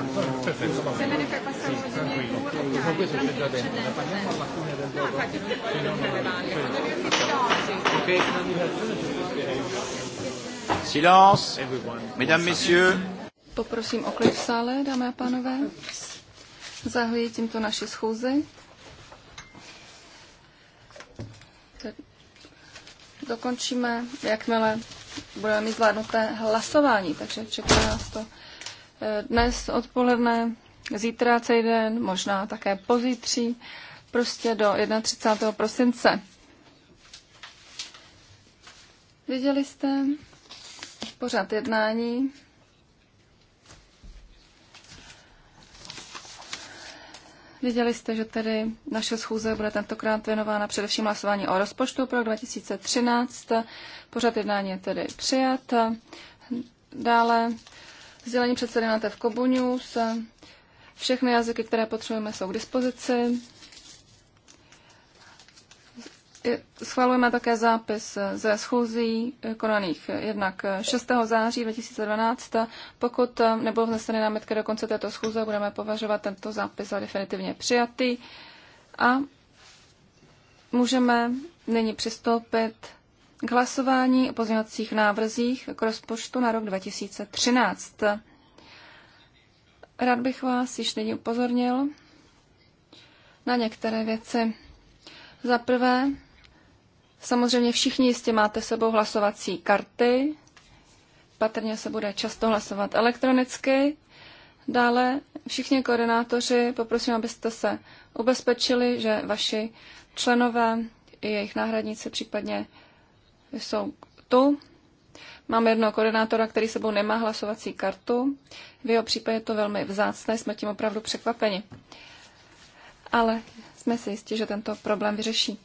Se me ne fai passare sì, tranquillo. questo c'è già dentro, ne parliamo alla fine del dopo. infatti Ok, Silence, mesdames, messieurs. Poprosím o klid v sále, dámy a pánové. Zahoji tímto naši schůzi. Dokončíme, jakmile budeme mít zvládnuté hlasování, takže čeká nás to dnes odpoledne, zítra celý den, možná také pozítří, prostě do 31. prosince. Viděli jste pořád jednání. Viděli jste, že tedy naše schůze bude tentokrát věnována především hlasování o rozpočtu pro 2013. Pořád jednání je tedy přijat. Dále Vzdělení předsedy máte v Kobu News. Všechny jazyky, které potřebujeme, jsou k dispozici. Schvalujeme také zápis ze schůzí eh, konaných jednak 6. Eh, září 2012. Pokud eh, nebudou vzneseny námitky do konce této schůze, budeme považovat tento zápis za definitivně přijatý a můžeme nyní přistoupit k hlasování o pozměňovacích návrzích k rozpočtu na rok 2013. Rád bych vás již nyní upozornil na některé věci. Za prvé, samozřejmě všichni jistě máte sebou hlasovací karty, patrně se bude často hlasovat elektronicky. Dále všichni koordinátoři, poprosím, abyste se ubezpečili, že vaši členové i jejich náhradníci, případně jsou tu. máme jednoho koordinátora, který sebou nemá hlasovací kartu. V jeho případě je to velmi vzácné, jsme tím opravdu překvapeni. Ale jsme si jistí, že tento problém vyřeší.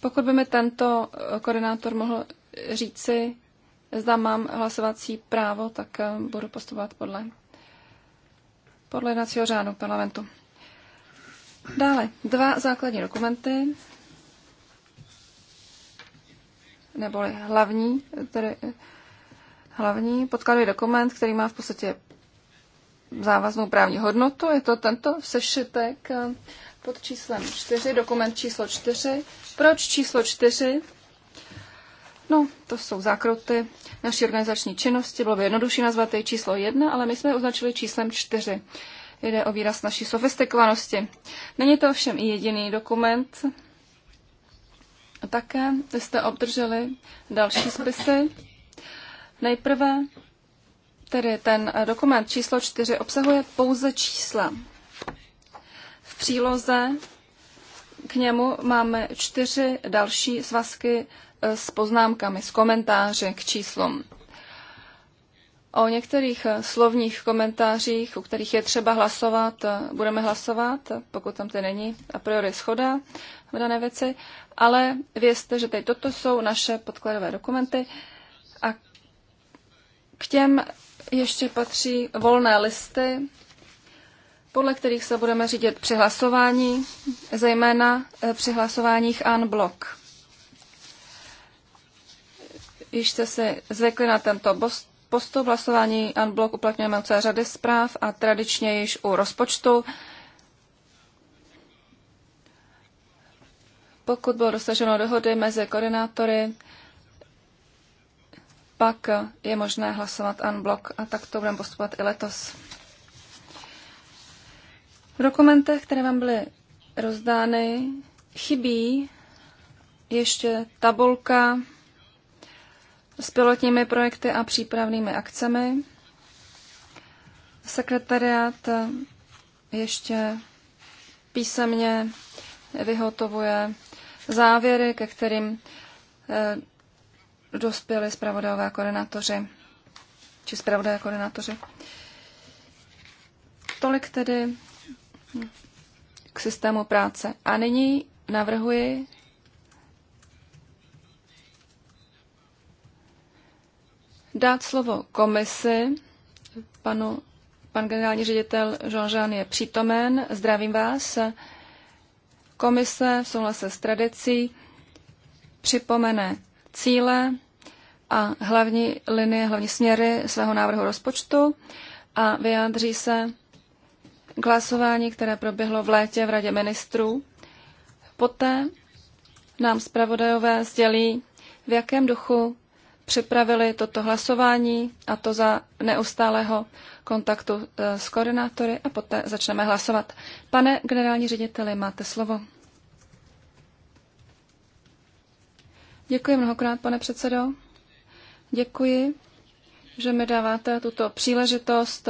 Pokud by mi tento eh, koordinátor mohl říci, zda mám hlasovací právo, tak eh, budu postupovat podle, podle jednacího řádu parlamentu. Dále dva základní dokumenty neboli hlavní, tedy hlavní podkladový dokument, který má v podstatě závaznou právní hodnotu. Je to tento sešitek eh, pod číslem 4, dokument číslo 4. Proč číslo 4? No, to jsou zákroty naší organizační činnosti. Bylo by jednodušší nazvat je číslo 1, ale my jsme je označili číslem 4. Jde o výraz naší sofistikovanosti. Není to ovšem i jediný dokument, také jste obdrželi další spisy. Nejprve tedy ten dokument číslo 4 obsahuje pouze čísla. V příloze k němu máme čtyři další svazky s poznámkami, s komentáři k číslům. O některých eh, slovních komentářích, u kterých je třeba hlasovat, eh, budeme hlasovat, eh, pokud tam to není a priori schoda v dané věci, ale vězte, že teď toto jsou naše podkladové dokumenty a k těm ještě patří volné listy, podle kterých se budeme řídit při hlasování, zejména při hlasováních an blok. Již jste si zvykli na tento bost, postup hlasování unblock uplatňujeme u celé řady zpráv a tradičně již u rozpočtu. Pokud bylo dosaženo dohody mezi koordinátory, pak je možné hlasovat unblock a tak to budeme postupovat i letos. V dokumentech, které vám byly rozdány, chybí ještě tabulka s pilotními projekty a přípravnými akcemi. Sekretariát ještě písemně vyhotovuje závěry, ke kterým eh, dospěli zpravodajové koordinátoři či zpravodajové koordinátoři. Tolik tedy k systému práce. A nyní navrhuji dát slovo komisi. Panu, pan generální ředitel Jean-Jean je přítomen. Zdravím vás. Komise v souhlase s tradicí připomene cíle a hlavní linie, hlavní směry svého návrhu rozpočtu a vyjádří se k hlasování, které proběhlo v létě v Radě ministrů. Poté nám zpravodajové sdělí, v jakém duchu připravili toto hlasování a to za neustálého kontaktu e, s koordinátory a poté začneme hlasovat. Pane generální řediteli, máte slovo. Děkuji mnohokrát, pane předsedo. Děkuji, že mi dáváte tuto příležitost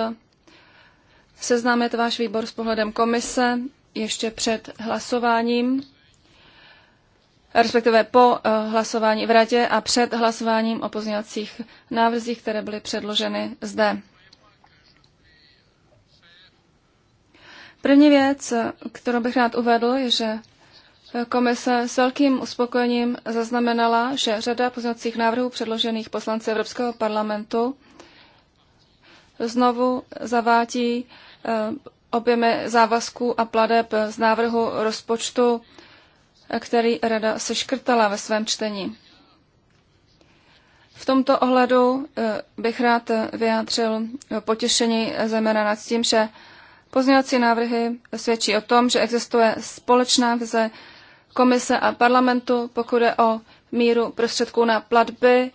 seznámit váš výbor s pohledem komise ještě před hlasováním respektive po eh, hlasování v radě a před hlasováním o pozměňovacích návrzích, které byly předloženy zde. První věc, kterou bych rád uvedl, je, že komise s velkým uspokojením zaznamenala, že řada pozměňovacích návrhů předložených poslanci Evropského parlamentu znovu zavádí eh, objemy závazků a pladeb z návrhu rozpočtu který rada seškrtala ve svém čtení. V tomto ohledu eh, bych rád eh, vyjádřil eh, potěšení zejména nad tím, že pozměňovací návrhy svědčí o tom, že existuje společná vize komise a parlamentu, pokud je o míru prostředků na platby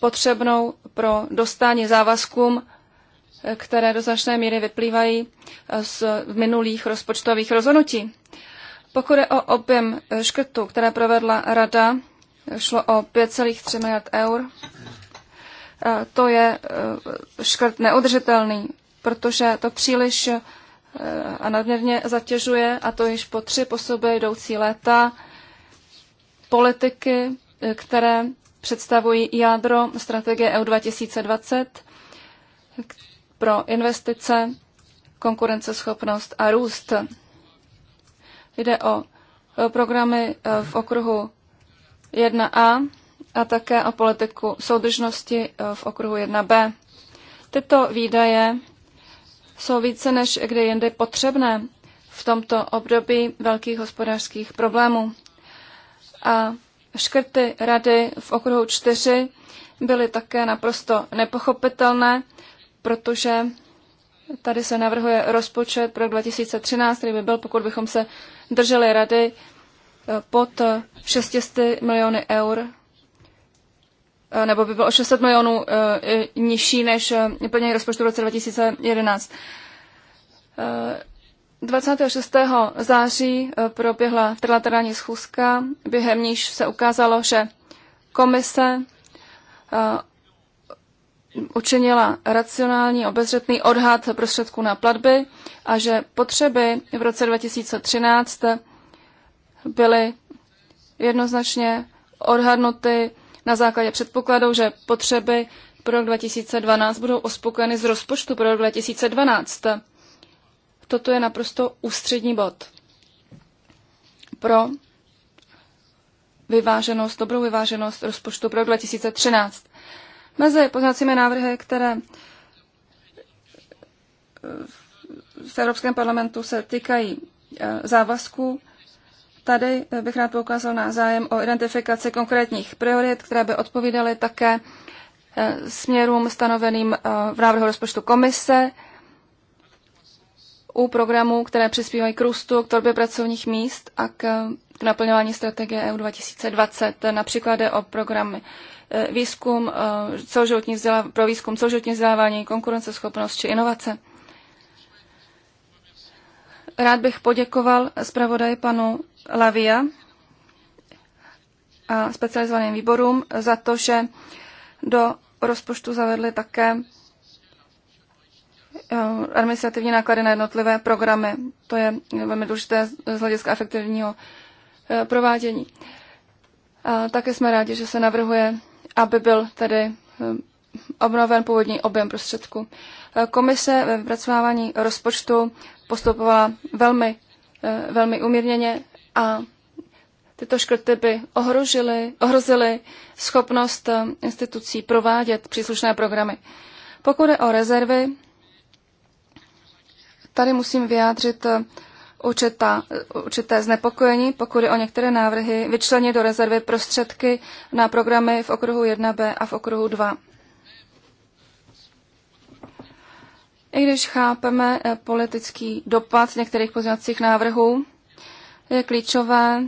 potřebnou pro dostání závazkům, které do značné míry vyplývají z minulých rozpočtových rozhodnutí. Pokud je o objem eh, škrtu, které provedla rada, eh, šlo o 5,3 miliard eur. Eh, to je škrt neudržitelný, protože to příliš a nadměrně zatěžuje, a to již po tři po sobě jdoucí léta, politiky, které představují jádro strategie EU 2020 pro investice, konkurenceschopnost a růst. Jde o e, programy e, v okruhu 1a a také o politiku soudržnosti e, v okruhu 1b. Tyto výdaje jsou více než kdy jindy potřebné v tomto období velkých hospodářských problémů. A škrty rady v okruhu 4 byly také naprosto nepochopitelné, protože tady se navrhuje rozpočet pro 2013, který by byl, pokud bychom se drželi rady eh, pod 600 eh, miliony eur, eh, nebo by bylo o 600 milionů nižší než plnění rozpočtu v roce 2011. 26. září proběhla trilaterální schůzka, během níž se ukázalo, že komise učinila racionální obezřetný odhad prostředků na platby a že potřeby v roce 2013 byly jednoznačně odhadnuty na základě předpokladu, že potřeby pro rok 2012 budou uspokojeny z rozpočtu pro rok 2012. Toto je naprosto ústřední bod pro vyváženost, dobrou vyváženost rozpočtu pro rok 2013. Mezi poznacími návrhy, které eh, v Evropském parlamentu se týkají eh, závazků, tady eh, bych rád poukázal na zájem o identifikaci konkrétních priorit, které by odpovídaly také směrům stanoveným v návrhu rozpočtu komise u programů, které přispívají k růstu, k tvorbě pracovních míst a k, k naplňování strategie EU 2020. Například jde o programy Eh, výzkum, eh, celoživotní vzdělávání, pro výzkum celoživotní vzdělávání, konkurenceschopnost či inovace. Rád bych poděkoval zpravodaj panu Lavia a specializovaným výborům za to, že do rozpočtu zavedli také eh, administrativní náklady na jednotlivé programy. To je velmi důležité z hlediska efektivního provádění. A také jsme rádi, že se navrhuje aby byl tedy eh, obnoven původní objem prostředků. Eh, komise ve vypracovávání rozpočtu postupovala velmi, eh, velmi umírněně a tyto škrty by ohrožily, ohrozily schopnost institucí provádět příslušné programy. Pokud je o rezervy, tady musím vyjádřit určitá, určité znepokojení, pokud je o některé návrhy, vyčlenit do rezervy prostředky na programy v okruhu 1b a v okruhu 2. I když chápeme eh, politický dopad některých pozměňovacích návrhů, je klíčové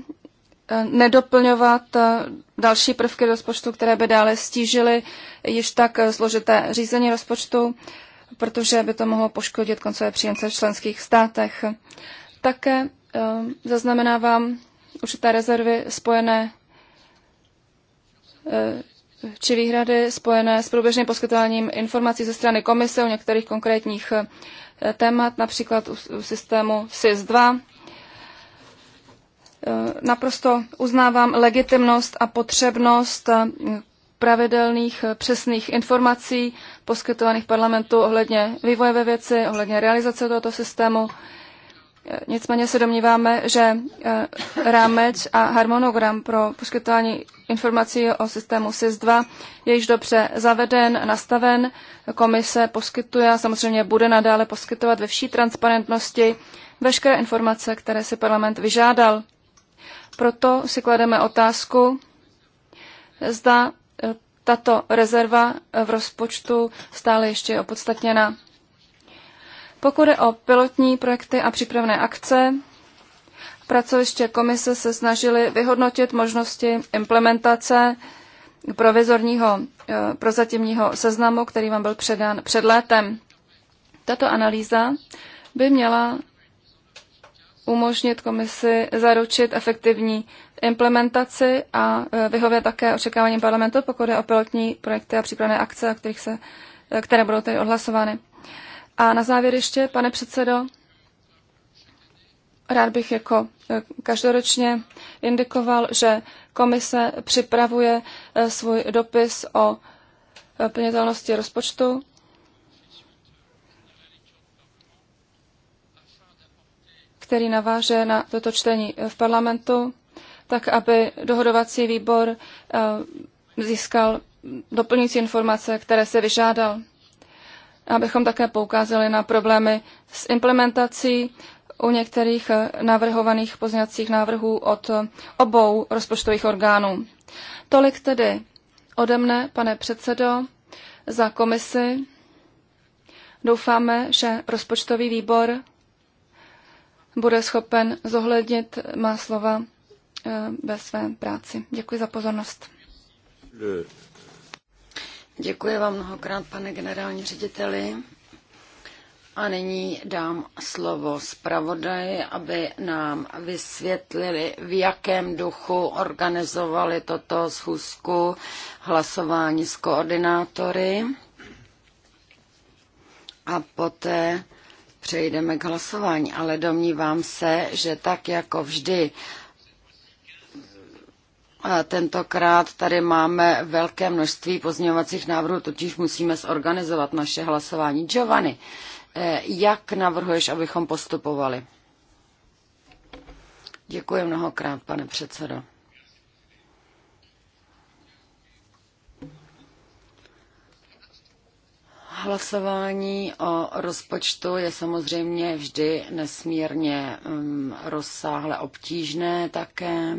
eh, nedoplňovat eh, další prvky rozpočtu, které by dále stížily již tak složité řízení rozpočtu, protože by to mohlo poškodit koncové příjemce v členských státech. Také eh, zaznamenávám určité rezervy spojené eh, či výhrady spojené s průběžným poskytováním informací ze strany komise o některých konkrétních eh, témat, například u systému SIS-2. Naprosto uznávám legitimnost a potřebnost pravidelných přesných informací poskytovaných parlamentu ohledně vývoje ve věci, ohledně realizace tohoto systému. Nicméně se domníváme, že eh, rámec a harmonogram pro poskytování informací o systému SIS-2 je již dobře zaveden, nastaven. Komise poskytuje a samozřejmě bude nadále poskytovat ve vší transparentnosti veškeré informace, které si parlament vyžádal. Proto si klademe otázku, zda eh, tato rezerva v rozpočtu stále ještě je opodstatněna. Pokud je o pilotní projekty a přípravné akce, pracoviště komise se snažili vyhodnotit možnosti implementace provizorního eh, prozatímního seznamu, který vám byl předán před létem. Tato analýza by měla umožnit komisi zaručit efektivní implementaci a eh, vyhovět také očekáváním parlamentu, pokud je o pilotní projekty a přípravné akce, o kterých se, eh, které budou tedy odhlasovány. A na závěr ještě, pane předsedo, rád bych jako eh, každoročně indikoval, že komise připravuje eh, svůj dopis o eh, plnitelnosti rozpočtu. který naváže na toto čtení v parlamentu, tak aby dohodovací výbor získal doplňující informace, které se vyžádal abychom také poukázali na problémy s implementací u některých eh, navrhovaných pozněcích návrhů od obou rozpočtových orgánů. Tolik tedy ode mne, pane předsedo, za komisi. Doufáme, že rozpočtový výbor bude schopen zohlednit má slova eh, ve své práci. Děkuji za pozornost. Děkuji vám mnohokrát, pane generální řediteli. A nyní dám slovo zpravodaji, aby nám vysvětlili, v jakém duchu organizovali toto schůzku hlasování s koordinátory. A poté přejdeme k hlasování, ale domnívám se, že tak jako vždy tentokrát tady máme velké množství pozměňovacích návrhů, totiž musíme zorganizovat naše hlasování. Giovanni, eh, jak navrhuješ, abychom postupovali? Děkuji mnohokrát, pane předsedo. Hlasování o rozpočtu je samozřejmě vždy nesmírně um, rozsáhle obtížné také.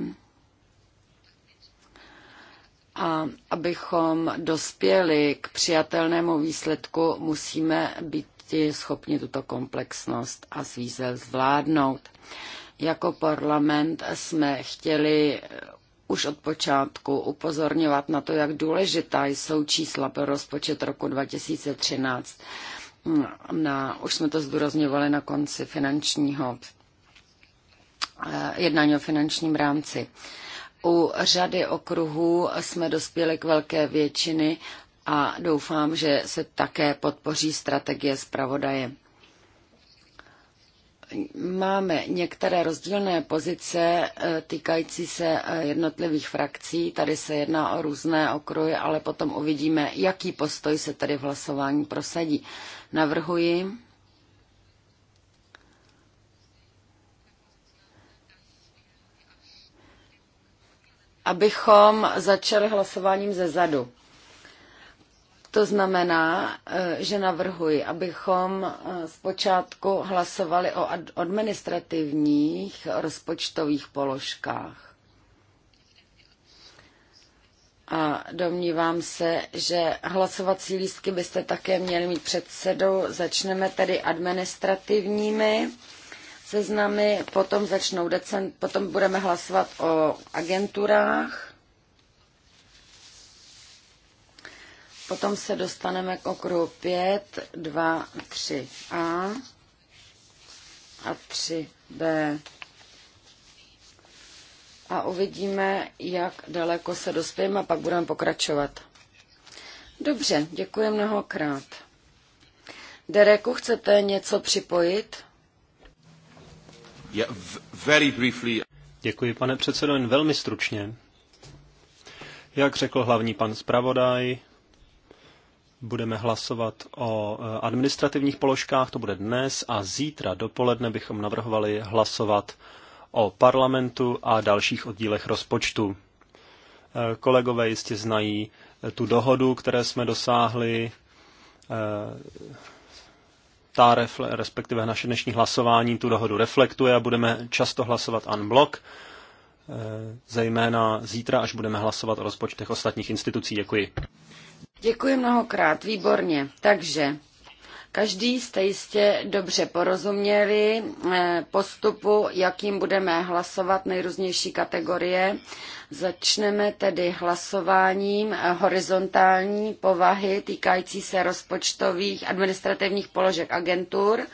A abychom dospěli k přijatelnému výsledku, musíme být schopni tuto komplexnost a svízel zvládnout. Jako parlament jsme chtěli už od počátku upozorňovat na to, jak důležitá jsou čísla pro rozpočet roku 2013. Na, už jsme to zdůrazňovali na konci finančního eh, jednání o finančním rámci. U řady okruhů jsme dospěli k velké většiny a doufám, že se také podpoří strategie zpravodaje. Máme některé rozdílné pozice eh, týkající se eh, jednotlivých frakcí. Tady se jedná o různé okruhy, ale potom uvidíme, jaký postoj se tady v hlasování prosadí. Navrhuji, abychom začali hlasováním ze zadu. To znamená, eh, že navrhuji, abychom eh, zpočátku hlasovali o administrativních rozpočtových položkách. A domnívám se, že hlasovací lístky byste také měli mít před sebou. Začneme tedy administrativními seznamy, potom začnou decent, potom budeme hlasovat o agenturách, potom se dostaneme k okruhu 5, 2, 3 A a 3 B. A uvidíme, jak daleko se dospějeme a pak budeme pokračovat. Dobře, děkuji mnohokrát. Dereku, chcete něco připojit? Děkuji, pane předsedo, jen velmi stručně. Jak řekl hlavní pan zpravodaj, budeme hlasovat o eh, administrativních položkách, to bude dnes a zítra dopoledne bychom navrhovali hlasovat o parlamentu a dalších oddílech rozpočtu. Eh, kolegové jistě znají eh, tu dohodu, které jsme dosáhli ta refle, respektive naše dnešní hlasování tu dohodu reflektuje a budeme často hlasovat unblock, eh, zejména zítra, až budeme hlasovat o rozpočtech ostatních institucí. Děkuji. Děkuji mnohokrát, výborně. Takže Každý jste jistě dobře porozuměli eh, postupu, jakým budeme hlasovat nejrůznější kategorie. Začneme tedy hlasováním eh, horizontální povahy týkající se rozpočtových administrativních položek agentur.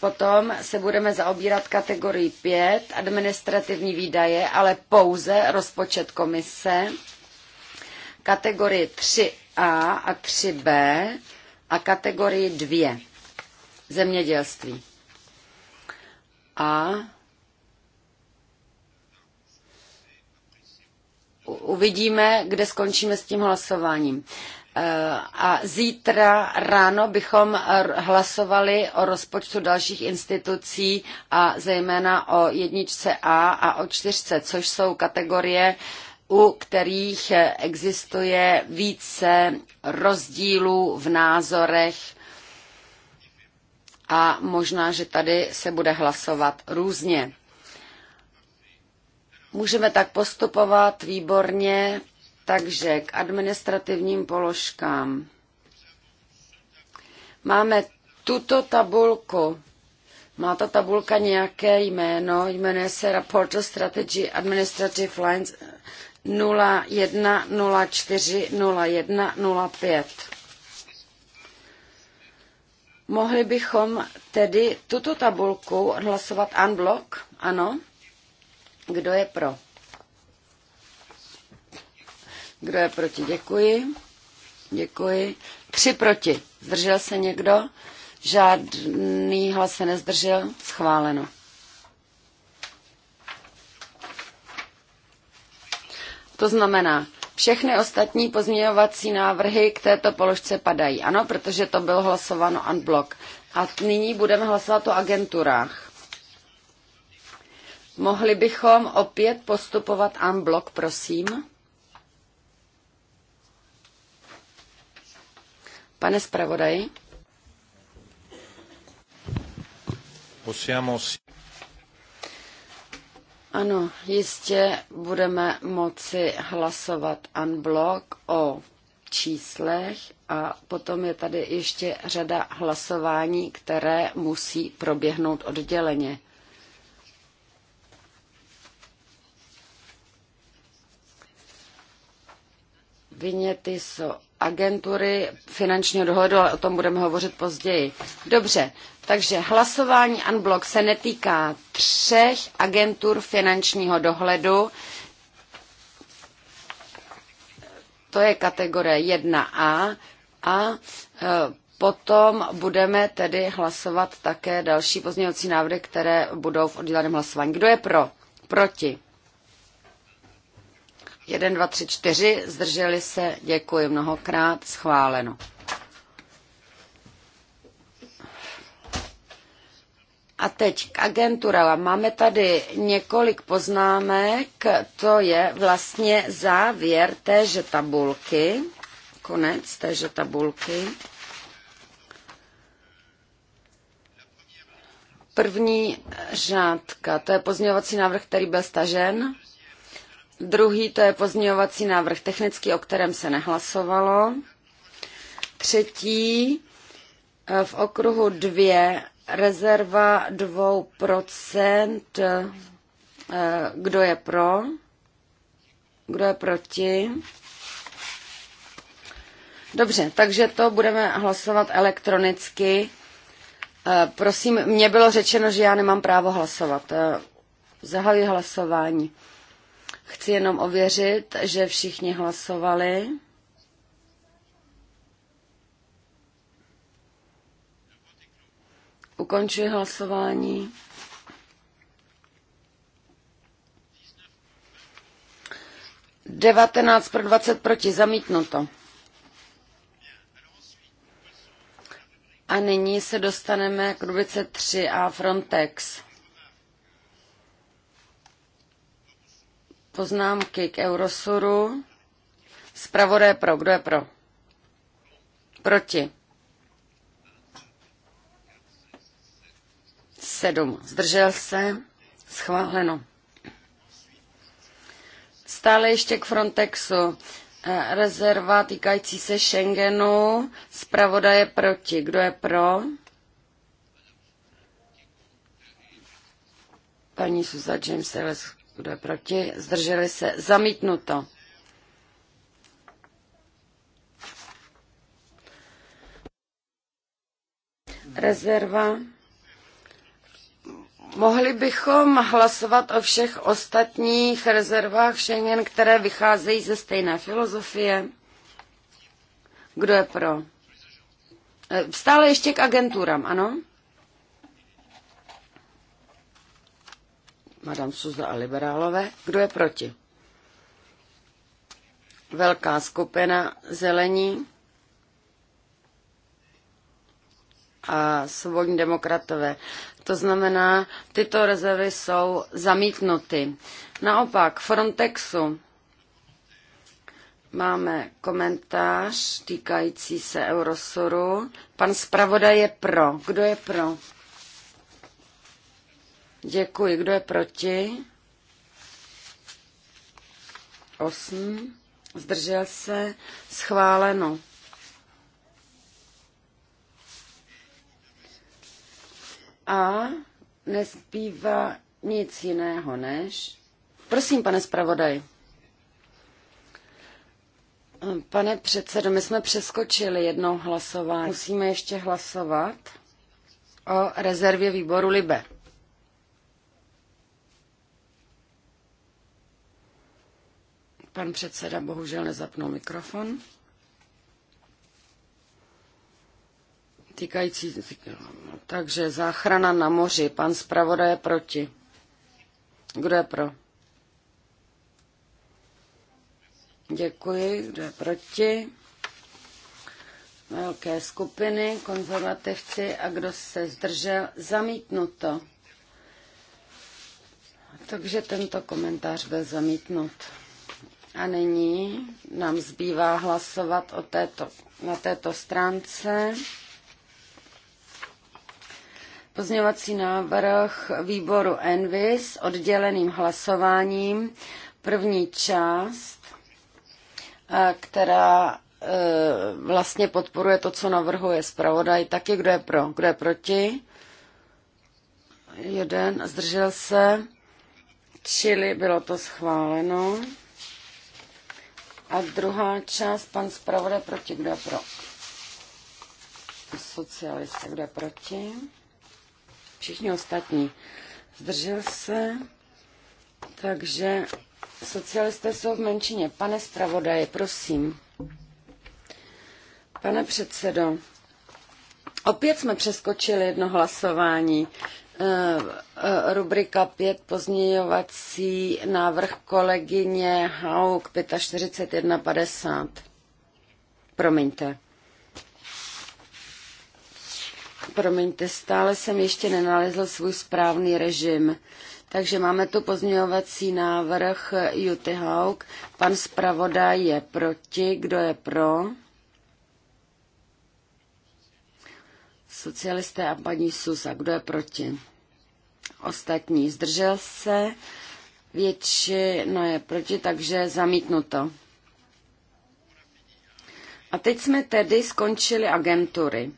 Potom se budeme zaobírat kategorii 5, administrativní výdaje, ale pouze rozpočet komise. Kategorii 3a a 3b, a kategorii 2 zemědělství. A uvidíme, kde skončíme s tím hlasováním. E, a zítra ráno bychom e, hlasovali o rozpočtu dalších institucí a zejména o jedničce A a o čtyřce, což jsou kategorie u kterých existuje více rozdílů v názorech a možná, že tady se bude hlasovat různě. Můžeme tak postupovat výborně, takže k administrativním položkám. Máme tuto tabulku. Má ta tabulka nějaké jméno, jmenuje se Rapporto Strategy Administrative Lines Mohli bychom tedy tuto tabulku odhlasovat unblock? Ano. Kdo je pro? Kdo je proti? Děkuji. Děkuji. Tři proti. Zdržel se někdo? Žádný hlas se nezdržel? Schváleno. To znamená, všechny ostatní pozměňovací návrhy k této položce padají. Ano, protože to bylo hlasováno unblock. A nyní budeme hlasovat o agenturách. Mohli bychom opět postupovat unblock, prosím? Pane zpravodaji? Ano, jistě budeme moci hlasovat unblock o číslech a potom je tady ještě řada hlasování, které musí proběhnout odděleně. Vyněty jsou agentury finančního dohledu, ale o tom budeme hovořit později. Dobře, takže hlasování unblock se netýká třech agentur finančního dohledu. To je kategorie 1A a e, potom budeme tedy hlasovat také další pozměňovací návrhy, které budou v odděleném hlasování. Kdo je pro? Proti? 1, 2, 3, 4, zdrželi se, děkuji mnohokrát, schváleno. A teď k agenturám. Máme tady několik poznámek, to je vlastně závěr téže tabulky, konec téže tabulky. První řádka, to je pozměňovací návrh, který byl stažen. Druhý to je pozměňovací návrh technický, o kterém se nehlasovalo. Třetí e, v okruhu dvě rezerva 2%. E, kdo je pro? Kdo je proti? Dobře, takže to budeme hlasovat elektronicky. E, prosím, mně bylo řečeno, že já nemám právo hlasovat. Zahajuji hlasování. Chci jenom ověřit, že všichni hlasovali. Ukončuji hlasování. 19 pro 20 proti, zamítnuto. A nyní se dostaneme k rubrice 3 a Frontex. poznámky k Eurosuru. Zpravodaj pro. Kdo je pro? Proti. Sedm. Zdržel se. Schváleno. Stále ještě k Frontexu. Eh, rezerva týkající se Schengenu. Zpravodaj je proti. Kdo je pro? Paní Susa James kdo je proti? Zdrželi se. Zamítnuto. Rezerva. Mohli bychom hlasovat o všech ostatních rezervách Schengen, které vycházejí ze stejné filozofie. Kdo je pro? E, stále ještě k agenturám, ano? Madame Suza a liberálové. Kdo je proti? Velká skupina zelení a svobodní demokratové. To znamená, tyto rezervy jsou zamítnuty. Naopak, Frontexu máme komentář týkající se Eurosuru. Pan zpravodaj je pro. Kdo je pro? Děkuji. Kdo je proti? Osm Zdržel se. Schváleno. A nespívá nic jiného než. Prosím, pane zpravodaj. Pane předsedo, my jsme přeskočili jednou hlasování. Musíme ještě hlasovat o rezervě výboru Libe. Pan předseda bohužel nezapnul mikrofon. Týkající, takže záchrana na moři. Pan zpravodaj je proti. Kdo je pro? Děkuji. Kdo je proti? Velké skupiny, konzervativci a kdo se zdržel, zamítnuto. Takže tento komentář byl zamítnut. A nyní nám zbývá hlasovat o této, na této stránce. Pozměňovací návrh výboru Envis odděleným hlasováním. První část, která e, vlastně podporuje to, co navrhuje zpravodaj. Taky kdo je pro, kdo je proti? Jeden zdržel se, čili bylo to schváleno. A druhá část, pan zpravodaj proti, kdo je pro? Socialista, kdo je proti? Všichni ostatní. Zdržel se, takže socialisté jsou v menšině. Pane zpravodaji, prosím. Pane předsedo, opět jsme přeskočili jedno hlasování. Eh, eh, rubrika 5, pozměňovací návrh kolegyně Hauk 45.1.50. Promiňte. Promiňte, stále jsem ještě nenalezl svůj správný režim. Takže máme tu pozměňovací návrh Juty Hauk. Pan zpravodaj je proti. Kdo je pro? Socialisté a paní Susa. Kdo je proti? ostatní zdržel se, většina je proti, takže zamítnuto. A teď jsme tedy skončili agentury.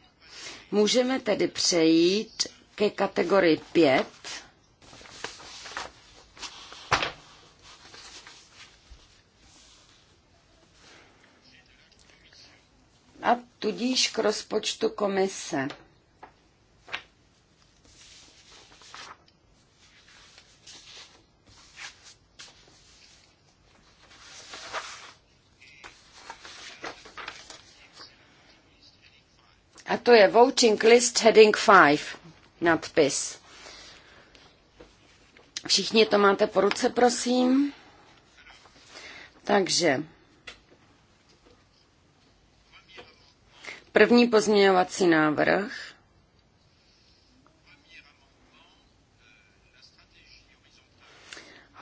Můžeme tedy přejít ke kategorii 5. A tudíž k rozpočtu komise. A to je Voting List Heading 5, nadpis. Všichni to máte po ruce, prosím. Takže první pozměňovací návrh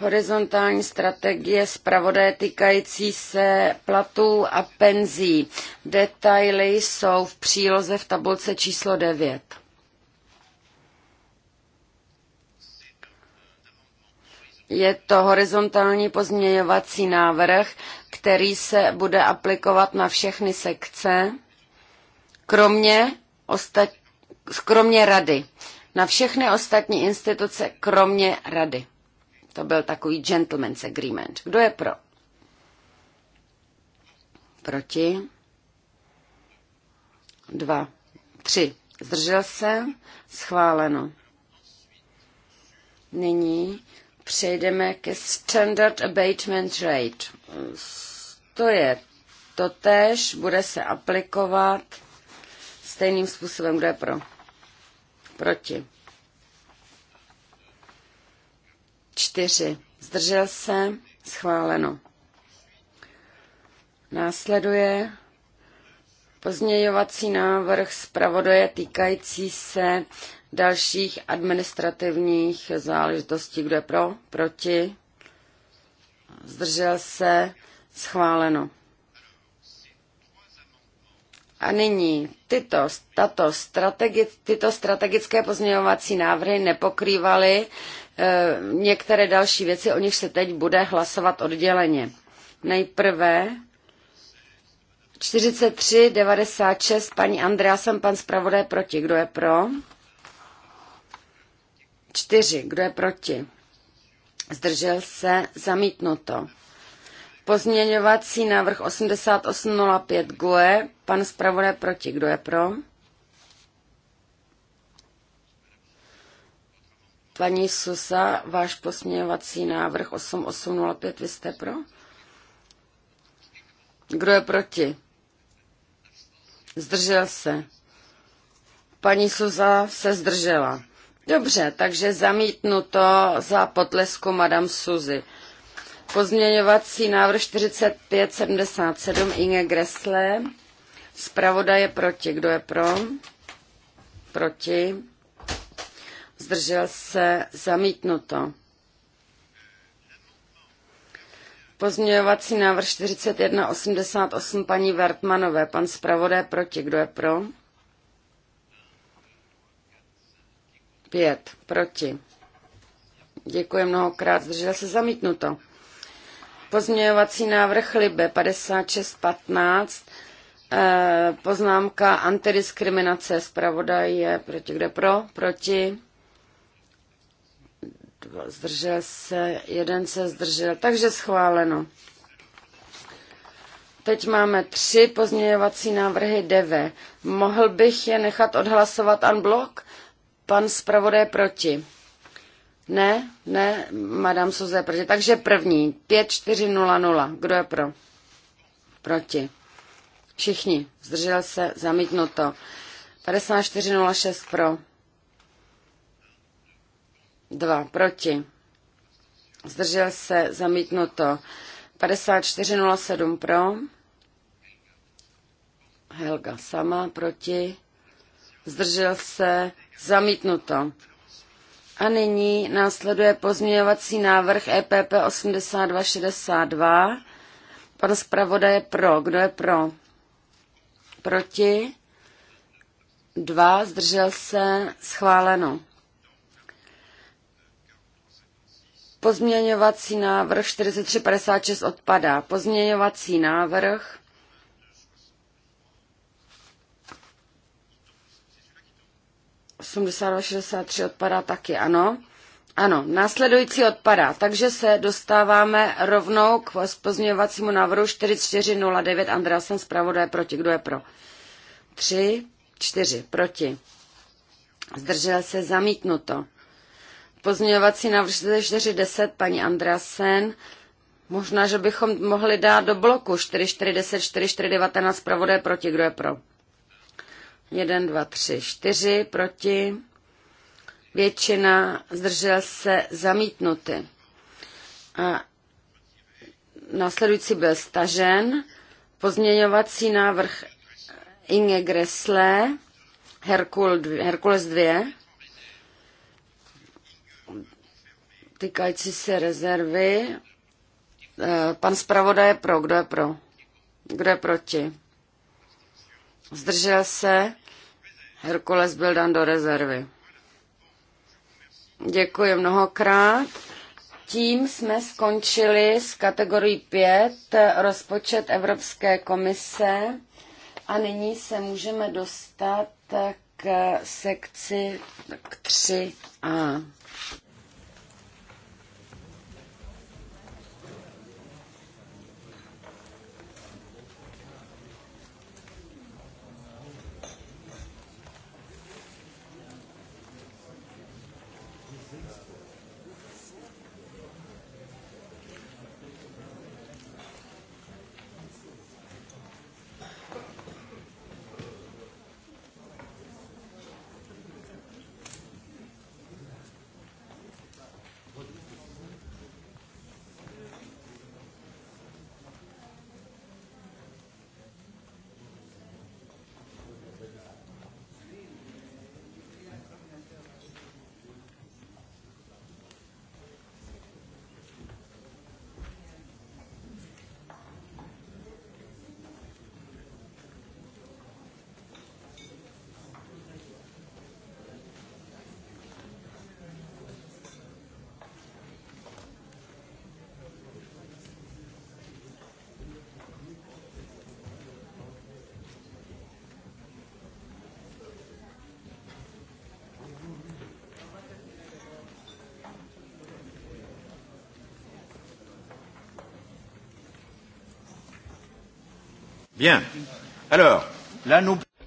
horizontální strategie zpravodaje týkající se platů a penzí. Detaily jsou v příloze v tabulce číslo 9. Je to horizontální pozměňovací návrh, který se bude aplikovat na všechny sekce, kromě, ostat... kromě rady. Na všechny ostatní instituce, kromě rady. To byl takový gentleman's agreement. Kdo je pro? Proti? Dva. Tři. Zdržel se? Schváleno. Nyní přejdeme ke Standard Abatement Rate. To je to tež, bude se aplikovat stejným způsobem, kdo je pro. Proti. 4. Zdržel se? Schváleno. Následuje pozměňovací návrh zpravodaje týkající se dalších administrativních záležitostí. Kdo je pro? Proti? Zdržel se? Schváleno. A nyní tyto, tato strategi, tyto strategické pozměňovací návrhy nepokrývaly Eh, některé další věci, o nich se teď bude hlasovat odděleně. Nejprve 43,96, paní Andrea, jsem pan zpravodaj proti. Kdo je pro? Čtyři. Kdo je proti? Zdržel se? Zamítnuto. Pozměňovací návrh 8805 GUE. Pan zpravodaj proti. Kdo je pro? Paní Susa, váš posměvací návrh 8805, vy jste pro? Kdo je proti? Zdržel se. Paní Suza se zdržela. Dobře, takže zamítnu to za potlesku Madame Suzy. Pozměňovací návrh 4577 Inge Gressle. Zpravodaje je proti. Kdo je pro? Proti zdržel se, zamítnuto. Pozměňovací návrh 4188 paní Vertmanové. Pan zpravodé proti. Kdo je pro? Pět. Proti. Děkuji mnohokrát. Zdržel se zamítnuto. Pozměňovací návrh Libe 5615. Eh, poznámka antidiskriminace. Zpravodaj je proti. je pro? Proti dva, zdržel se, jeden se zdržel, takže schváleno. Teď máme tři pozměňovací návrhy DV. Mohl bych je nechat odhlasovat unblock? Pan zpravodaj proti. Ne, ne, madame Suze proti. Takže první, 5400. Kdo je pro? Proti. Všichni. Zdržel se, zamítnuto. 5406 pro 2 proti. Zdržel se zamítnuto 5407 pro. Helga sama proti. Zdržel se zamítnuto. A nyní následuje pozměňovací návrh EPP 8262. Pan zpravodaj je pro. Kdo je pro? Proti? Dva. Zdržel se. Schváleno. Pozměňovací návrh 4356 odpadá. Pozměňovací návrh tři odpadá taky, ano. Ano, následující odpadá, takže se dostáváme rovnou k pozměňovacímu návrhu 4409. Andreasen zpravodaj proti. Kdo je pro? 3, 4, proti. Zdržel se zamítnuto. Pozměňovací návrh 4410, paní Andrasen. Možná, že bychom mohli dát do bloku 4410, 4419, pravodé proti, kdo je pro? 1, 2, 3, 4, proti. Většina zdržel se zamítnuty. A následující byl stažen. Pozměňovací návrh Inge Gressle, Herkul, Herkules 2, týkající se rezervy. Eh, pan zpravodaj je pro. Kdo je pro? Kdo je proti? Zdržel se. Herkules byl dan do rezervy. Děkuji mnohokrát. Tím jsme skončili s kategorií 5 eh, rozpočet Evropské komise a nyní se můžeme dostat eh, k sekci k 3a.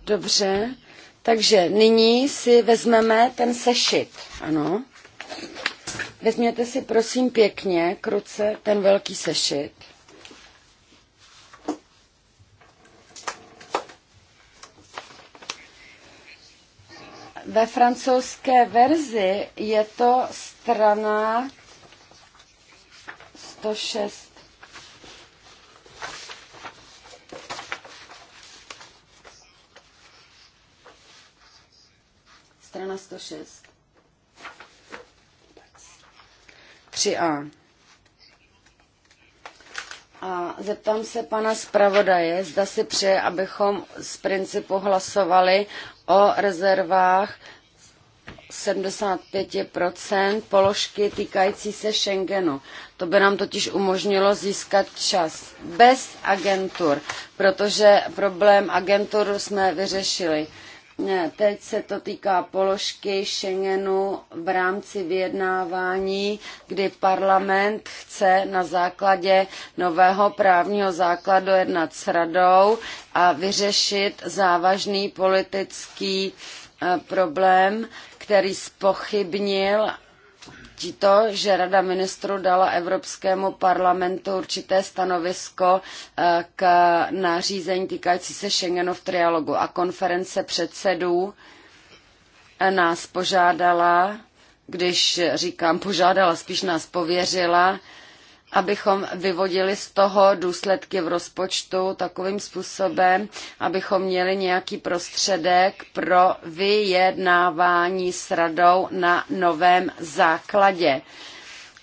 Dobře, takže nyní si vezmeme ten sešit, ano. Vezměte si prosím pěkně k ruce ten velký sešit. Ve francouzské verzi je to strana 106 na 106. 3a. A zeptám se pana zpravodaje, zda si přeje, abychom z principu hlasovali o rezervách 75% položky týkající se Schengenu. To by nám totiž umožnilo získat čas bez agentur, protože problém agentur jsme vyřešili. Teď se to týká položky Schengenu v rámci vyjednávání, kdy parlament chce na základě nového právního základu jednat s radou a vyřešit závažný politický eh, problém, který spochybnil ctí to, že Rada ministrů dala Evropskému parlamentu určité stanovisko eh, k nařízení týkající se Schengenu v trialogu a konference předsedů eh, nás požádala, když říkám požádala, spíš nás pověřila, abychom vyvodili z toho důsledky v rozpočtu takovým způsobem, abychom měli nějaký prostředek pro vyjednávání s radou na novém základě.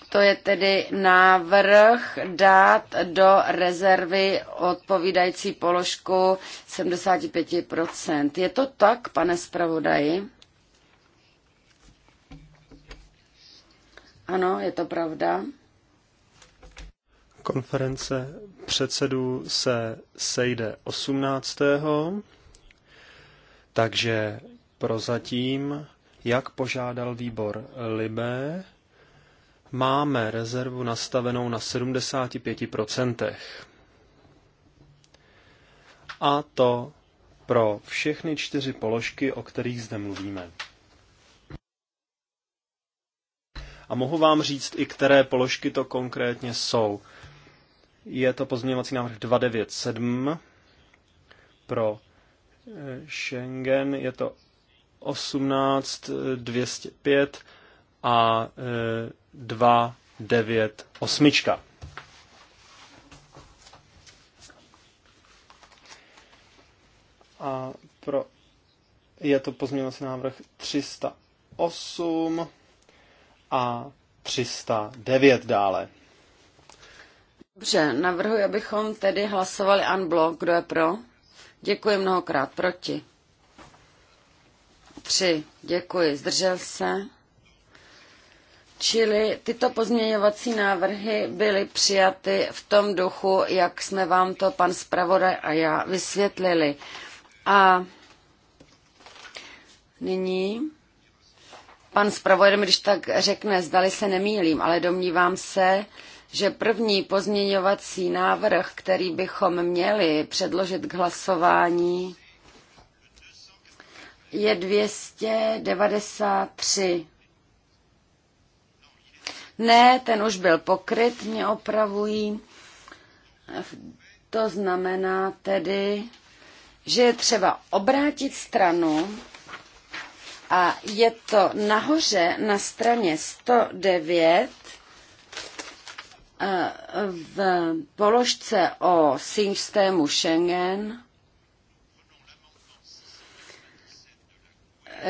To je tedy návrh dát do rezervy odpovídající položku 75%. Je to tak, pane zpravodaji? Ano, je to pravda. Konference předsedů se sejde 18. Takže prozatím, jak požádal výbor Libé, máme rezervu nastavenou na 75%. A to pro všechny čtyři položky, o kterých zde mluvíme. A mohu vám říct i, které položky to konkrétně jsou. Je to pozměňovací návrh 297 pro eh, Schengen. Je to 18205 a 298. Eh, a pro, je to pozměňovací návrh 308 a 309 dále. Dobře, navrhuji, abychom tedy hlasovali unblock. Kdo je pro? Děkuji mnohokrát. Proti? Tři. Děkuji. Zdržel se? Čili tyto pozměňovací návrhy byly přijaty v tom duchu, jak jsme vám to pan zpravodaj a já vysvětlili. A nyní pan zpravodaj, když tak řekne, zdali se nemýlím, ale domnívám se, že první pozměňovací návrh, který bychom měli předložit k hlasování, je 293. Ne, ten už byl pokryt, mě opravují. To znamená tedy, že je třeba obrátit stranu a je to nahoře na straně 109 v položce o systému Schengen,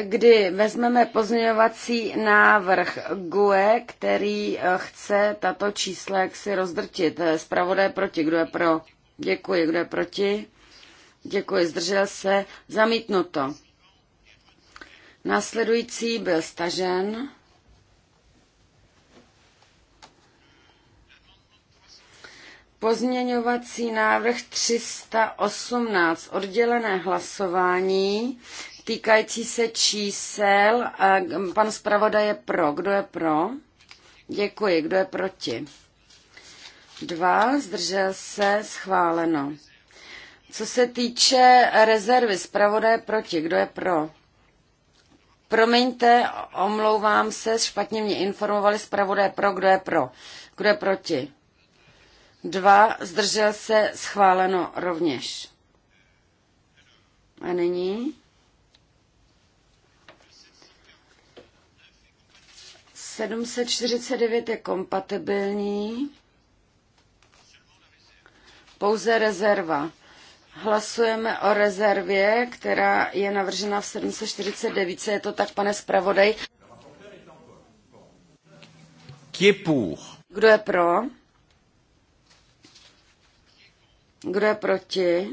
kdy vezmeme pozměňovací návrh GUE, který chce tato čísla jaksi rozdrtit. Zpravodaj proti, kdo je pro? Děkuji, kdo je proti? Děkuji, zdržel se. Zamítnuto. Následující byl stažen. Pozměňovací návrh 318, oddělené hlasování týkající se čísel. Pan zpravodaj je pro. Kdo je pro? Děkuji. Kdo je proti? Dva. Zdržel se. Schváleno. Co se týče rezervy, zpravodaj je proti. Kdo je pro? Promiňte, omlouvám se, špatně mě informovali zpravodaj pro. Kdo je pro? Kdo je proti? 2, zdržel se, schváleno rovněž. A nyní Sedmset čtyřicet devět je kompatibilní. Pouze rezerva. Hlasujeme o rezervě, která je navržena v 749. Je to tak, pane zpravodaj? Kdo je pro? Kdo je proti?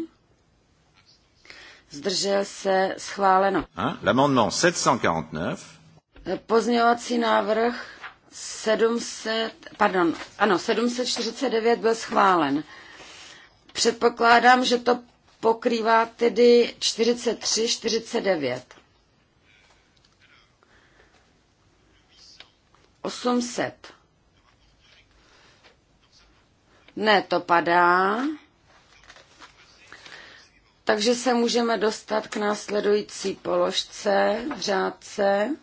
Zdržel se schváleno. L'amendement 749. Pozměňovací návrh 700, pardon, ano, 749 byl schválen. Předpokládám, že to pokrývá tedy 43, 49. 800. Ne, to padá. Takže se můžeme dostat k následující položce, řádce.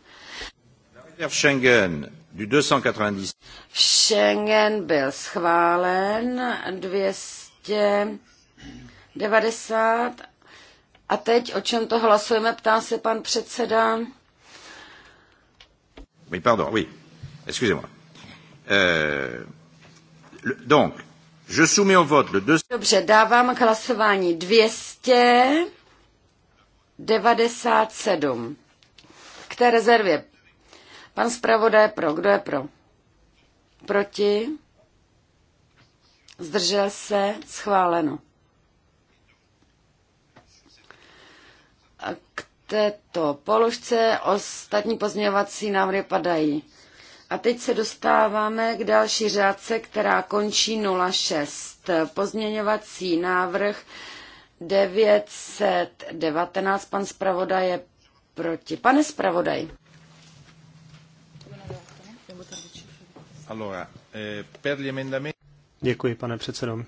Schengen, du 290. Schengen byl schválen 290. A teď, o čem to hlasujeme, ptá se pan předseda. Oui, pardon, oui. Excusez-moi. Euh, donc, je soumets au vote le 200. Dobře, dávám k hlasování 297. K té rezervě. Pan zpravodaj pro. Kdo je pro? Proti? Zdržel se? Schváleno. A k této položce ostatní pozměňovací návrhy padají. A teď se dostáváme k další řádce, která končí 06. Pozměňovací návrh 919. Pan zpravodaj je proti. Pane zpravodaj. Eh, Děkuji, pane předsedo.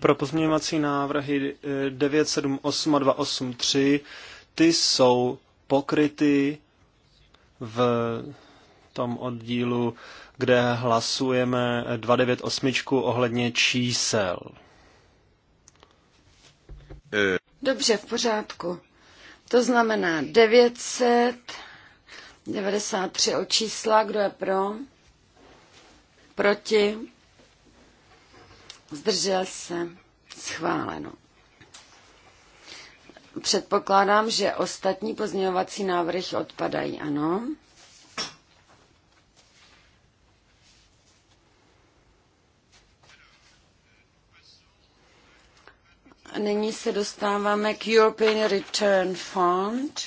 Pro pozměňovací návrhy 978 eh, a 283 ty jsou pokryty v tom oddílu, kde hlasujeme 298 ohledně čísel. Dobře, v pořádku. To znamená 993 o čísla, kdo je pro, proti, zdržel se, schváleno. Předpokládám, že ostatní pozměňovací návrhy odpadají, ano. nyní se dostáváme k European Return Fund.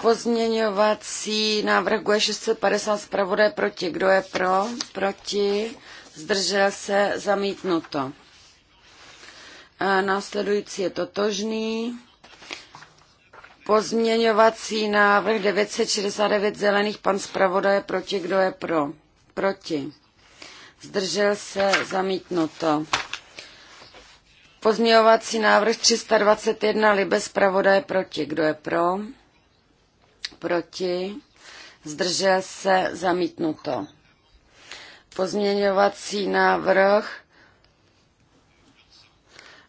Pozměňovací návrh g 650 zpravodaj proti. Kdo je pro? Proti. Zdržel se zamítnuto. A následující je totožný. Pozměňovací návrh 969 zelených. Pan zpravodaj proti. Kdo je pro? Proti zdržel se, zamítnuto. Pozměňovací návrh 321 Libe zpravodaje proti. Kdo je pro? Proti. Zdržel se zamítnuto. Pozměňovací návrh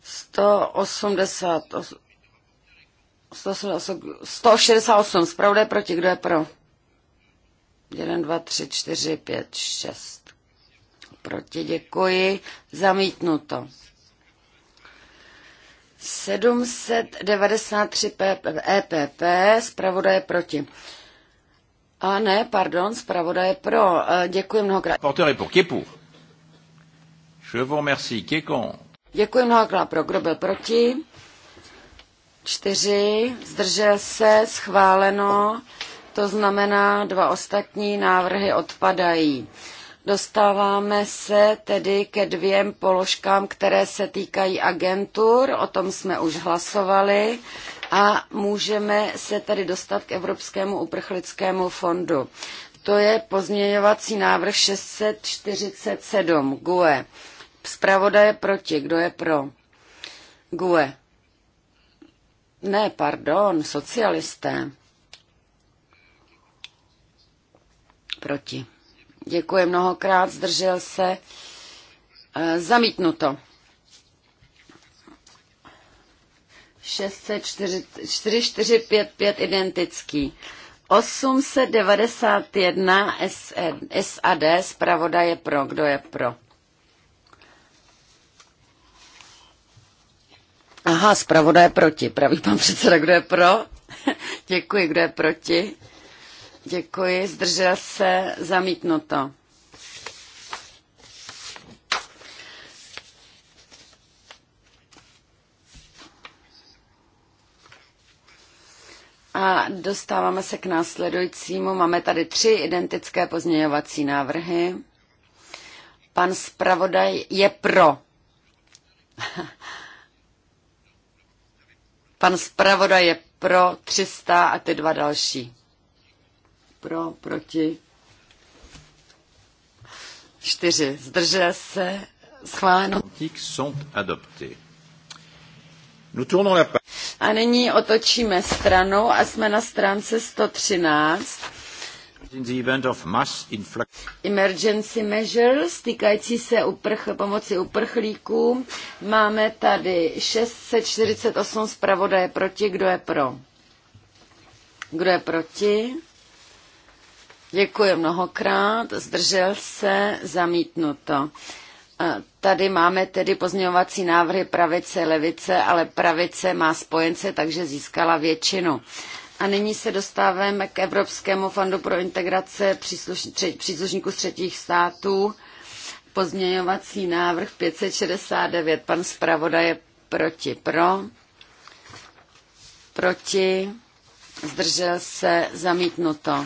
180, 168. Zpravodaj proti. Kdo je pro? 1, 2, 3, 4, 5, 6 proti, děkuji, zamítnuto. 793 EPP, zpravodaje proti. A ne, pardon, zpravodaje pro. E, děkuji mnohokrát. Porteur pro pour, qui est pour? Je vous remercie, qui est contre? Děkuji mnohokrát pro, kdo byl proti. Čtyři, zdržel se, schváleno, to znamená, dva ostatní návrhy odpadají. Dostáváme se tedy ke dvěm položkám, které se týkají agentur, o tom jsme už hlasovali, a můžeme se tedy dostat k Evropskému uprchlickému fondu. To je pozměňovací návrh 647 GUE. je proti, kdo je pro? GUE. Ne, pardon, socialisté. Proti. Děkuji mnohokrát, zdržel se. Eh, zamítnuto. 4455 identický. 891 SAD, zpravoda je pro. Kdo je pro? Aha, zpravoda je proti. Pravý pan předseda, kdo je pro? Děkuji, kdo je proti? Děkuji, zdržel se, zamítnuto. A dostáváme se k následujícímu. Máme tady tři identické pozměňovací návrhy. Pan zpravodaj je pro. Pan zpravodaj je pro 300 a ty dva další pro, proti, čtyři, zdržel se, schváleno. Sont A nyní otočíme stranu a jsme na stránce 113. In the event of mass Emergency measures týkající se uprch, pomoci uprchlíků. Máme tady 648 zpravodaje proti. Kdo je pro? Kdo je proti? Děkuji mnohokrát. Zdržel se zamítnuto. E, tady máme tedy pozměňovací návrhy pravice, levice, ale pravice má spojence, takže získala většinu. A nyní se dostáváme k Evropskému fondu pro integrace příslušníků z třetích států. Pozměňovací návrh 569. Pan zpravodaj je proti pro. Proti. Zdržel se zamítnuto.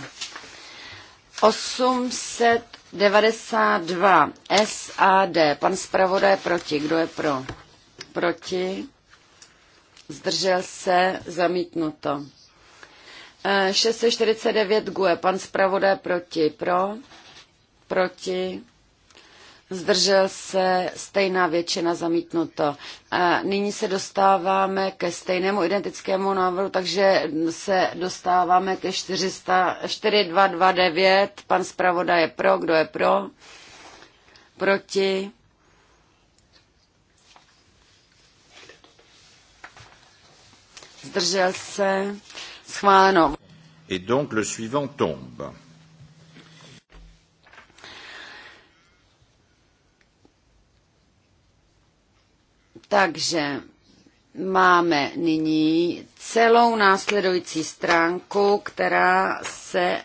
892 SAD. Pan zpravodaj proti. Kdo je pro? Proti. Zdržel se. Zamítnuto. 649 e, GUE. Pan zpravodaj proti. Pro? Proti zdržel se stejná většina zamítnuto. Nyní se dostáváme ke stejnému identickému návrhu, takže se dostáváme ke 400, 4229. Pan zpravoda je pro, kdo je pro? Proti? Zdržel se? Schváleno. Et donc le suivant tombe. Takže máme nyní celou následující stránku, která se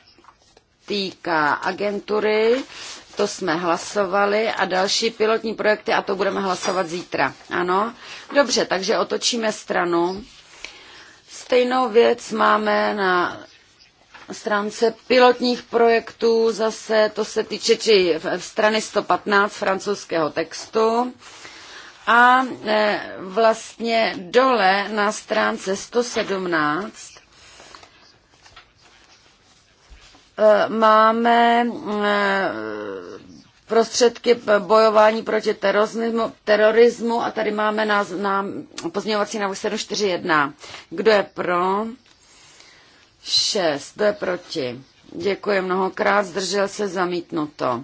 týká agentury. To jsme hlasovali a další pilotní projekty a to budeme hlasovat zítra. Ano? Dobře, takže otočíme stranu. Stejnou věc máme na stránce pilotních projektů, zase to se týče či v strany 115 francouzského textu. A e, vlastně dole na stránce 117 e, máme e, prostředky bojování proti terorismu, terorismu a tady máme na, na pozměňovací návrh 741. Kdo je pro? 6. Kdo je proti? Děkuji mnohokrát, zdržel se zamítnuto.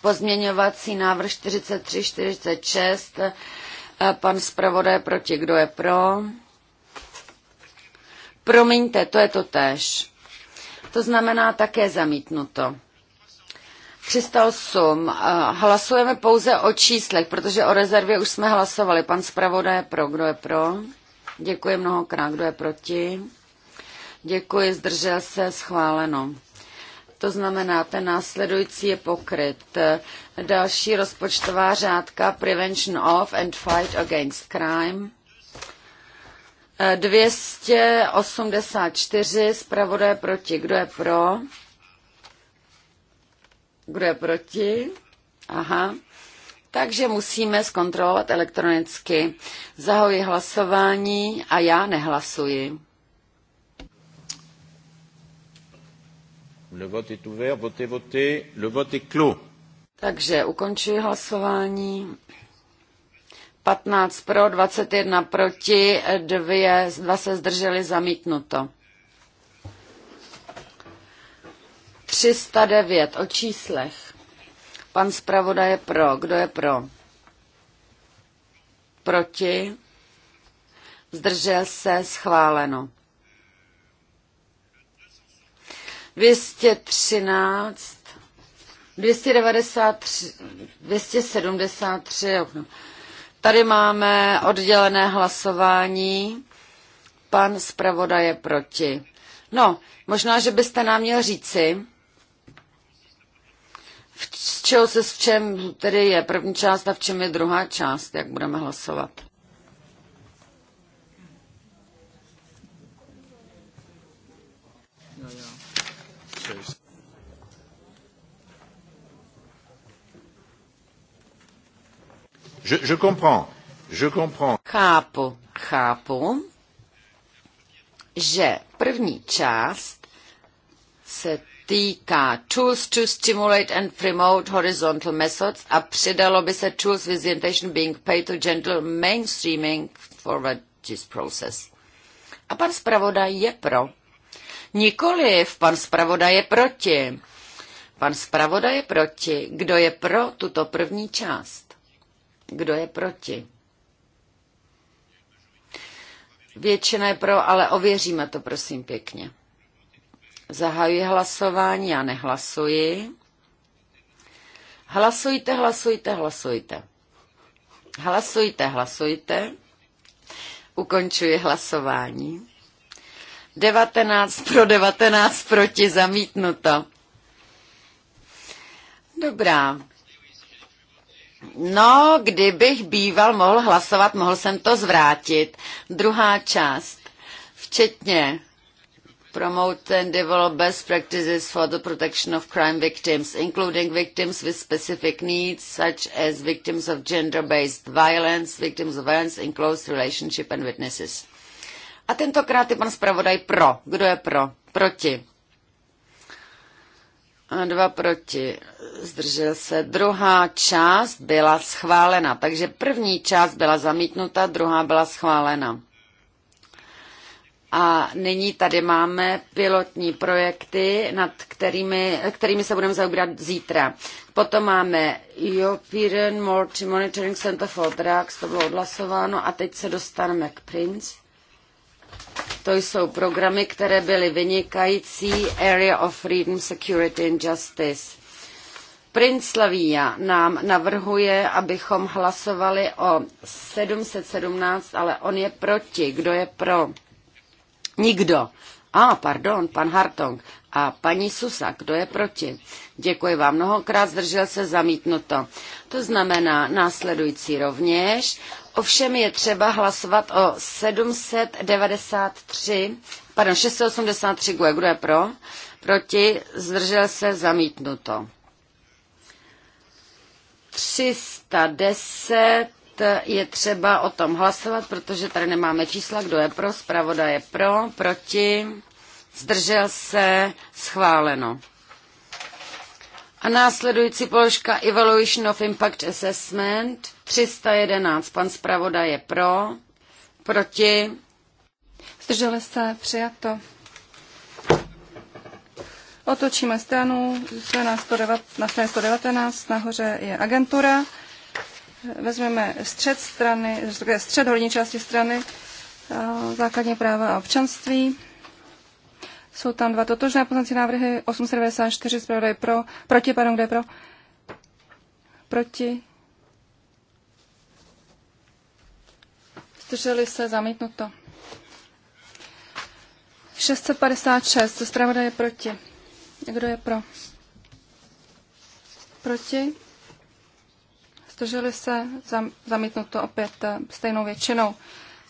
Pozměňovací návrh 4346. Eh, Pan zpravodaj proti, kdo je pro? Promiňte, to je to tež. To znamená také zamítnuto. 308. Eh, Hlasujeme pouze o číslech, protože o rezervě už jsme hlasovali. Pan zpravodaj je pro. Kdo je pro? Děkuji mnohokrát. Kdo je proti? Děkuji, zdržel se, schváleno. To znamená, ten následující je pokryt. Další rozpočtová řádka Prevention of and Fight Against Crime. 284 zpravodaj proti. Kdo je pro? Kdo je proti? Aha. Takže musíme zkontrolovat elektronicky. Zahoji hlasování a já nehlasuji. Le vote est ouvert, votez, votez, le vote est clos. Takže ukončuji hlasování. 15 pro, 21 proti, 2, 2 se zdrželi zamítnuto. 309 o číslech. Pan zpravodaj je pro. Kdo je pro? Proti? Zdržel se schváleno. 213, 293, 273. Tady máme oddělené hlasování. Pan zpravodaj je proti. No, možná, že byste nám měl říci, v čeho se s čem tedy je první část a v čem je druhá část, jak budeme hlasovat. Je, je comprends. Je comprends. Chápu, chápu, že první část se týká tools to stimulate and promote horizontal methods a přidalo by se tools with the intention being paid to gentle mainstreaming forward this process. A pan zpravodaj je pro. Nikoliv, pan zpravodaj je proti. Pan zpravodaj je proti. Kdo je pro tuto první část? Kdo je proti? Většina je pro, ale ověříme to, prosím, pěkně. Zahajuji hlasování, já nehlasuji. Hlasujte, hlasujte, hlasujte. Hlasujte, hlasujte. Ukončuji hlasování. 19 pro 19 proti zamítnuto. Dobrá. No, kdybych býval mohl hlasovat, mohl jsem to zvrátit. Druhá část, včetně promote and develop best practices for the protection of crime victims, including victims with specific needs, such as victims of gender-based violence, victims of violence in close relationship and witnesses. A tentokrát je pan zpravodaj pro. Kdo je pro? Proti. A dva proti. Zdržel se. Druhá část byla schválena. Takže první část byla zamítnuta, druhá byla schválena. A nyní tady máme pilotní projekty, nad kterými, kterými se budeme zaobírat zítra. Potom máme European Monitoring Center for Drugs, to bylo odhlasováno, a teď se dostaneme k PRINCE. To jsou programy, které byly vynikající Area of Freedom, Security and Justice. Prince Slavia nám navrhuje, abychom hlasovali o 717, ale on je proti. Kdo je pro? Nikdo. A, ah, pardon, pan Hartong. A paní Susa, kdo je proti? Děkuji vám mnohokrát, zdržel se zamítnuto. To znamená následující rovněž. Ovšem je třeba hlasovat o 793, pardon, 683 GUE. Kdo je pro? Proti, zdržel se zamítnuto. 310 je třeba o tom hlasovat, protože tady nemáme čísla, kdo je pro, zpravoda je pro, proti, zdržel se, schváleno. A následující položka Evaluation of Impact Assessment 311. Pan zpravoda je pro, proti. Zdrželi se, přijato. Otočíme stranu, jsme na, 109, na straně 119, nahoře je agentura. Vezmeme střed strany, střed horní části strany, základní práva a občanství. Jsou tam dva totožné poznací návrhy, 894 zpravodaj pro, proti, pardon, kde je pro? Proti. Zdrželi se, zamítnuto. 656, zpravodaj je proti. Kdo je pro? Proti. Zdrželi se, zam, zamítnuto opět eh, stejnou většinou.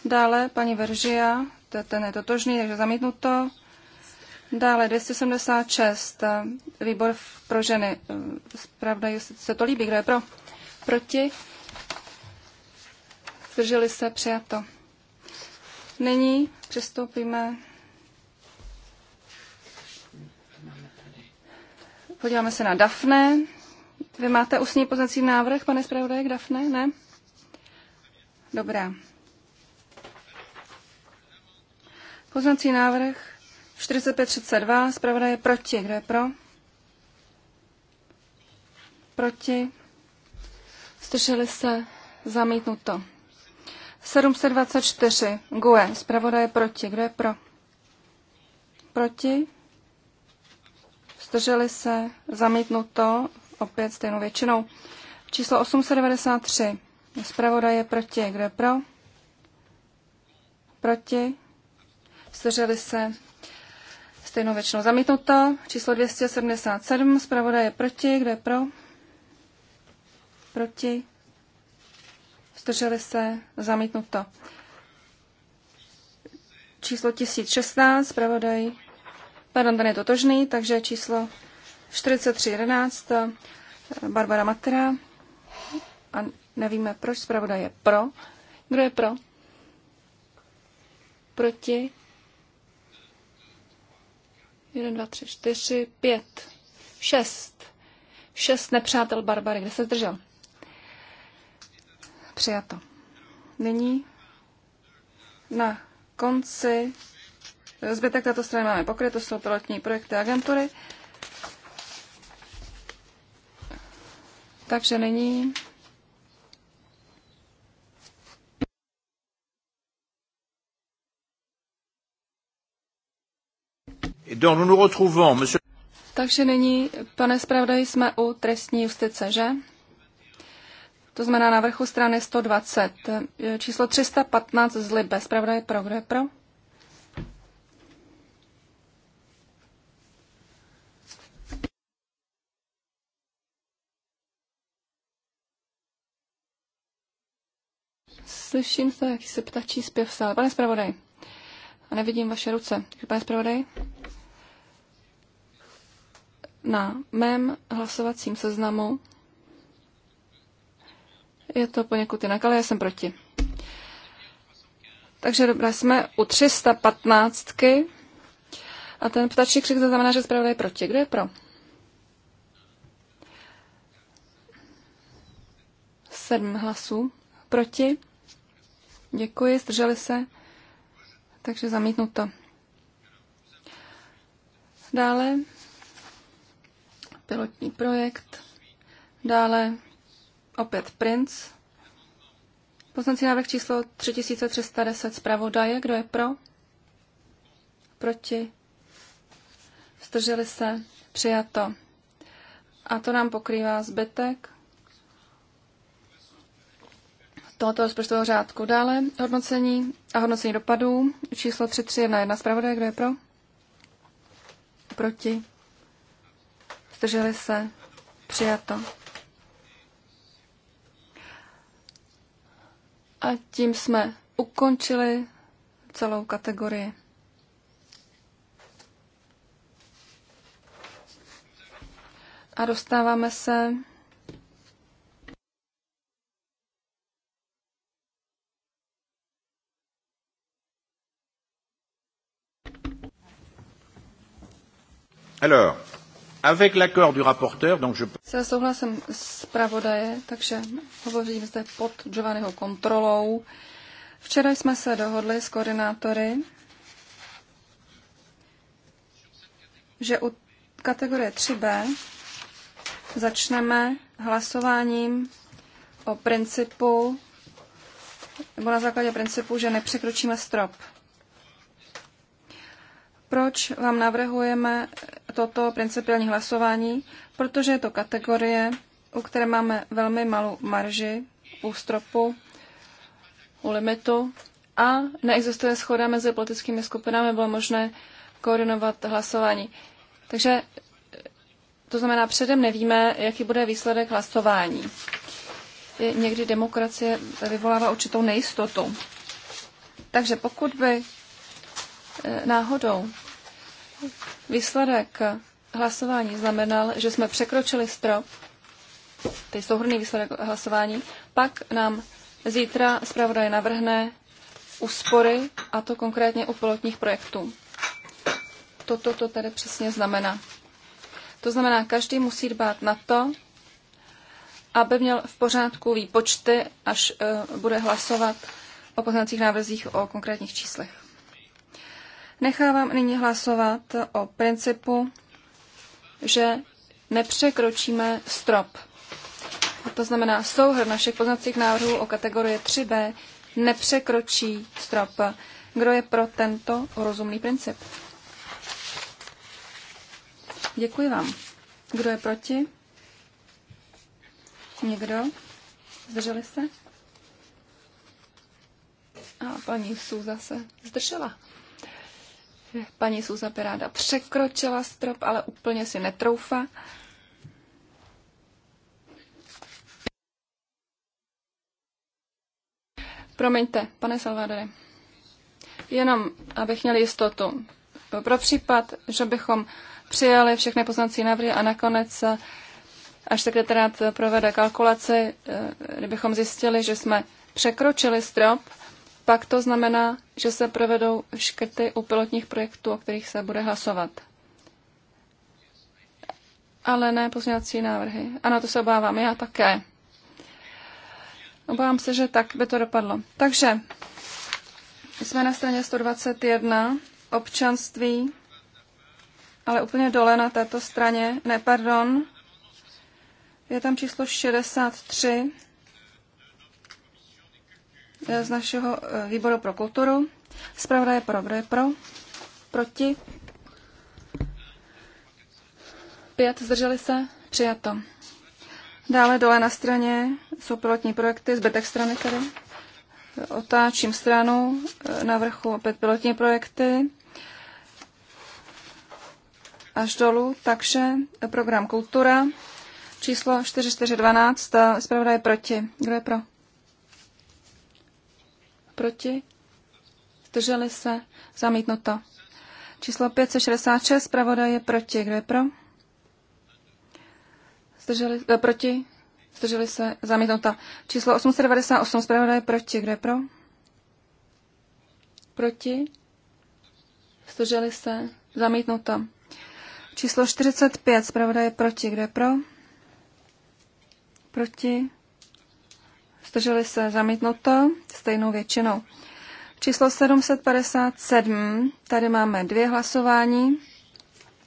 Dále paní Veržia, ten je totožný, takže zamítnuto. Dále 276. Eh, výbor pro ženy. Eh, Pravda, jestli se to líbí. Kdo je pro? Proti? Zdrželi se? Přijato. Nyní přistoupíme Podíváme se na Dafne. Vy máte ústní poznací návrh, pane zpravodaj, k Dafne? Ne? Dobrá. Poznací návrh 45.32, zpravodaj je proti. Kdo je pro? Proti. Zdrželi se zamítnuto. 724, GUE, zpravodaj je proti. Kdo je pro? Proti. Zdrželi se zamítnuto, opět stejnou většinou. Číslo 893, zpravodaj je proti. Kdo je pro? Proti. Zdrželi se stejnou většinou zamítnuto. Číslo 277, zpravodaj je proti, kdo je pro? Proti. Zdrželi se, zamítnuto. Číslo 1016, zpravodaj, pardon, ten je totožný, takže číslo 4311, Barbara Matera. A nevíme, proč zpravodaj je pro. Kdo je pro? Proti 1, 2, 3, 4, 5, 6. 6 nepřátel Barbary. Kde se zdržel? Přijato. Nyní na konci zbytek této strany máme pokryt, to jsou pilotní projekty agentury. Takže nyní nous nous retrouvons, monsieur... Takže nyní, pane zpravodaji, jsme u trestní justice, že? To znamená na vrchu strany 120. Číslo 315 z Libe. Zpravodaj pro, kdo je pro? Slyším se, jaký se ptačí zpěv sále. Pane zpravodaj, a nevidím vaše ruce. pane zpravodaj na mém hlasovacím seznamu. Je to poněkud jinak, ale já jsem proti. Takže dobré, jsme u 315. A ten ptačí křik to znamená, že zpravodaj je proti. Kdo je pro? Sedm hlasů proti. Děkuji, zdrželi se. Takže zamítnuto. Dále pilotní projekt. Dále opět Prince. Poslanci návrh číslo 3310 zpravodaje. Kdo je pro? Proti? Vstrželi se? Přijato. A to nám pokrývá zbytek tohoto rozpočtového řádku. Dále hodnocení a hodnocení dopadů. Číslo 3311 zpravodaje. Kdo je pro? Proti? Zdrželi se? Přijato. A tím jsme ukončili celou kategorii. A dostáváme se Alors, Avec l'accord du rapporteur, donc je... Se souhlasem zpravodaje, takže hovořím zde pod Giovanniho kontrolou. Včera jsme se dohodli s koordinátory, že u kategorie 3b začneme hlasováním o principu, nebo na základě principu, že nepřekročíme strop. Proč vám navrhujeme toto principiální hlasování, protože je to kategorie, u které máme velmi malou marži u stropu, u limitu a neexistuje schoda mezi politickými skupinami, bylo možné koordinovat hlasování. Takže to znamená, předem nevíme, jaký bude výsledek hlasování. Někdy demokracie vyvolává určitou nejistotu. Takže pokud by eh, náhodou Výsledek hlasování znamenal, že jsme překročili strop, tedy souhrný výsledek hlasování, pak nám zítra zpravodaj navrhne úspory, a to konkrétně u pilotních projektů. Toto to tedy přesně znamená. To znamená, každý musí dbát na to, aby měl v pořádku výpočty, až uh, bude hlasovat o poznacích návrzích o konkrétních číslech. Nechávám nyní hlasovat o principu, že nepřekročíme strop. To znamená, souhrn našich poznacích návrhů o kategorii 3b nepřekročí strop. Kdo je pro tento rozumný princip? Děkuji vám. Kdo je proti? Někdo? Zdrželi se? A paní Sů zase zdržela paní Suza Piráda překročila strop, ale úplně si netroufa. Promiňte, pane Salvadore. Jenom, abych měl jistotu. Pro případ, že bychom přijali všechny poznací návrhy a nakonec, až sekretariat provede kalkulaci, eh, kdybychom zjistili, že jsme překročili strop, pak to znamená, že se provedou škrty u pilotních projektů, o kterých se bude hlasovat. Ale ne pozměňovací návrhy. Ano, to se obávám, já také. Obávám se, že tak by to dopadlo. Takže jsme na straně 121, občanství, ale úplně dole na této straně, ne, pardon, je tam číslo 63, Eh, z našeho eh, výboru pro kulturu. Zpravda je pro, kdo je pro, proti, pět, zdrželi se, přijato. Dále dole na straně jsou pilotní projekty, zbytek strany tady. Otáčím stranu, eh, na vrchu opět pilotní projekty až dolů, takže program Kultura, číslo 4412, je proti. Kdo je pro? proti, zdrželi se, zamítnuto. Číslo 566, zpravodaj je proti, kdo je pro? Zdrželi, eh, proti, zdrželi se, zamítnuto. Číslo 898, zpravodaj je proti, kdo je pro? Proti, zdrželi se, zamítnuto. Číslo 45, zpravodaj je proti, kdo je pro? Proti, zdrželi se, zamítnuto stejnou většinou. Číslo 757, tady máme dvě hlasování.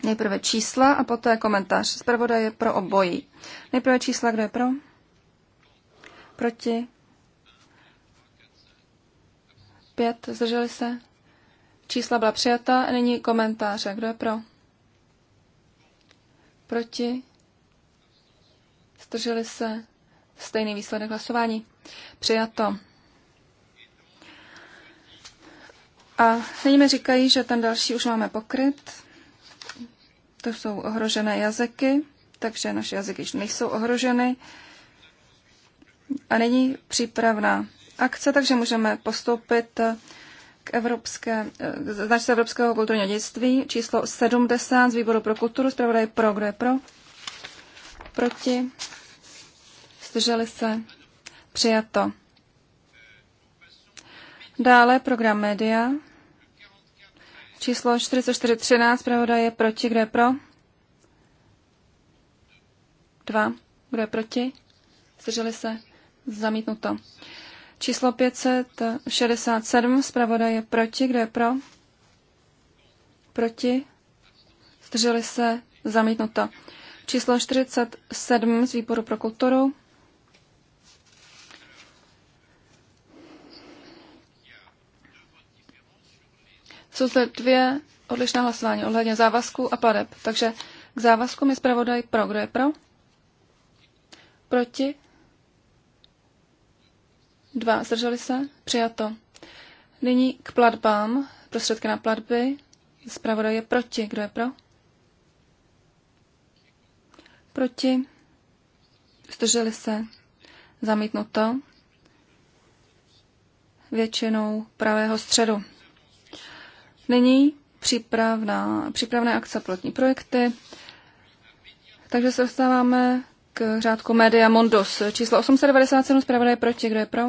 Nejprve čísla a poté komentář. Zpravodaj je pro obojí. Nejprve čísla, kdo je pro? Proti? Pět, zdrželi se? Čísla byla přijata, není nyní komentáře. Kdo je pro? Proti? Zdrželi se? Stejný výsledek hlasování. Přijato. A nyní mi říkají, že ten další už máme pokryt. To jsou ohrožené jazyky, takže naše jazyky již nejsou ohroženy. A není přípravná akce, takže můžeme postoupit k evropské, k eh, značce Evropského kulturního dědictví, číslo 70 z výboru pro kulturu, zpravodaj pro, kdo je pro, proti, zdrželi se, Přijato. Dále program Media. Číslo 4413, pravda je proti, kdo je pro? Dva, kdo je proti? Zdrželi se? Zamítnuto. Číslo 567, zpravoda je proti, kdo je pro? Proti? Zdrželi se? Zamítnuto. Číslo 47 z výboru pro kulturu. Jsou zde dvě odlišná hlasování ohledně závazků a pladeb. Takže k závazku je zpravodaj pro. Kdo je pro? Proti? Dva. Zdrželi se? Přijato. Nyní k platbám. Prostředky na platby. Zpravodaj je proti. Kdo je pro? Proti? Zdrželi se? Zamítnuto. Většinou pravého středu. Nyní přípravná, přípravné akce pilotní projekty. Takže se dostáváme k řádku Media Mondos. Číslo 897, zpravodaj proti, kdo je pro?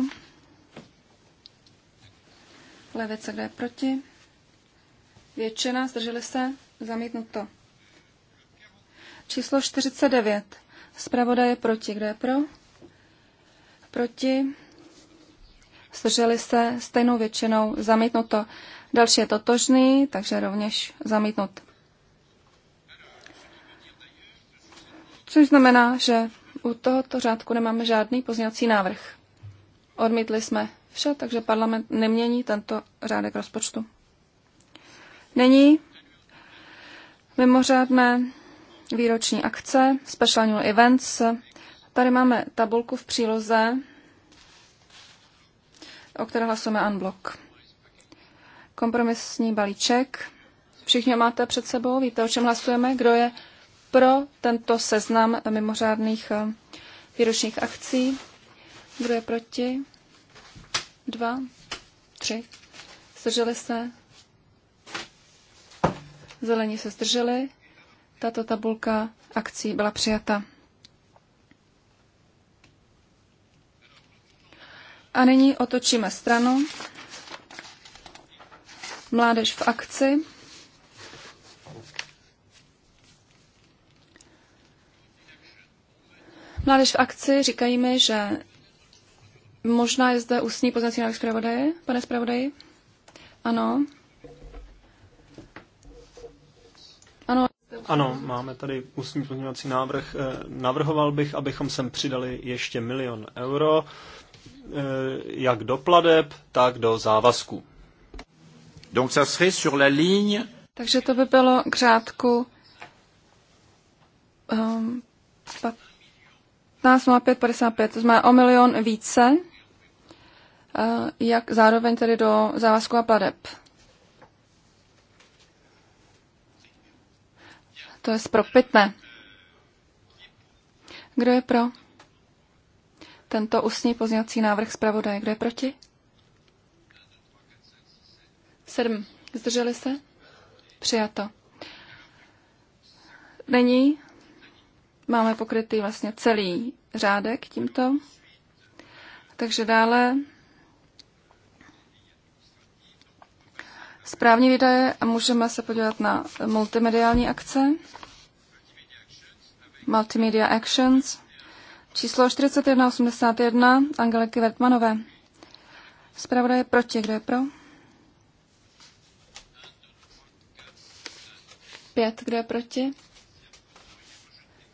Levice, kdo je proti? Většina, zdrželi se, zamítnuto. Číslo 49, zpravodaj proti, kdo je pro? Proti, zdrželi se stejnou většinou zamítnuto. Další je totožný, takže rovněž zamítnut. Což znamená, že u tohoto řádku nemáme žádný pozněvací návrh. Odmítli jsme vše, takže parlament nemění tento řádek rozpočtu. Není mimořádné výroční akce, special new events. Tady máme tabulku v příloze o které hlasujeme unblock. Kompromisní balíček. Všichni máte před sebou, víte, o čem hlasujeme, kdo je pro tento seznam mimořádných eh, výročních akcí. Kdo je proti? Dva, tři. Zdrželi se? Zelení se zdrželi. Tato tabulka akcí byla přijata. A nyní otočíme stranu. Mládež v akci. Mládež v akci říkají mi, že možná je zde ústní poznací návrh zpravodaje, pane zpravodaji? Ano. Ano. Ano, máme tady ústní pozměňovací návrh. Eh, navrhoval bych, abychom sem přidali ještě milion euro Eh, jak do pladeb, tak do závazků. Donc ça serait sur la ligne... Takže to by bylo k řádku um, ehm, 15,55, to znamená o milion více, uh, jak zároveň tedy do závazku a pladeb. To je spropitné. Kdo je pro? tento ústní pozněvací návrh zpravodaje. Kdo je proti? Sedm. Zdrželi se? Přijato. Není. Máme pokrytý vlastně celý řádek tímto. Takže dále správní výdaje můžeme se podívat na multimediální akce, multimedia actions, Číslo 4181 Angeliky Vertmanové. Zpravodaj je proti. Kdo je pro? Pět. Kdo je proti?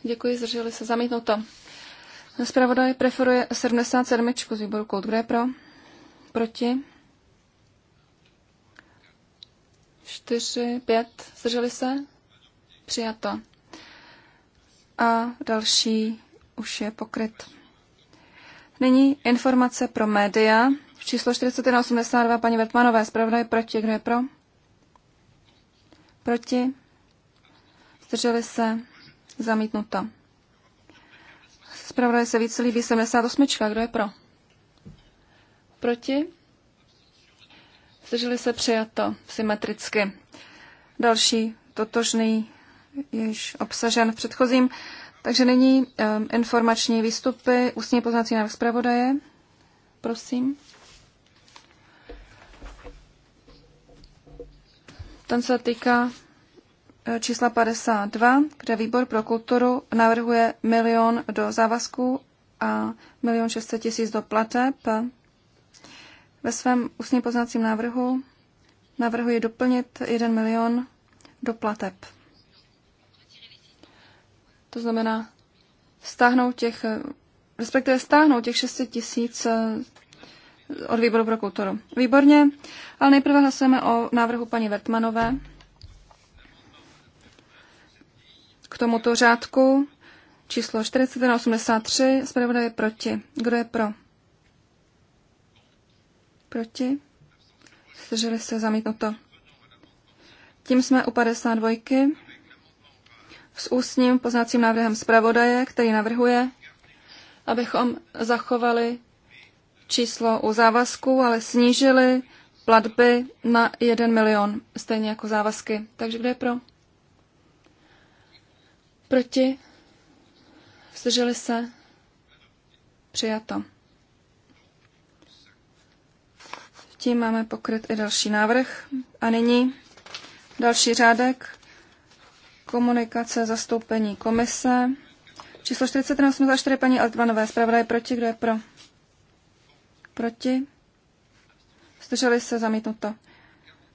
Děkuji, zdrželi se. Zamítnuto. Zpravodaj preferuje 77 z výboru Kult. Kdo je pro? Proti? Čtyři, pět. Zdrželi se? Přijato. A další už je pokryt. Nyní informace pro média. Číslo 4182 paní Vertmanové. Zpravodaj proti. Kdo je pro? Proti. Zdrželi se. Zamítnuto. Zpravodaj se více líbí 78. Kdo je pro? Proti. Zdrželi se přijato symetricky. Další totožný, jež obsažen v předchozím takže nyní um, informační výstupy, ústní poznací návrh zpravodaje. Prosím. Ten se týká eh, čísla 52, kde výbor pro kulturu navrhuje milion do závazků a milion 600 tisíc do plateb. Ve svém ústním poznacím návrhu navrhuji doplnit 1 milion do plateb. To znamená stáhnout těch, eh, respektive stáhnout těch 600 tisíc eh, od výboru pro kulturu. Výborně, ale nejprve hlasujeme o návrhu paní Vertmanové. K tomuto řádku číslo 4183, zpravodaj je proti. Kdo je pro? Proti? Zdrželi se zamítnuto. Tím jsme u 52 s ústním poznacím návrhem zpravodaje, který navrhuje, abychom zachovali číslo u závazků, ale snížili platby na 1 milion, stejně jako závazky. Takže kde je pro? Proti? Vzdrželi se? Přijato. Tím máme pokryt i další návrh. A nyní další řádek komunikace zastoupení komise. Číslo 414 paní Altmanové. Zpravodaj proti. Kdo je pro? Proti. Zdrželi se zamítnuto.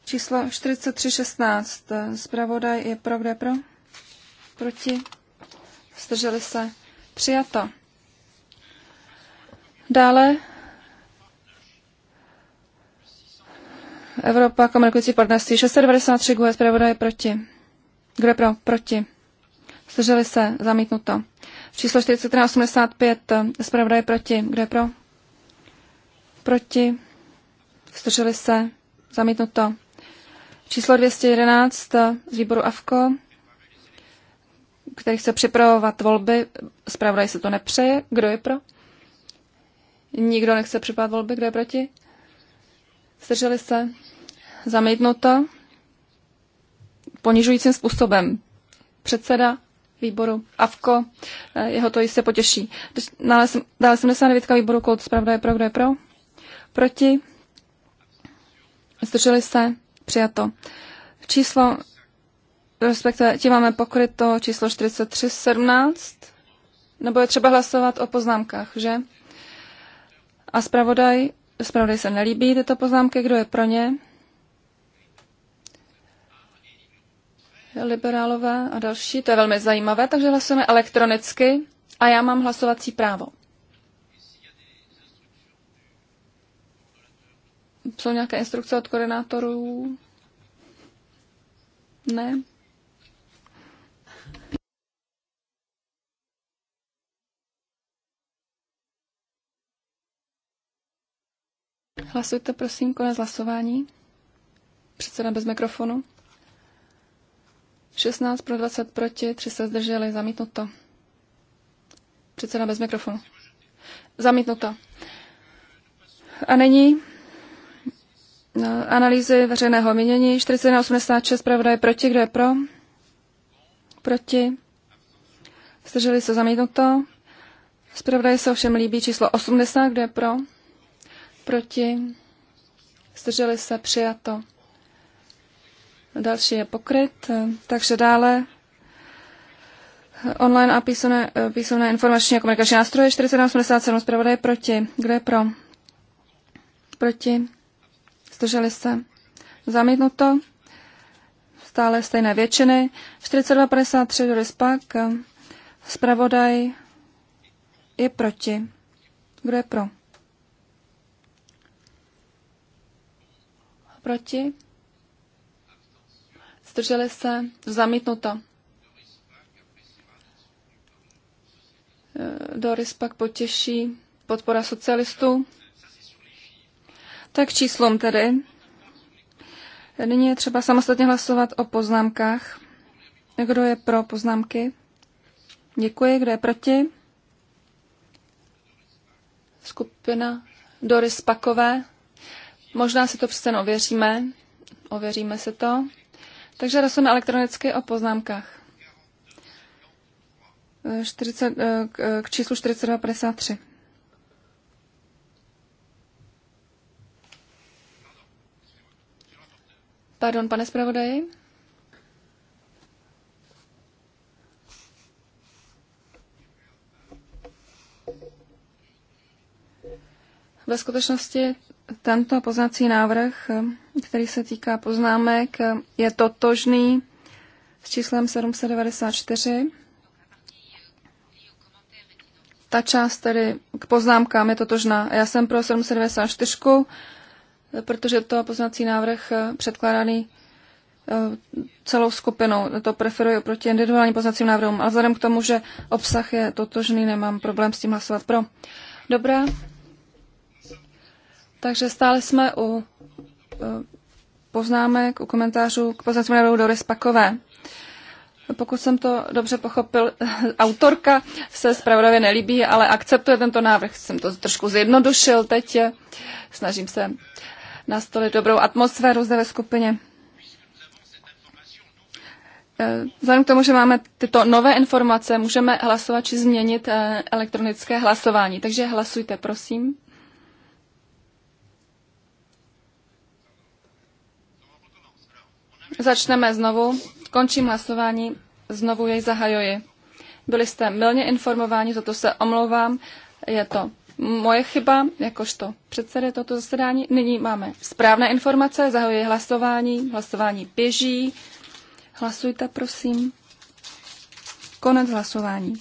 Číslo 4316. Zpravodaj je pro. Kdo je pro? Proti. Zdrželi se. Přijato. Dále Evropa komunikující partnerství 693 GUE zpravodaj proti. Kdo je pro? Proti. Zdrželi se. Zamítnuto. Číslo 485 Zpravodaj je proti. Kdo je pro? Proti. Zdrželi se. Zamítnuto. Číslo 211 z výboru AFKO, který chce připravovat volby. Zpravodaj se to nepřeje. Kdo je pro? Nikdo nechce připravovat volby. Kdo je proti? Zdrželi se. Zamítnuto ponižujícím způsobem. Předseda výboru AVKO, eh, jeho to jistě potěší. Dále 79 výboru Kout, zpravda je pro, kdo je pro? Proti? Zdrželi se? Přijato. Číslo, respektive ti máme pokryto číslo 4317, nebo je třeba hlasovat o poznámkách, že? A zpravodaj, zpravodaj se nelíbí tyto poznámky, kdo je pro ně? liberálové a další. To je velmi zajímavé, takže hlasujeme elektronicky a já mám hlasovací právo. Jsou nějaké instrukce od koordinátorů? Ne? Hlasujte, prosím, konec hlasování. Předseda bez mikrofonu. 16 pro 20 proti, 3 se zdrželi, zamítnuto. Předseda bez mikrofonu. Zamítnuto. A není analýzy veřejného mínění. 41,86 pravda je proti, kdo je pro? Proti. Zdrželi se zamítnuto. Zpravodaj se ovšem líbí číslo 80, kdo je pro? Proti. Zdrželi se přijato další je pokryt. Takže dále online a písomné, písomné informační a komunikační nástroje 4787 zpravodaje proti. Kdo je pro? Proti. Zdrželi se. Zamítnuto. Stále stejné většiny. 4253 do Pak. Zpravodaj je proti. Kdo je pro? Proti zdrželi se, zamítnuto. Eh, Doris pak potěší podpora socialistů. Tak číslům tedy. Nyní je třeba samostatně hlasovat o poznámkách. Kdo je pro poznámky? Děkuji. Kdo je proti? Skupina Doris Pakové. Možná si to přece ověříme. Ověříme se to. Takže hlasujeme elektronicky o poznámkách. 40, eh, eh, k číslu 4253. Pardon, pane zpravodaji. Ve skutečnosti tento poznací návrh eh, který se týká poznámek, je totožný s číslem 794. Ta část tedy k poznámkám je totožná. Já jsem pro 794, protože to poznací návrh předkládaný eh, celou skupinou. To preferuji oproti individuálním poznacím návrhům, ale vzhledem k tomu, že obsah je totožný, nemám problém s tím hlasovat pro. Dobrá. Takže stále jsme u poznámek, u komentářů k poznacímu návrhu Doris Spakové. Pokud jsem to dobře pochopil, autorka se zpravodově nelíbí, ale akceptuje tento návrh. Jsem to trošku zjednodušil teď. Snažím se nastolit dobrou atmosféru zde ve skupině. Eh, vzhledem k tomu, že máme tyto nové informace, můžeme hlasovat či změnit eh, elektronické hlasování. Takže hlasujte, prosím. Začneme znovu. Končím hlasování. Znovu jej zahajuji. Byli jste milně informováni, za to se omlouvám. Je to moje chyba, jakožto předsedy toto zasedání. Nyní máme správné informace, zahajuji hlasování, hlasování běží. Hlasujte, prosím. Konec hlasování.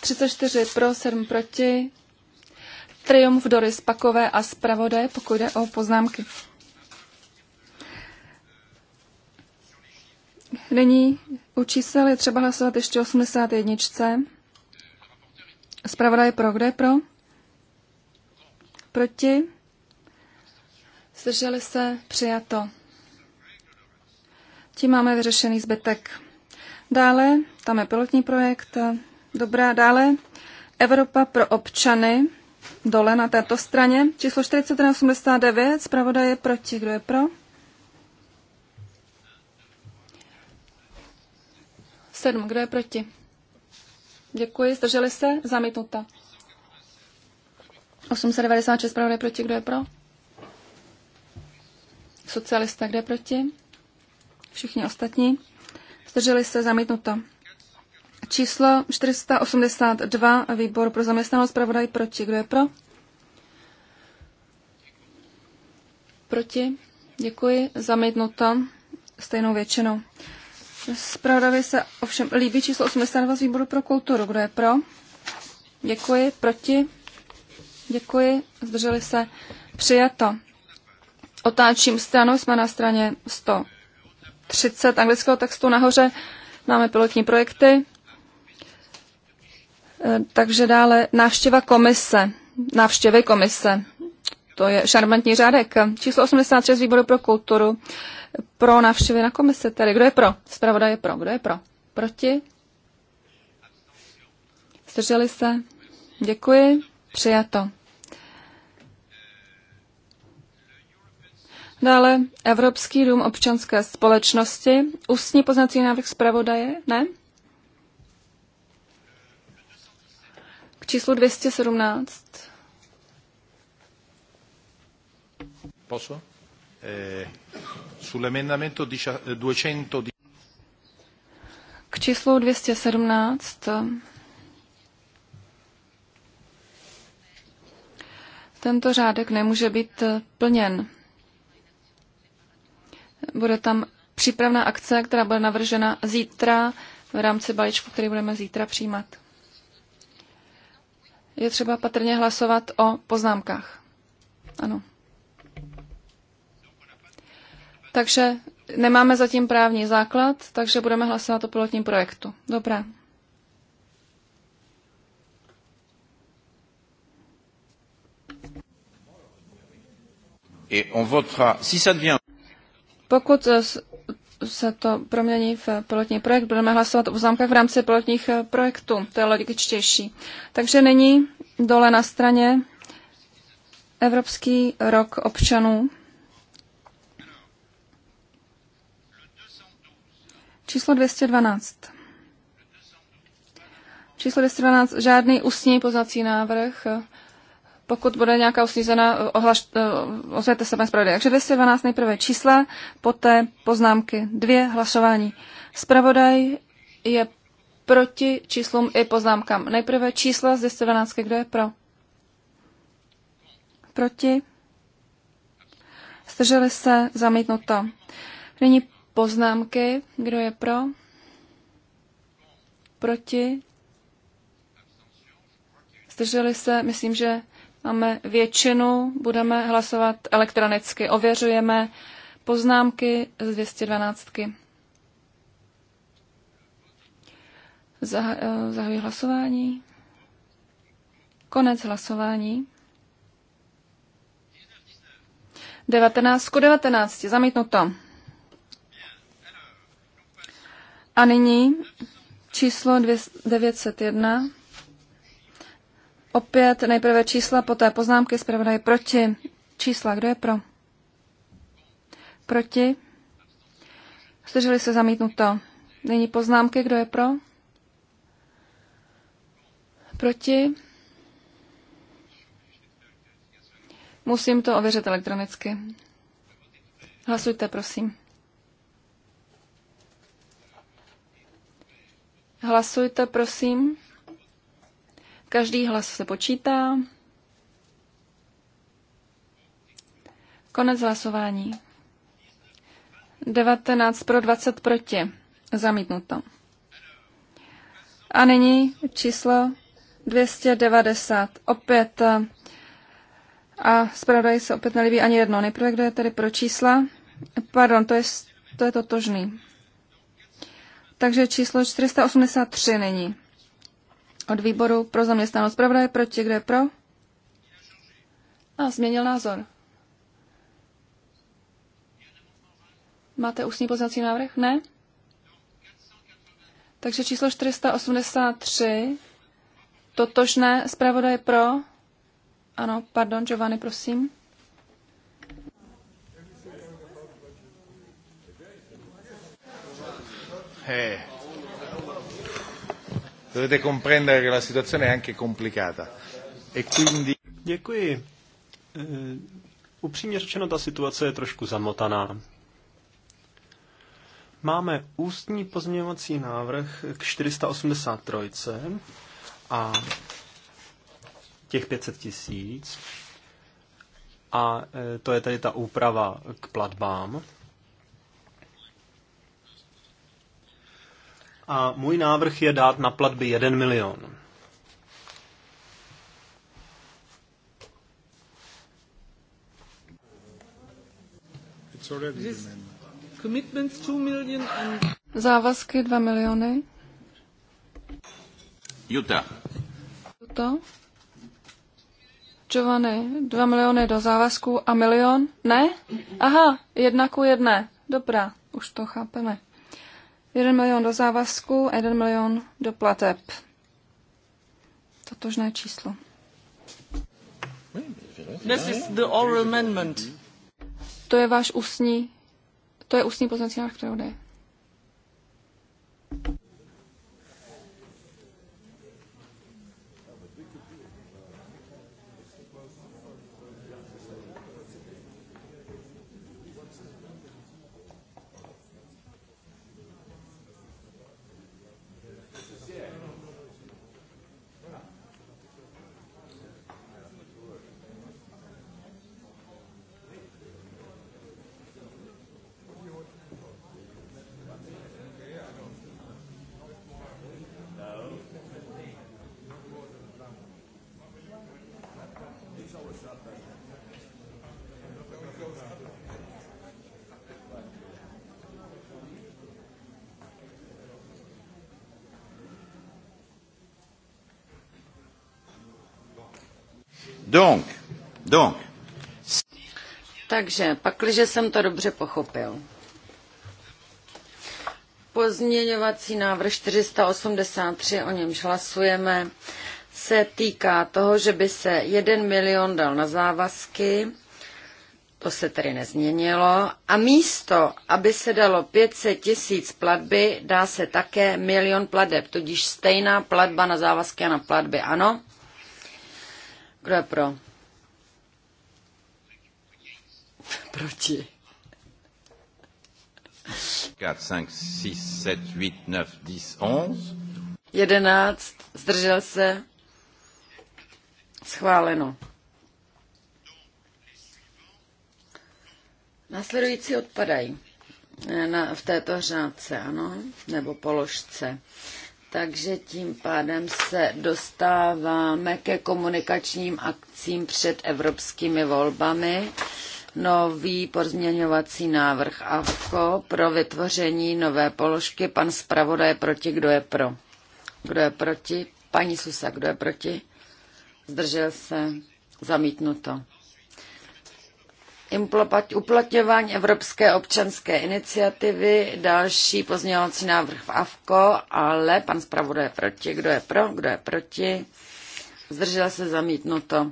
34 pro, 7 proti. Triumf Doris Pakové a zpravodaje, pokud jde o poznámky. Nyní u čísel je třeba hlasovat ještě 81. Zpravodaj pro, kde pro? Proti? Zdrželi se? Přijato. Tím máme vyřešený zbytek. Dále, tam je pilotní projekt. Dobrá, dále. Evropa pro občany. Dole na této straně. Číslo 4189. Zpravodaj je proti. Kdo je pro? 7. Kdo je proti? Děkuji. Zdrželi se? Zamítnuta. 896 pro, je proti, kdo je pro? Socialista, kde je proti? Všichni ostatní. Zdrželi se, Zamítnuta. Číslo 482, výbor pro zaměstnanost, pravodaj proti, kdo je pro? Proti, děkuji, Zamítnuta. stejnou většinou. Zpravodavě se ovšem líbí číslo 82 z výboru pro kulturu. Kdo je pro? Děkuji. Proti? Děkuji. Zdrželi se. Přijato. Otáčím stranu. Jsme na straně 130 anglického textu nahoře. Máme pilotní projekty. Eh, takže dále návštěva komise. Návštěvy komise. To je šarmantní řádek. Číslo 83 z výboru pro kulturu pro návštěvy na komise tady. kdo je pro? Zpravoda je pro. Kdo je pro? Proti? Zdrželi se? Děkuji. Přijato. Dále Evropský dům občanské společnosti. Ústní poznací návrh zpravodaje? Ne? K číslu 217. Posso? Eh, sull'emendamento 210. Eh, k číslu 217 eh, tento řádek nemůže být eh, plněn. Bude tam přípravná akce, která bude navržena zítra v rámci balíčku, který budeme zítra přijímat. Je třeba patrně hlasovat o poznámkách. Ano. Takže nemáme zatím právní základ, takže budeme hlasovat o pilotním projektu. Dobrá. Pokud eh, se to promění v pilotní projekt, budeme hlasovat o zámkách v rámci pilotních eh, projektů. To je logičtější. Takže není dole na straně Evropský rok občanů. Číslo 212. Číslo 212. Žádný ústní poznací návrh. Pokud bude nějaká usnízená, ohlaš, eh, ozvěte se, pane zpravodaj. Takže 212 nejprve čísla, poté poznámky. Dvě hlasování. Spravodaj je proti číslům i poznámkám. Nejprve čísla z 212. Kdo je pro? Proti? Zdrželi se, zamítnuto. Nyní poznámky. Kdo je pro? Proti? Zdrželi se? Myslím, že máme většinu. Budeme hlasovat elektronicky. Ověřujeme poznámky z 212. Zahajuji hlasování. Konec hlasování. 19 ku 19. Zamítnuto. A nyní číslo 901. Opět nejprve čísla, poté poznámky, zpravodaj proti. Čísla, kdo je pro? Proti. Zdrželi se zamítnuto. Nyní poznámky, kdo je pro? Proti. Musím to ověřit elektronicky. Hlasujte, prosím. Hlasujte, prosím. Každý hlas se počítá. Konec hlasování. 19 pro 20 proti. Zamítnuto. A nyní číslo 290. Opět eh, a zpravodaj se opět nelíbí ani jedno. Nejprve, kdo je tedy pro čísla? Pardon, to je, to je totožný. Takže číslo 483 není. Od výboru pro zaměstnanost. Pravda je proti, kde je pro? A změnil názor. Máte ústní poznací návrh? Ne? Takže číslo 483, totožné, zpravodaj pro. Ano, pardon, Giovanni, prosím. Eh, dovete comprendere che la situazione è anche complicata. E quindi... Děkuji. Eh, upřímně řečeno, ta situace je trošku zamotaná. Máme ústní pozměňovací návrh k 483 a těch 500 tisíc. A eh, to je tady ta úprava k platbám. A můj návrh je dát na platby 1 milion. Závazky 2 miliony. Juta. Juta. Giovanni, 2 miliony do závazku a milion? Ne? Aha, jedna ku jedné. Dobrá, už to chápeme. 1 milion do závazku, a 1 milion do plateb. Totožné číslo. This is the oral amendment. To je váš ústní, to je ústní poznací návrh, který Takže, pakliže jsem to dobře pochopil. Pozměňovací návrh 483, o němž hlasujeme, se týká toho, že by se 1 milion dal na závazky, to se tedy nezměnilo, a místo, aby se dalo 500 tisíc platby, dá se také milion plateb, tudíž stejná platba na závazky a na platby, ano? Kdo je pro? Proti. 4, 5, 6, 7, 8, 9, 10, 11. 11. Zdržel se. Schváleno. Následující odpadají na, v této řádce, ano, nebo položce. Takže tím pádem se dostáváme ke komunikačním akcím před evropskými volbami. Nový pozměňovací návrh AVKO pro vytvoření nové položky. Pan zpravodaj proti, kdo je pro? Kdo je proti? Paní Susa, kdo je proti? Zdržel se? Zamítnuto uplatňování Evropské občanské iniciativy, další pozměňovací návrh v AVKO, ale pan zpravodaj je proti. Kdo je pro, kdo je proti? Zdržel se zamítnuto.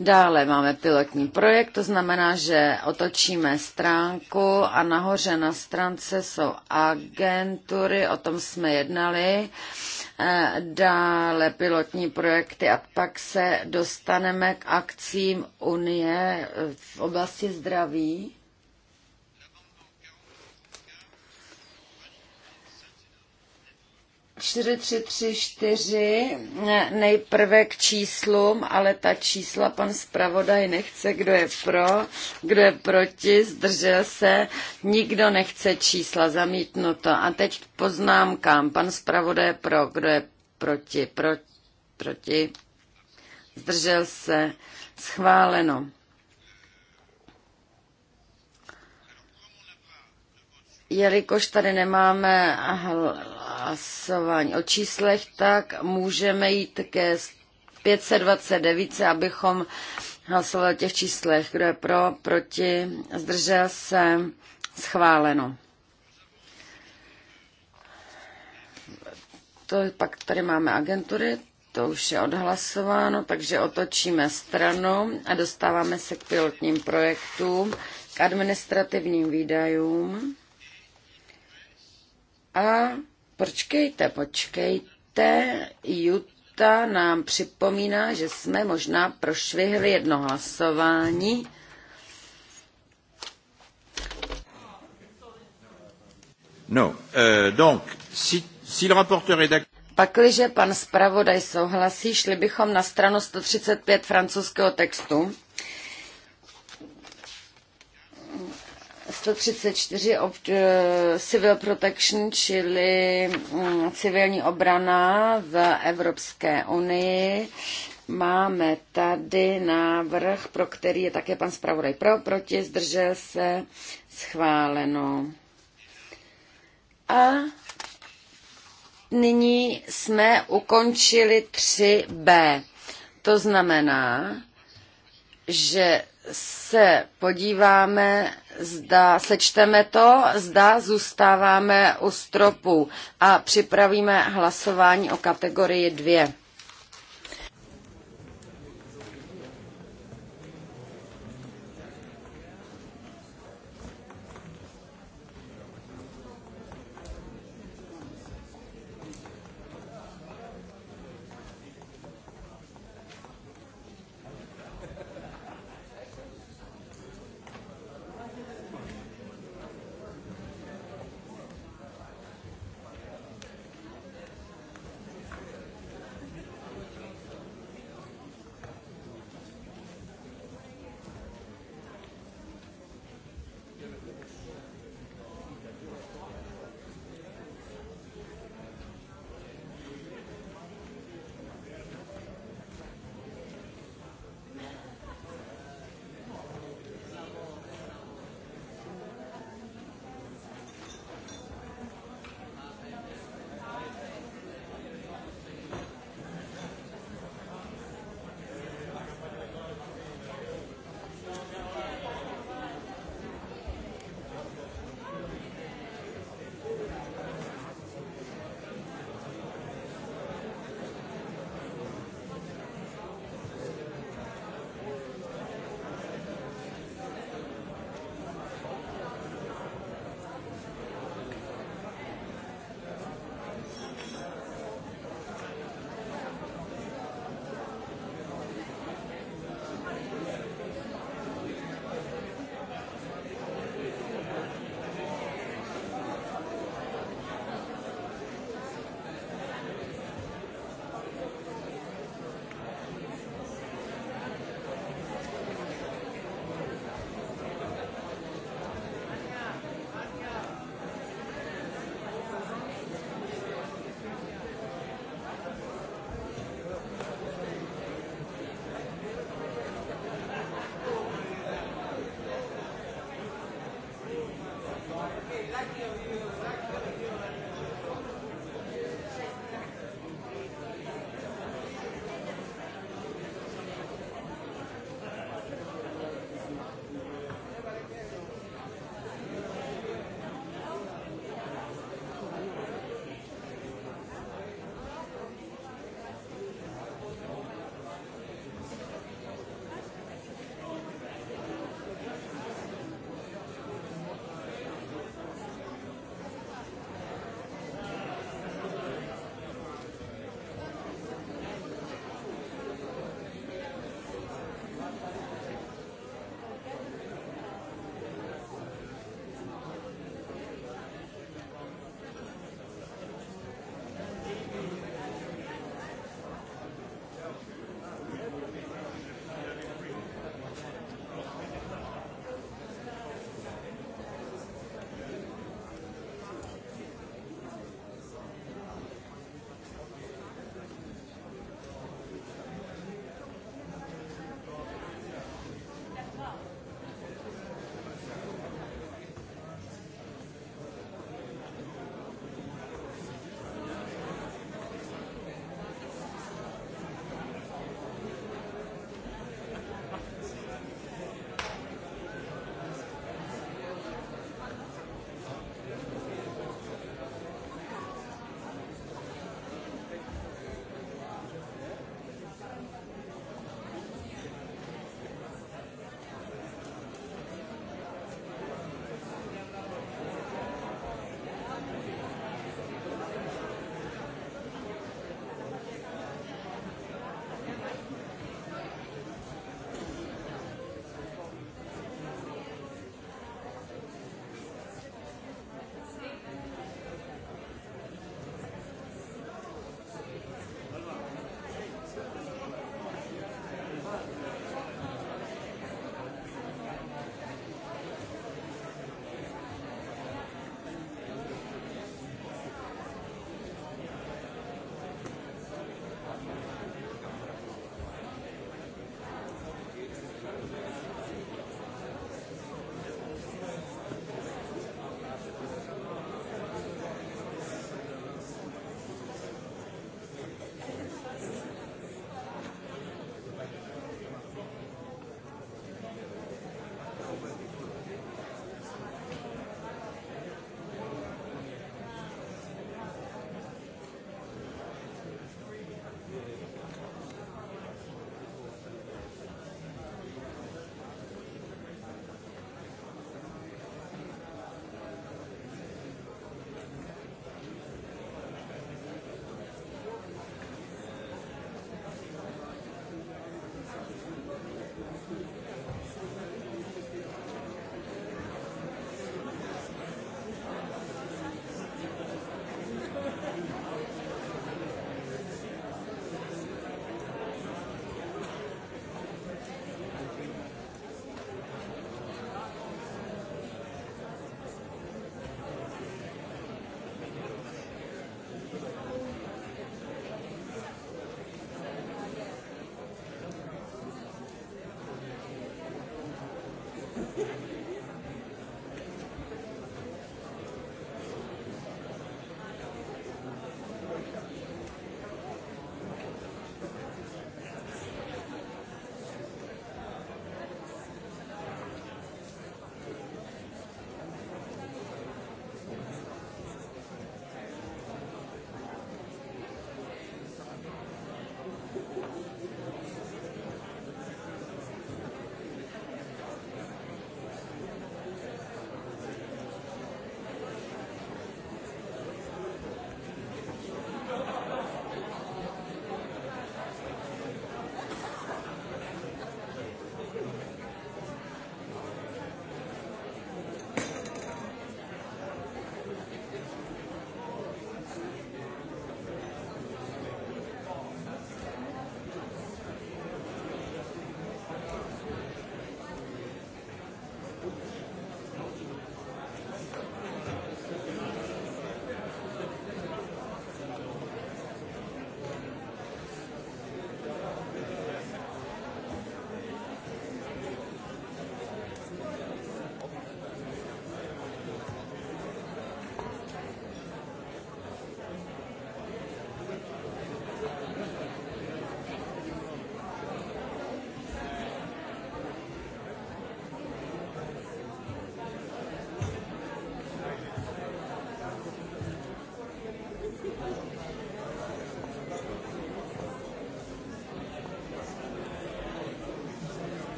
Dále máme pilotní projekt, to znamená, že otočíme stránku a nahoře na stránce jsou agentury, o tom jsme jednali, eh, dále pilotní projekty a pak se dostaneme k akcím Unie eh, v oblasti zdraví. 4334 nejprve k číslům, ale ta čísla pan zpravodaj nechce, kdo je pro, kdo je proti, zdržel se, nikdo nechce čísla, zamítnuto. A teď poznámkám, pan zpravodaj pro, kdo je proti, pro, proti, zdržel se, schváleno. Jelikož tady nemáme hlasování o číslech, tak můžeme jít ke 529, abychom hlasovali o těch číslech. Kdo je pro, proti, zdržel se, schváleno. To pak tady máme agentury, to už je odhlasováno, takže otočíme stranu a dostáváme se k pilotním projektům, k administrativním výdajům. A počkejte, počkejte, Juta nám připomíná, že jsme možná prošvihli jedno hlasování. No, euh, donc, si, si le rapporteur est d'accord... Pakliže pan zpravodaj souhlasí, šli bychom na stranu 135 francouzského textu 134 ob, eh, Civil Protection, čili mm, civilní obrana v Evropské unii. Máme tady návrh, pro který je také pan zpravodaj pro, proti, zdržel se, schváleno. A nyní jsme ukončili 3b. To znamená, že se podíváme zda sečteme to, zda zůstáváme u stropu a připravíme hlasování o kategorii 2.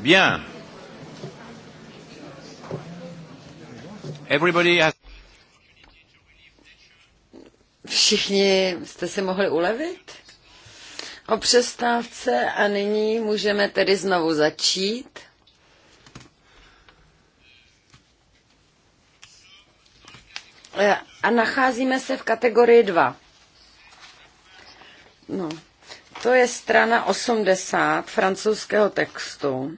Bien. Everybody has... Všichni jste si mohli ulevit o přestávce a nyní můžeme tedy znovu začít. Eh, a nacházíme se v kategorii 2. To je strana 80 francouzského textu.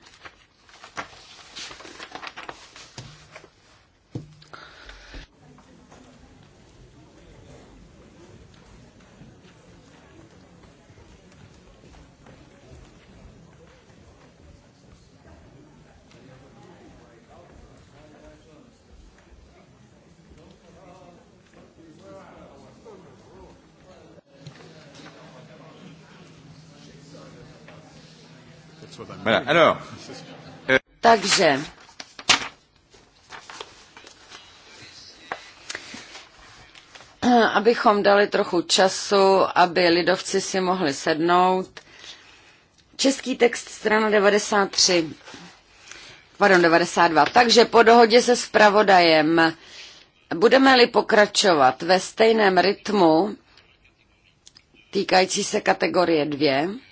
Takže eh, abychom dali trochu času, aby lidovci si mohli sednout. Český text strana 93, pardon 92. Takže po dohodě se spravodajem, budeme-li pokračovat ve stejném rytmu týkající se kategorie 2,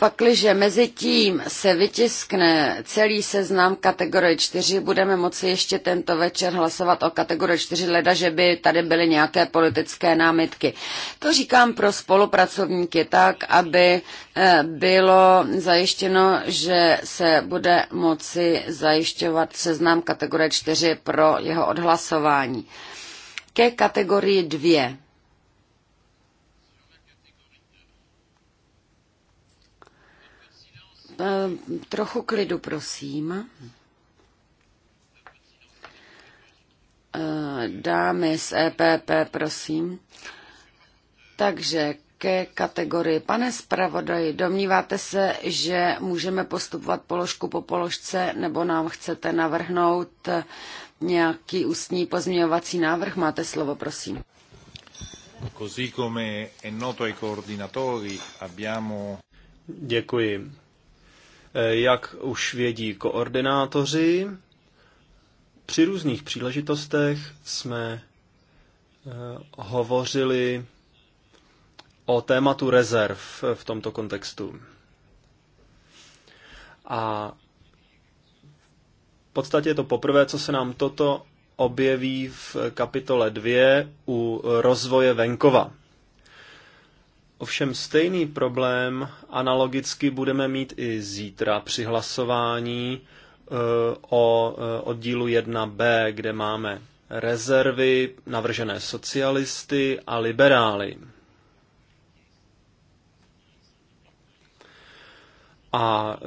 Pakliže mezi tím se vytiskne celý seznam kategorie 4, budeme moci ještě tento večer hlasovat o kategorii 4, leda, že by tady byly nějaké politické námitky. To říkám pro spolupracovníky tak, aby eh, bylo zajištěno, že se bude moci zajišťovat seznam kategorie 4 pro jeho odhlasování. Ke kategorii 2 Eh, trochu klidu, prosím. Eh, dámy z EPP, prosím. Takže ke kategorii. Pane zpravodaji, domníváte se, že můžeme postupovat položku po položce, nebo nám chcete navrhnout nějaký ústní pozměňovací návrh? Máte slovo, prosím. Così come è noto ai coordinatori, abbiamo... Děkuji. Eh, jak už vědí koordinátoři, při různých příležitostech jsme eh, hovořili o tématu rezerv v tomto kontextu. A v podstatě je to poprvé, co se nám toto objeví v kapitole 2 u rozvoje venkova. Ovšem stejný problém analogicky budeme mít i zítra při hlasování e, o e, oddílu 1b, kde máme rezervy navržené socialisty a liberály. A e,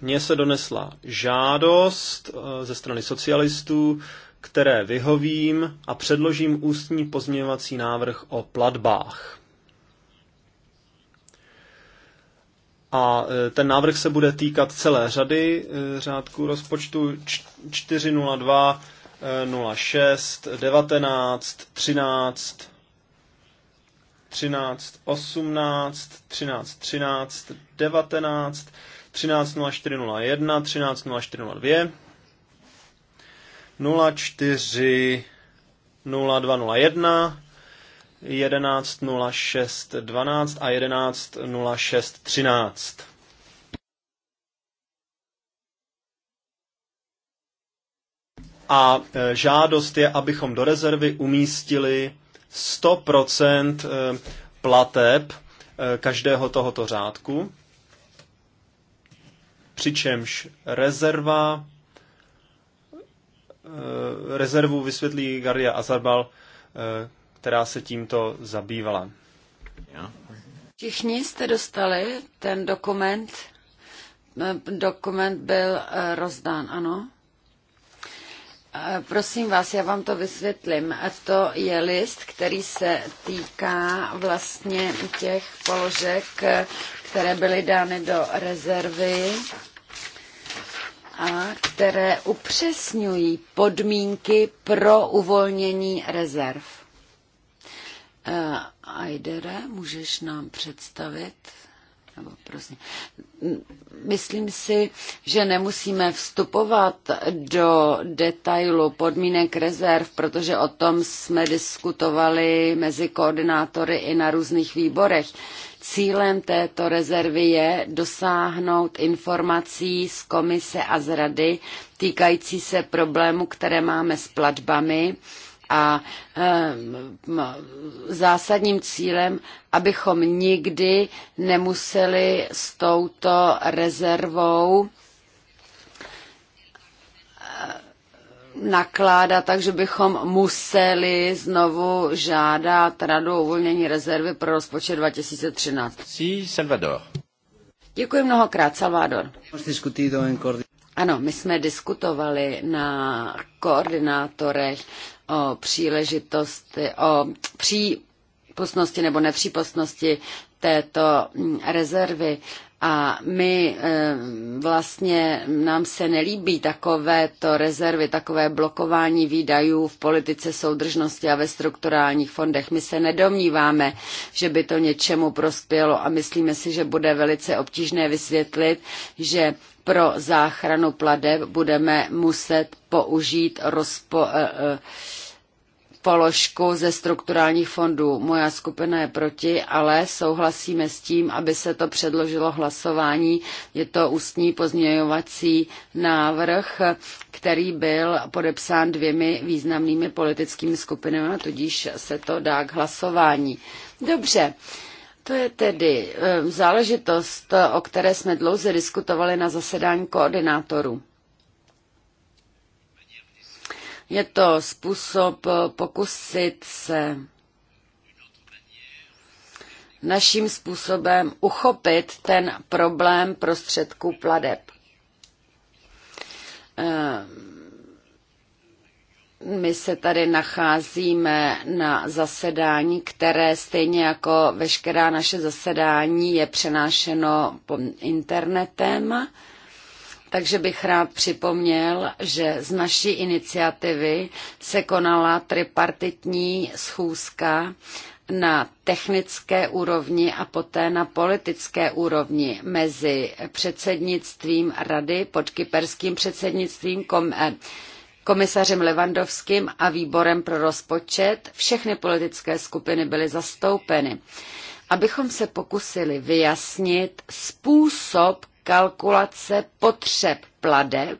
mně se donesla žádost ze strany socialistů, které vyhovím a předložím ústní pozměňovací návrh o platbách. A e, ten návrh se bude týkat celé řady e, řádků rozpočtu 402, 06, 19, 13, 13, 18, 13, 13, 19, 13, 13, 04, 04, 01, 02, 04, 02, 01, 11.06.12 a 11.06.13. A e, žádost je, abychom do rezervy umístili 100% e, plateb e, každého tohoto řádku, přičemž rezerva rezervu vysvětlí Gardia Azarbal která se tímto zabývala. Všichni jste dostali ten dokument. Eh, dokument byl eh, rozdán, ano? Eh, prosím vás, já vám to vysvětlím. to je list, který se týká vlastně těch položek, které byly dány do rezervy a které upřesňují podmínky pro uvolnění rezerv. Eh, Aidere, můžeš nám představit? Nebo prosím. Myslím si, že nemusíme vstupovat do detailu podmínek rezerv, protože o tom jsme diskutovali mezi koordinátory i na různých výborech. Cílem této rezervy je dosáhnout informací z komise a z rady týkající se problému, které máme s platbami a ehm, zásadním cílem, abychom nikdy nemuseli s touto rezervou ehm, nakládat, takže bychom museli znovu žádat radu o uvolnění rezervy pro rozpočet 2013. Salvador. Děkuji mnohokrát, Salvador. Ano, my jsme diskutovali na koordinátorech o příležitosti, o přípustnosti nebo nepřípustnosti této rezervy. A my eh, vlastně, nám se nelíbí takovéto rezervy, takové blokování výdajů v politice soudržnosti a ve strukturálních fondech. My se nedomníváme, že by to něčemu prospělo a myslíme si, že bude velice obtížné vysvětlit, že pro záchranu pladeb budeme muset použít rozpo, uh, uh, položku ze strukturálních fondů. Moja skupina je proti, ale souhlasíme s tím, aby se to předložilo hlasování. Je to ústní pozměňovací návrh, který byl podepsán dvěmi významnými politickými skupinami, a tudíž se to dá k hlasování. Dobře. To je tedy eh, záležitost, o které jsme dlouze diskutovali na zasedání koordinátorů. Je to způsob eh, pokusit se naším způsobem uchopit ten problém prostředků pladeb. Eh, my se tady nacházíme na zasedání, které stejně jako veškerá naše zasedání je přenášeno internetem. Takže bych rád připomněl, že z naší iniciativy se konala tripartitní schůzka na technické úrovni a poté na politické úrovni mezi předsednictvím rady pod kyperským předsednictvím kom, eh, komisařem Levandovským a výborem pro rozpočet. Všechny politické skupiny byly zastoupeny abychom se pokusili vyjasnit způsob kalkulace potřeb pladeb,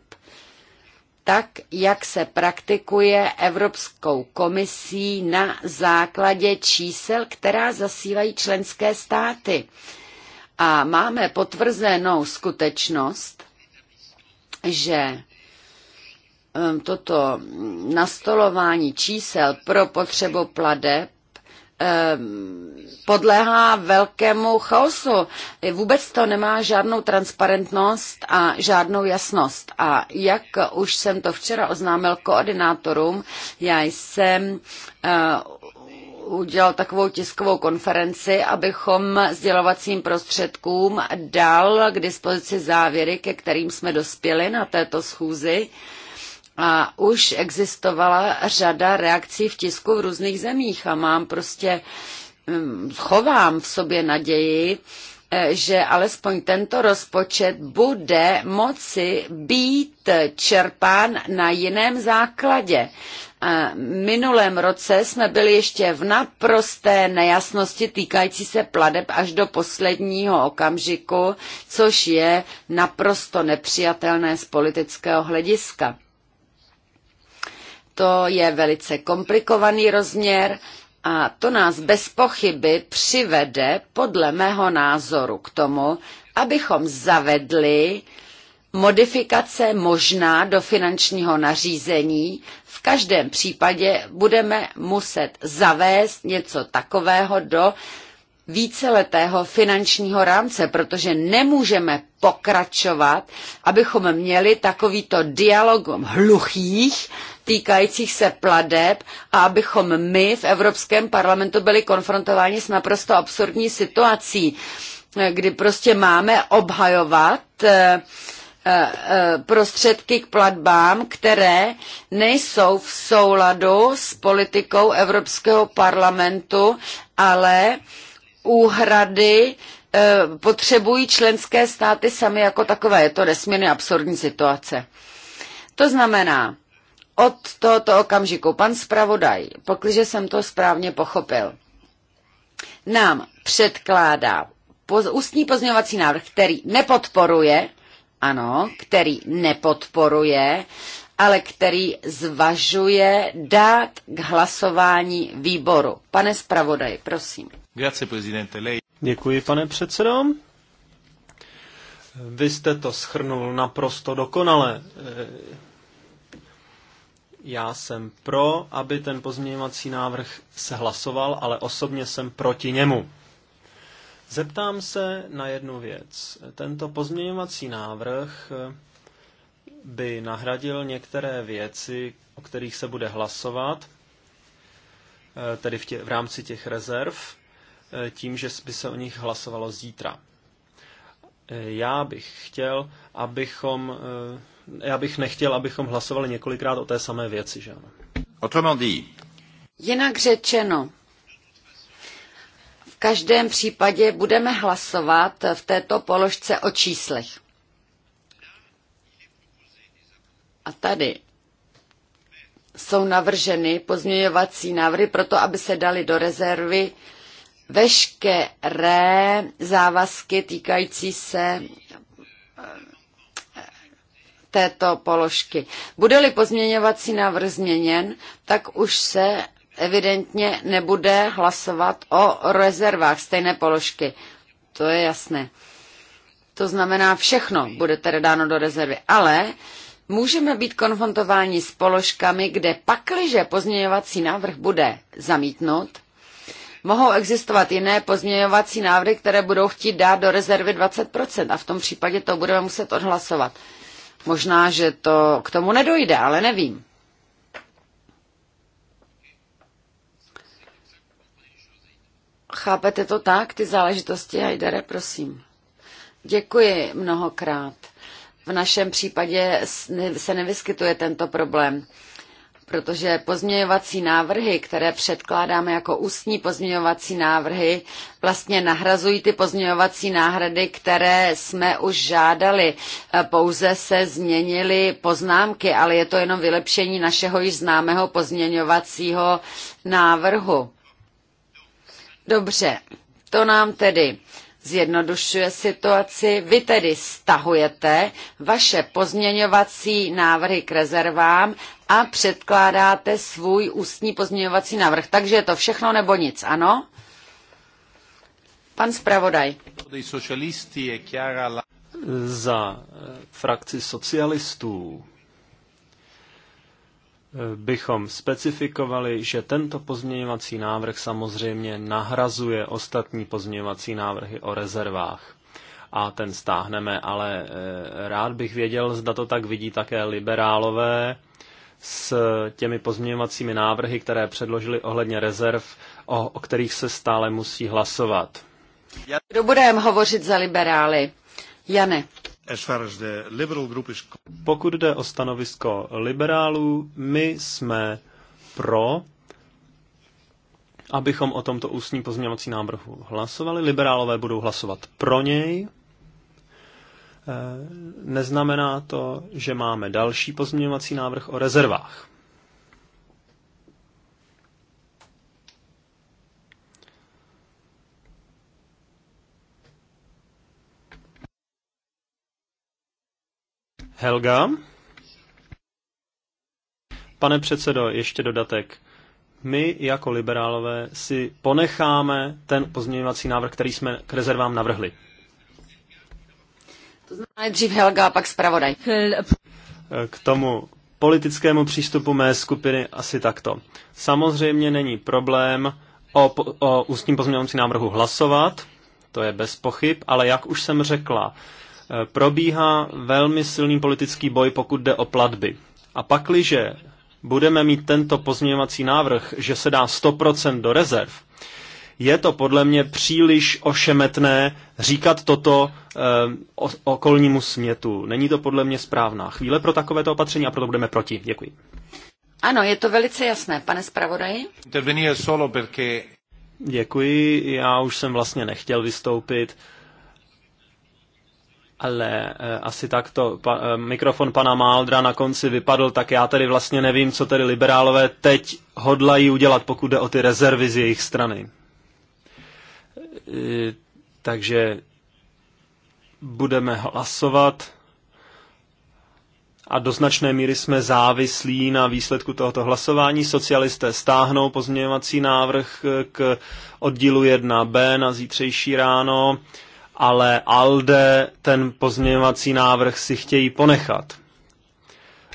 tak jak se praktikuje Evropskou komisí na základě čísel, která zasílají členské státy. A máme potvrzenou skutečnost, že ehm, toto nastolování čísel pro potřebu pladeb Ehm, podléhá velkému chaosu. Vůbec to nemá žádnou transparentnost a žádnou jasnost. A jak už jsem to včera oznámil koordinátorům, já jsem eh, udělal takovou tiskovou konferenci, abychom sdělovacím prostředkům dal k dispozici závěry, ke kterým jsme dospěli na této schůzi. Uh, a už existovala řada reakcí v tisku v různých zemích a mám prostě, mm, chovám v sobě naději, eh, že alespoň tento rozpočet bude moci být čerpán na jiném základě. Eh, minulém roce jsme byli ještě v naprosté nejasnosti týkající se pladeb až do posledního okamžiku, což je naprosto nepřijatelné z politického hlediska. To je velice komplikovaný rozměr a to nás bez pochyby přivede, podle mého názoru, k tomu, abychom zavedli modifikace možná do finančního nařízení. V každém případě budeme muset zavést něco takového do víceletého finančního rámce, protože nemůžeme pokračovat, abychom měli takovýto dialog hluchých týkajících se pladeb a abychom my v Evropském parlamentu byli konfrontováni s naprosto absurdní situací, kdy prostě máme obhajovat eh, eh, prostředky k platbám, které nejsou v souladu s politikou Evropského parlamentu, ale úhrady eh, potřebují členské státy sami jako takové. Je to nesmírně absurdní situace. To znamená, od tohoto okamžiku, pan zpravodaj, pokliže jsem to správně pochopil, nám předkládá poz, ústní pozměňovací návrh, který nepodporuje, ano, který nepodporuje, ale který zvažuje dát k hlasování výboru. Pane zpravodaj, prosím. Děkuji, pane předsedo. Vy jste to schrnul naprosto dokonale. Já jsem pro, aby ten pozměňovací návrh se hlasoval, ale osobně jsem proti němu. Zeptám se na jednu věc. Tento pozměňovací návrh by nahradil některé věci, o kterých se bude hlasovat, tedy v, tě, v rámci těch rezerv. Eh, tím, že by se o nich hlasovalo zítra. Eh, já bych chtěl, abychom, eh, já bych nechtěl, abychom hlasovali několikrát o té samé věci, že ano. Autrement dit. Jinak řečeno, v každém případě budeme hlasovat v této položce o číslech. A tady jsou navrženy pozměňovací návrhy proto, aby se dali do rezervy veškeré závazky týkající se eh, této položky. Bude-li pozměňovací návrh změněn, tak už se evidentně nebude hlasovat o rezervách stejné položky. To je jasné. To znamená, všechno bude tedy dáno do rezervy. Ale můžeme být konfrontováni s položkami, kde pakliže pozměňovací návrh bude zamítnut, mohou existovat jiné pozměňovací návrhy, které budou chtít dát do rezervy 20% a v tom případě to budeme muset odhlasovat. Možná, že to k tomu nedojde, ale nevím. Chápete to tak, ty záležitosti, Hajdere, prosím. Děkuji mnohokrát. V našem případě se nevyskytuje tento problém protože pozměňovací návrhy, které předkládáme jako ústní pozměňovací návrhy, vlastně nahrazují ty pozměňovací náhrady, které jsme už žádali. E, pouze se změnily poznámky, ale je to jenom vylepšení našeho již známého pozměňovacího návrhu. Dobře, to nám tedy zjednodušuje situaci. Vy tedy stahujete vaše pozměňovací návrhy k rezervám a předkládáte svůj ústní pozměňovací návrh. Takže je to všechno nebo nic, ano? Pan zpravodaj. E Za frakci socialistů bychom specifikovali, že tento pozměňovací návrh samozřejmě nahrazuje ostatní pozměňovací návrhy o rezervách. A ten stáhneme, ale e, rád bych věděl, zda to tak vidí také liberálové s těmi pozměňovacími návrhy, které předložili ohledně rezerv, o, o kterých se stále musí hlasovat. Kdo budeme hovořit za liberály? Jane. Pokud jde o stanovisko liberálů, my jsme pro, abychom o tomto ústním pozměňovací návrhu hlasovali. Liberálové budou hlasovat pro něj. Eh, neznamená to, že máme další pozměňovací návrh o rezervách. Helga. Pane předsedo, ještě dodatek. My jako liberálové si ponecháme ten pozměňovací návrh, který jsme k rezervám navrhli. To znamená dřív Helga a pak zpravodaj. K tomu politickému přístupu mé skupiny asi takto. Samozřejmě není problém o, o ústním pozměňovacím návrhu hlasovat, to je bez pochyb, ale jak už jsem řekla, probíhá velmi silný politický boj, pokud jde o platby. A pakliže budeme mít tento pozměňovací návrh, že se dá 100% do rezerv, je to podle mě příliš ošemetné říkat toto eh, o, okolnímu smětu. Není to podle mě správná chvíle pro takovéto opatření a proto budeme proti. Děkuji. Ano, je to velice jasné, pane zpravodaji. Děkuji, já už jsem vlastně nechtěl vystoupit. Ale eh, asi takto pa, eh, mikrofon pana Máldra na konci vypadl, tak já tady vlastně nevím, co tedy liberálové teď hodlají udělat, pokud jde o ty rezervy z jejich strany. E, takže budeme hlasovat a do značné míry jsme závislí na výsledku tohoto hlasování. Socialisté stáhnou pozměňovací návrh eh, k oddílu 1b na zítřejší ráno ale ALDE ten pozměňovací návrh si chtějí ponechat,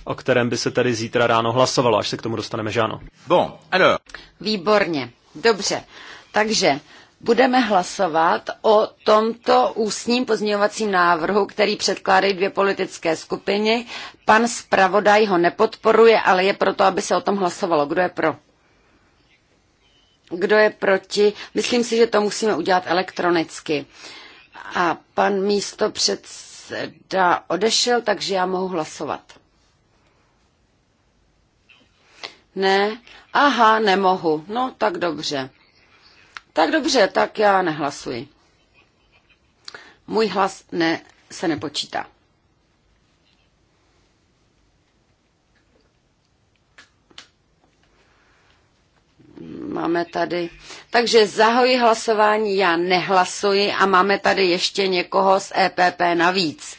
o kterém by se tedy zítra ráno hlasovalo, až se k tomu dostaneme, že ano? Bon, alors. Výborně, dobře. Takže budeme hlasovat o tomto ústním pozměňovacím návrhu, který předkládají dvě politické skupiny. Pan zpravodaj ho nepodporuje, ale je proto, aby se o tom hlasovalo. Kdo je pro? Kdo je proti? Myslím si, že to musíme udělat elektronicky. Uh, a pan místo předseda odešel, takže já mohu hlasovat. Ne? Aha, nemohu. No, tak dobře. Tak dobře, tak já nehlasuji. Můj hlas ne, se nepočítá. Máme tady. Takže zahoji hlasování, já nehlasuji a máme tady ještě někoho z EPP navíc.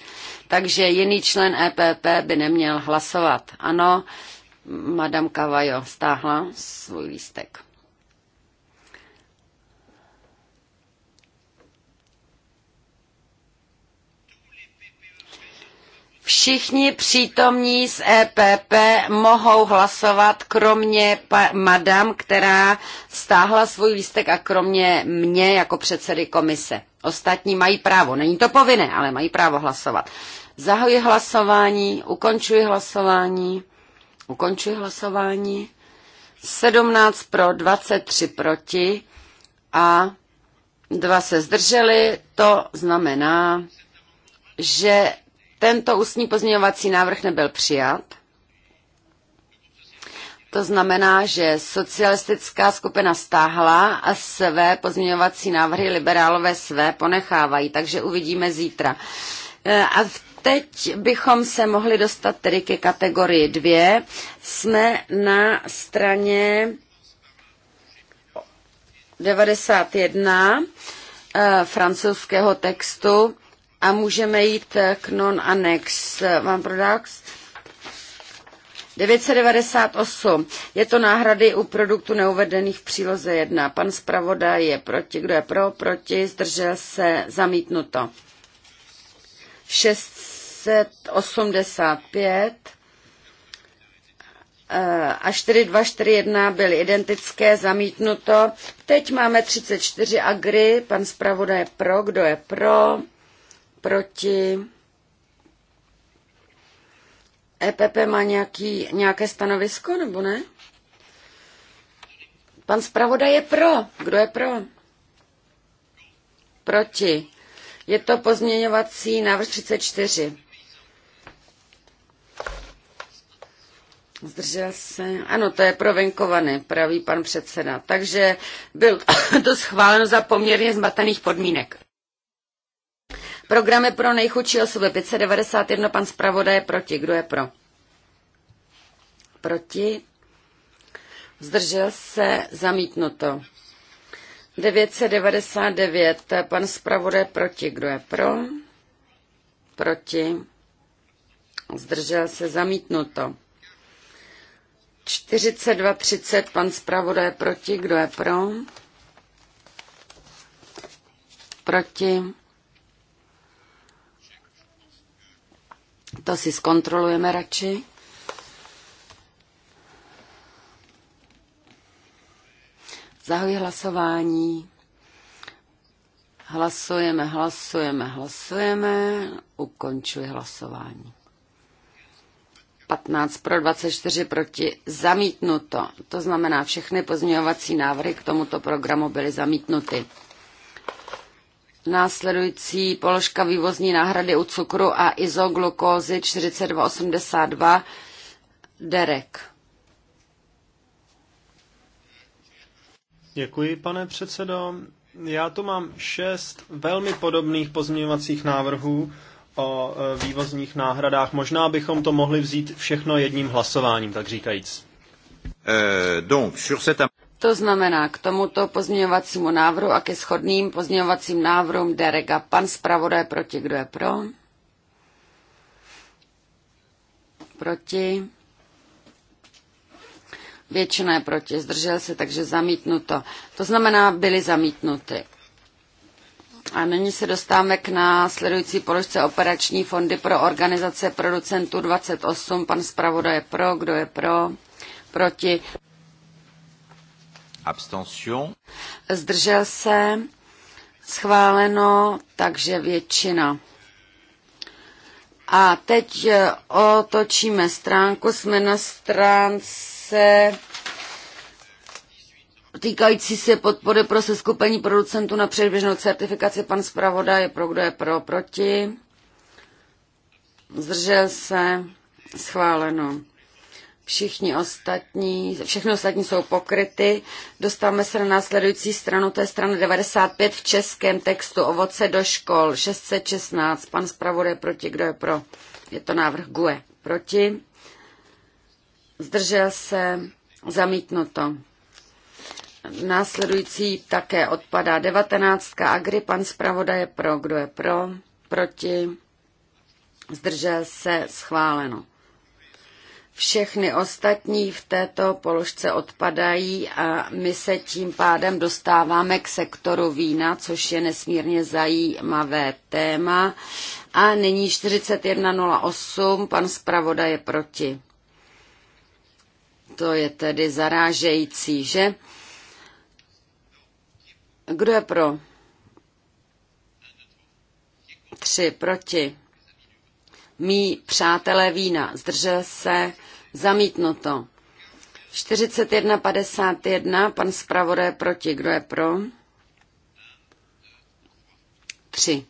Takže jiný člen EPP by neměl hlasovat. Ano, Madame Kavajo stáhla svůj lístek. Všichni přítomní z EPP mohou hlasovat, kromě madam, která stáhla svůj lístek a kromě mě jako předsedy komise. Ostatní mají právo, není to povinné, ale mají právo hlasovat. Zahoji hlasování, ukončuji hlasování, ukončuji hlasování. 17 pro, 23 proti a dva se zdrželi, to znamená, že tento ústní pozměňovací návrh nebyl přijat. To znamená, že socialistická skupina stáhla a své pozměňovací návrhy liberálové své ponechávají, takže uvidíme zítra. E, a teď bychom se mohli dostat tedy ke kategorii 2. Jsme na straně 91 e, francouzského textu a můžeme jít eh, k non-annex. Vám products? 998. Je to náhrady u produktu neuvedených v příloze 1. Pan zpravodaj je proti. Kdo je pro? Proti. Zdržel se. Zamítnuto. 685 a 4241 byly identické, zamítnuto. Teď máme 34 agry, pan zpravodaj je pro, kdo je pro, proti. EPP má nějaký, nějaké stanovisko, nebo ne? Pan zpravodaj je pro. Kdo je pro? Proti. Je to pozměňovací návrh 34. Zdržel se. Ano, to je provenkované, pravý pan předseda. Takže byl to schváleno za poměrně zmatených podmínek. Programy pro nejchudší osoby 591, pan zpravodaj proti. Kdo je pro? Proti. Zdržel se zamítnuto. 999, pan zpravodaj proti. Kdo je pro? Proti. Zdržel se zamítnuto. 4230, pan zpravodaj proti. Kdo je pro? Proti To si zkontrolujeme radši. Zahoji hlasování. Hlasujeme, hlasujeme, hlasujeme. Ukončuji hlasování. 15 pro 24 proti zamítnuto. To znamená, všechny pozměňovací návrhy k tomuto programu byly zamítnuty. Následující položka vývozní náhrady u cukru a izoglukózy 4282 Derek. Děkuji, pane předsedo. Já tu mám šest velmi podobných pozměňovacích návrhů o e, vývozních náhradách. Možná bychom to mohli vzít všechno jedním hlasováním, tak říkajíc. Uh, donc, sur cette... To znamená, k tomuto pozměňovacímu návrhu a ke shodným pozměňovacím návrhům Derega. Pan zpravodaj proti, kdo je pro? Proti. Většina je proti, zdržel se, takže zamítnuto. To znamená, byly zamítnuty. A nyní se dostáváme k následující položce operační fondy pro organizace producentů 28. Pan zpravodaj je pro, kdo je pro? Proti. Abstention. Zdržel se. Schváleno, takže většina. A teď eh, otočíme stránku, jsme na stránce týkající se podpory pro seskupení producentů na předběžnou certifikaci. Pan zpravodaj je pro, kdo je pro, proti. Zdržel se, schváleno všichni ostatní, všechny ostatní jsou pokryty. Dostáváme se na následující stranu, to je strana 95 v českém textu, ovoce do škol, 616, pan zpravodaj proti, kdo je pro? Je to návrh GUE. Proti? Zdržel se? Zamítnuto. Následující také odpadá 19. Agri, pan zpravodaj je pro, kdo je pro? Proti? Zdržel se? Schváleno. Všechny ostatní v této položce odpadají a my se tím pádem dostáváme k sektoru vína, což je nesmírně zajímavé téma. A nyní 41.08, pan zpravoda je proti. To je tedy zarážející, že? Kdo je pro? Tři proti. Mí přátelé vína. Zdržel se. Zamítnuto. 41.51. Pan zpravodaj proti. Kdo je pro? 3.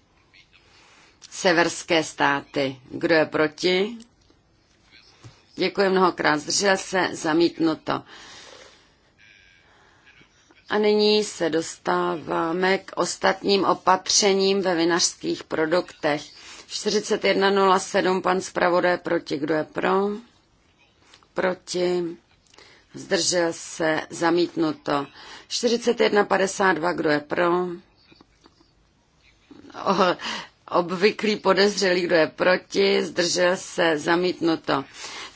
Severské státy. Kdo je proti? Děkuji mnohokrát. Zdržel se. Zamítnuto. A nyní se dostáváme k ostatním opatřením ve vinařských produktech. 41.07, pan zpravodaj proti, kdo je pro? Proti. Zdržel se, zamítnuto. 41.52, kdo je pro? O, obvyklý podezřelý, kdo je proti, zdržel se, zamítnuto.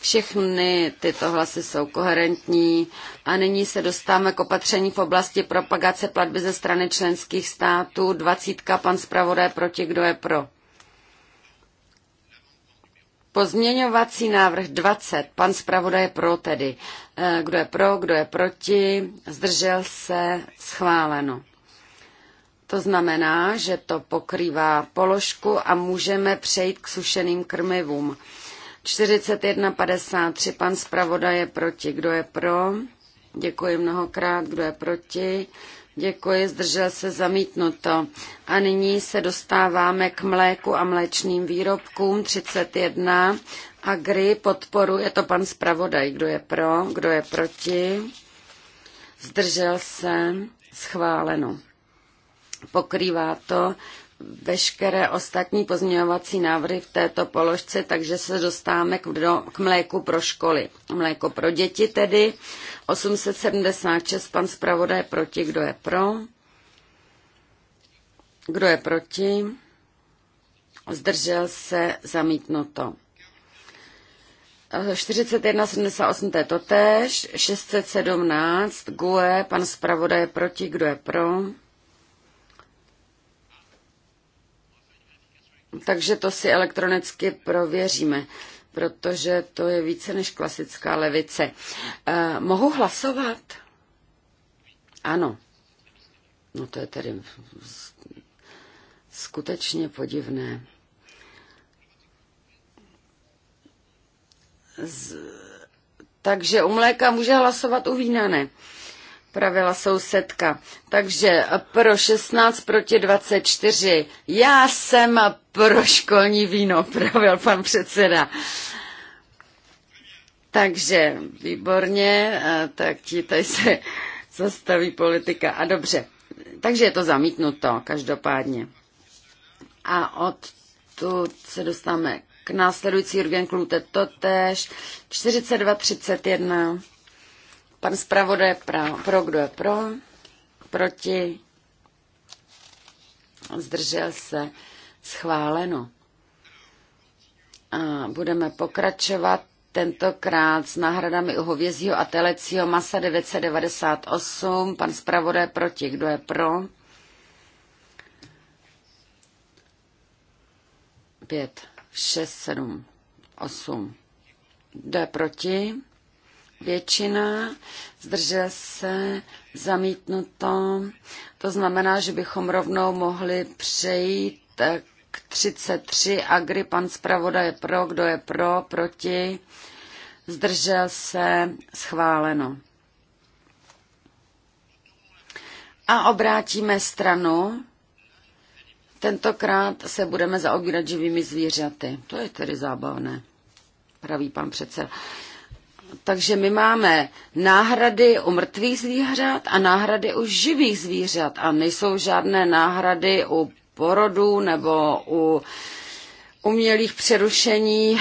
Všechny tyto hlasy jsou koherentní a nyní se dostáváme k opatření v oblasti propagace platby ze strany členských států. Dvacítka, pan zpravodaj proti, kdo je pro? Pozměňovací návrh 20. Pan zpravodaj je pro tedy. Eh, kdo je pro, kdo je proti, zdržel se, schváleno. To znamená, že to pokrývá položku a můžeme přejít k sušeným krmivům. 41.53. Pan zpravodaj je proti. Kdo je pro? Děkuji mnohokrát. Kdo je proti? Děkuji, zdržel se zamítnuto. A nyní se dostáváme k mléku a mléčným výrobkům 31. Agri podporu, je to pan zpravodaj, kdo je pro, kdo je proti. Zdržel se, schváleno. Pokrývá to veškeré ostatní pozměňovací návrhy v této položce, takže se dostáváme k, do, k mléku pro školy. Mléko pro děti tedy. 876, pan zpravodaj proti, kdo je pro? Kdo je proti? Zdržel se zamítnuto. 41,78 to je totéž, 617, GUE, pan zpravodaj proti, kdo je pro? Takže to si elektronicky prověříme protože to je více než klasická levice. E, mohu hlasovat? Ano. No to je tedy skutečně podivné. Z... Takže u mléka může hlasovat u vína ne pravila sousedka. Takže pro 16 proti 24. Já jsem pro školní víno, pravil pan předseda. Takže výborně, tak ti tady se zastaví politika. A dobře, takže je to zamítnuto každopádně. A od tu se dostáváme k následující Jürgen Klute totež 42.31. Pan zpravodaj pro, pro kdo je pro, proti, zdržel se, schváleno. A budeme pokračovat tentokrát s náhradami u hovězího a telecího masa 998. Pan zpravodaj proti, kdo je pro? Pět, šest, sedm, osm. Kdo je proti? většina, zdržel se, zamítnuto. To znamená, že bychom rovnou mohli přejít k 33 agri, pan zpravodaj je pro, kdo je pro, proti, zdržel se, schváleno. A obrátíme stranu. Tentokrát se budeme zaobírat živými zvířaty. To je tedy zábavné, praví pan předseda. Takže my máme náhrady u mrtvých zvířat a náhrady u živých zvířat a nejsou žádné náhrady u porodu nebo u umělých přerušení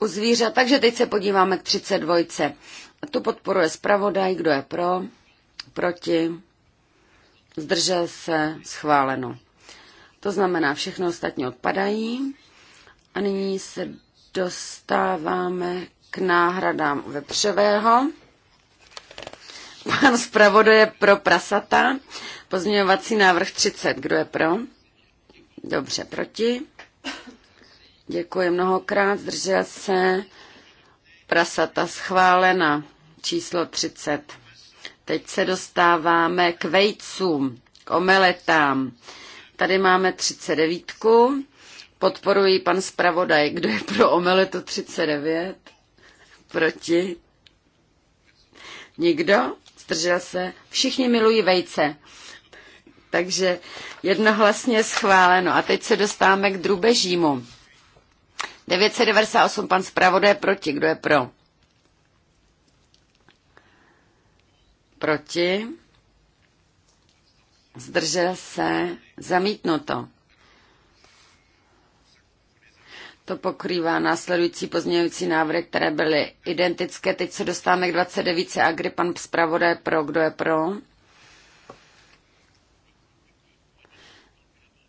u zvířat. Takže teď se podíváme k 32. Tu podporuje zpravodaj, kdo je pro, proti, zdržel se, schváleno. To znamená, všechno ostatní odpadají. A nyní se dostáváme k náhradám vepřového. Pan je pro prasata. Pozměňovací návrh 30. Kdo je pro? Dobře, proti. Děkuji mnohokrát. Zdržel se. Prasata schválena. Číslo 30. Teď se dostáváme k vejcům, k omeletám. Tady máme 39. Podporují pan zpravodaj. Kdo je pro omeletu 39? Proti? Nikdo? Zdržel se? Všichni milují vejce. Takže jednohlasně schváleno. A teď se dostáváme k drubežímu. 998, pan zpravodaj proti. Kdo je pro? Proti. Zdržel se. Zamítnuto. To pokrývá následující pozměňující návrhy, které byly identické. Teď se dostáváme k 29. A kdy pan zpravodaj pro, kdo je pro?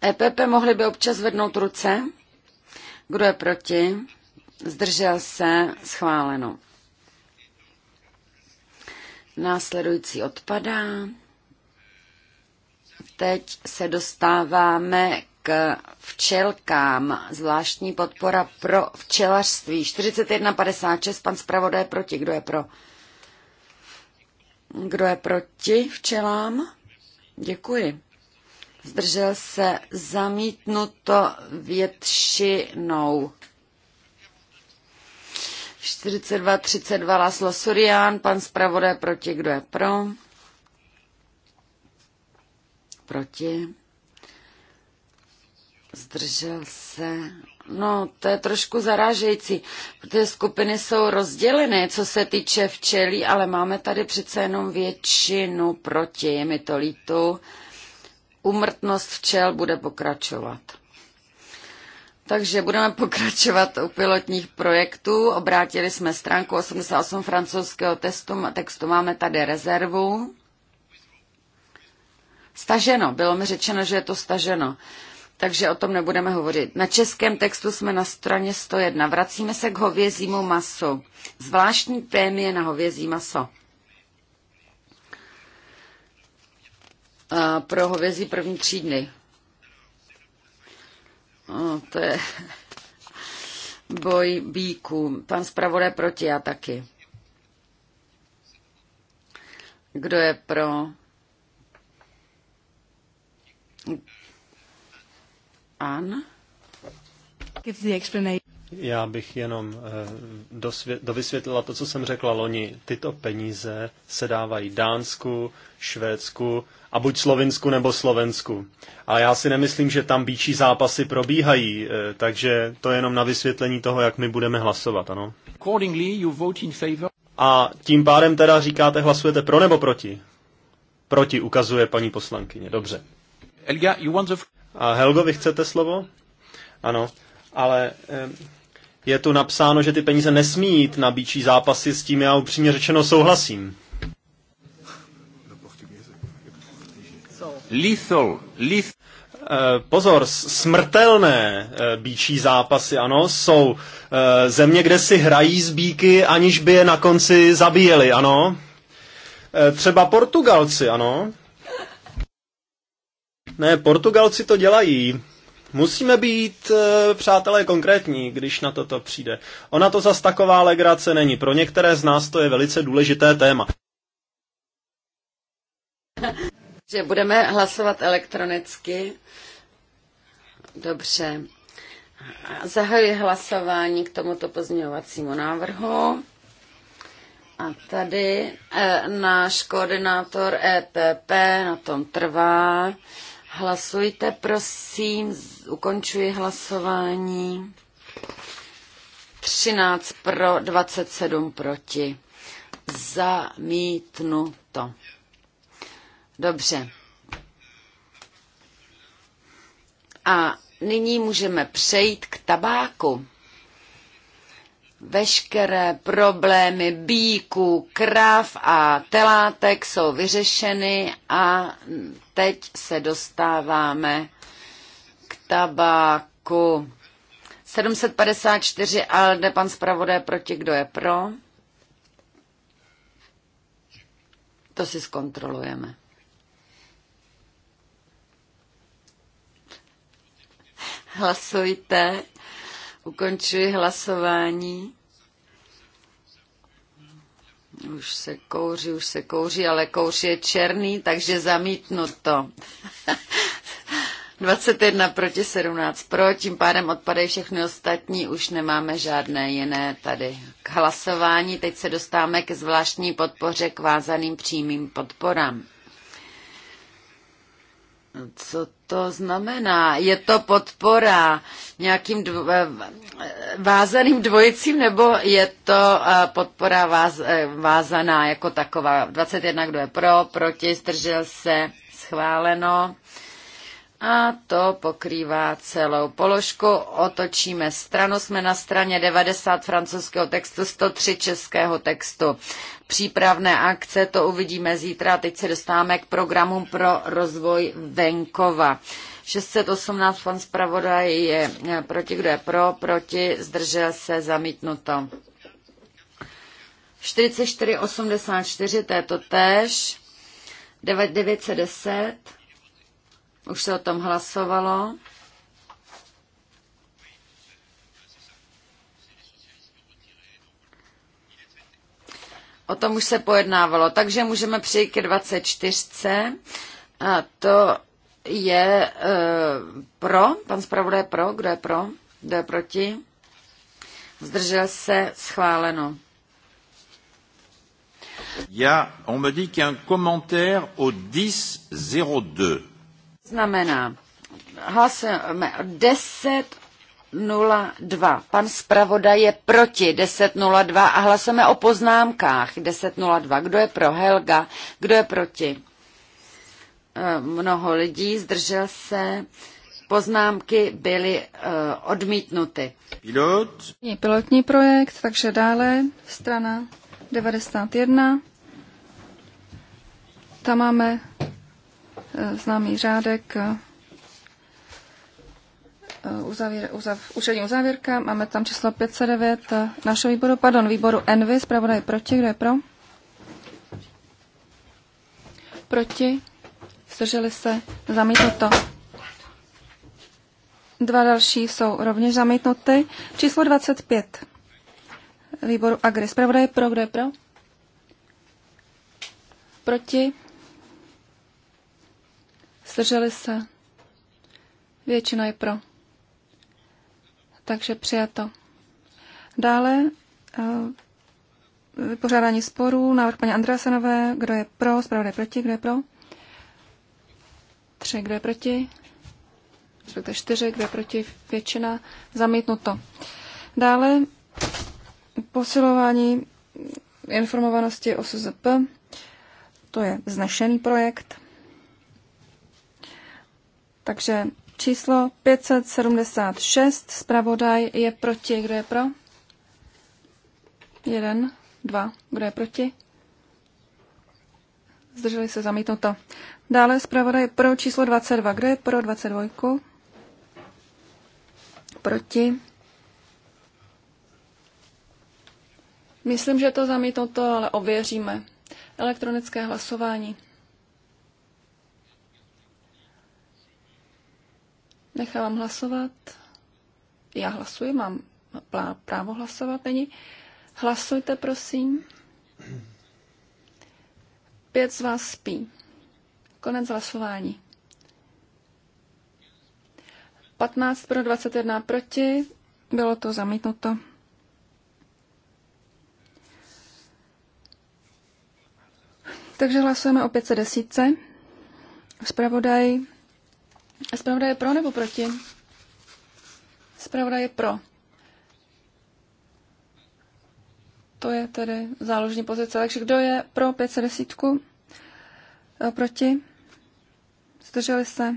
EPP mohli by občas zvednout ruce. Kdo je proti? Zdržel se? Schváleno. Následující odpadá. Teď se dostáváme k včelkám, zvláštní podpora pro včelařství. 41,56, pan zpravodaj proti. Kdo je pro? Kdo je proti včelám? Děkuji. Zdržel se zamítnuto většinou. 42-32 Laslo Surian, pan zpravodaj proti, kdo je pro? Proti. Zdržel se. No, to je trošku zarážející, protože skupiny jsou rozdělené, co se týče včelí, ale máme tady přece jenom většinu proti, je mi to líto. Umrtnost včel bude pokračovat. Takže budeme pokračovat u pilotních projektů. Obrátili jsme stránku 88 francouzského testu, textu. Máme tady rezervu. Staženo. Bylo mi řečeno, že je to staženo. Uh, takže o tom nebudeme hovořit. Na českém textu jsme na straně 101. Vracíme se k hovězímu masu. Zvláštní prémie na hovězí maso. A pro hovězí první dny. No, to je boj bíků. Pan zpravodaj proti, já taky. Kdo je pro? Já bych jenom eh, dovysvětlila to, co jsem řekla loni. Tyto peníze se dávají Dánsku, Švédsku a buď Slovinsku nebo Slovensku. A já si nemyslím, že tam býčí zápasy probíhají, eh, takže to je jenom na vysvětlení toho, jak my budeme hlasovat, ano. A tím pádem teda říkáte, hlasujete pro nebo proti? Proti, ukazuje paní poslankyně. Dobře. Elga, you want the... A Helgo, vy chcete slovo? Ano, ale je tu napsáno, že ty peníze nesmí jít na bíčí zápasy, s tím já upřímně řečeno souhlasím. Lethal, lethal. Eh, pozor, smrtelné eh, bíčí zápasy, ano, jsou eh, země, kde si hrají z bíky, aniž by je na konci zabíjeli, ano. Třeba Portugalci, ano. Ne, Portugalci to dělají. Musíme být, eh, přátelé, konkrétní, když na toto přijde. Ona to zas taková legrace není. Pro některé z nás to je velice důležité téma. Že budeme hlasovat elektronicky. Dobře. Zahajuji hlasování k tomuto pozměňovacímu návrhu. A tady e, náš koordinátor EPP na tom trvá. Hlasujte, prosím. Ukončuji hlasování. 13 pro, 27 proti. Zamítnu to. Dobře. A nyní můžeme přejít k tabáku. Veškeré problémy bíků, krav a telátek jsou vyřešeny a teď se dostáváme k tabáku. 754 ALD, pan zpravodaj proti, kdo je pro? To si zkontrolujeme. Hlasujte. Ukončuji hlasování. Už se kouří, už se kouří, ale kouř je černý, takže to. 21 proti 17 pro, tím pádem odpadají všechny ostatní, už nemáme žádné jiné tady k hlasování. Teď se dostáváme ke zvláštní podpoře k vázaným přímým podporám. Co to znamená? Je to podpora nějakým dv- eh, vázaným dvojicím nebo je to eh, podpora váz, eh, vázaná jako taková? 21, kdo je pro, proti, zdržel se, schváleno. A to pokrývá celou položku. Otočíme stranu, jsme na straně 90 francouzského textu, 103 českého textu. Přípravné akce, to uvidíme zítra. Teď se dostáváme k programu pro rozvoj venkova. 618 pan zpravodaj je eh, proti, kdo je pro, proti, zdržel se, zamítnuto. 4484, to je to tež. 910 už se o tom hlasovalo. O tom už se pojednávalo, takže můžeme přejít ke 24. A to je e, pro, pan zpravodaj pro, kdo je pro, kdo je proti. Zdržel se, schváleno. Il y a, on me dit qu'il y a un commentaire au 10.02 znamená hlasujeme 10.02. Pan zpravodaj je proti 10.02 a hlasujeme o poznámkách 10.02. Kdo je pro Helga? Kdo je proti? Eh, mnoho lidí zdržel se. Poznámky byly eh, odmítnuty. Pilot. Je pilotní projekt, takže dále strana 91. Tam máme Eh, známý řádek eh, Uzavěr, uzav, učení uzávěrka. Máme tam číslo 509 eh, našeho výboru, pardon, výboru Envy, zpravodaj proti, kdo je pro? Proti, zdrželi se, zamítnuto. Dva další jsou rovněž zamítnuty. Číslo 25 výboru Agri. Zpravodaj pro, kdo je pro? Proti, Zdrželi se? Většina je pro. Takže přijato. Dále eh, vypořádání sporů, návrh paní Andrásenové, kdo je pro, zpravodaj proti, kdo je pro? Tři, kdo je proti? Zpravodaj čtyři, kdo je proti, většina, zamítnuto. Dále posilování informovanosti o SZP, to je znešený projekt. Takže číslo 576, zpravodaj je proti, kdo je pro? Jeden, dva, kdo je proti? Zdrželi se zamítnuto. Dále zpravodaj pro číslo 22, kdo je pro 22? Proti. Myslím, že to zamítnuto, ale ověříme. Elektronické hlasování. Nechávám hlasovat. Já hlasuji, mám právo hlasovat, není. Hlasujte, prosím. Pět z vás spí. Konec hlasování. 15 pro 21 proti. Bylo to zamítnuto. Takže hlasujeme o 510. Zpravodaj Zpravodaj je pro nebo proti? Zpravodaj je pro. To je tedy záložní pozice. Takže kdo je pro 510? E, proti? Zdrželi se?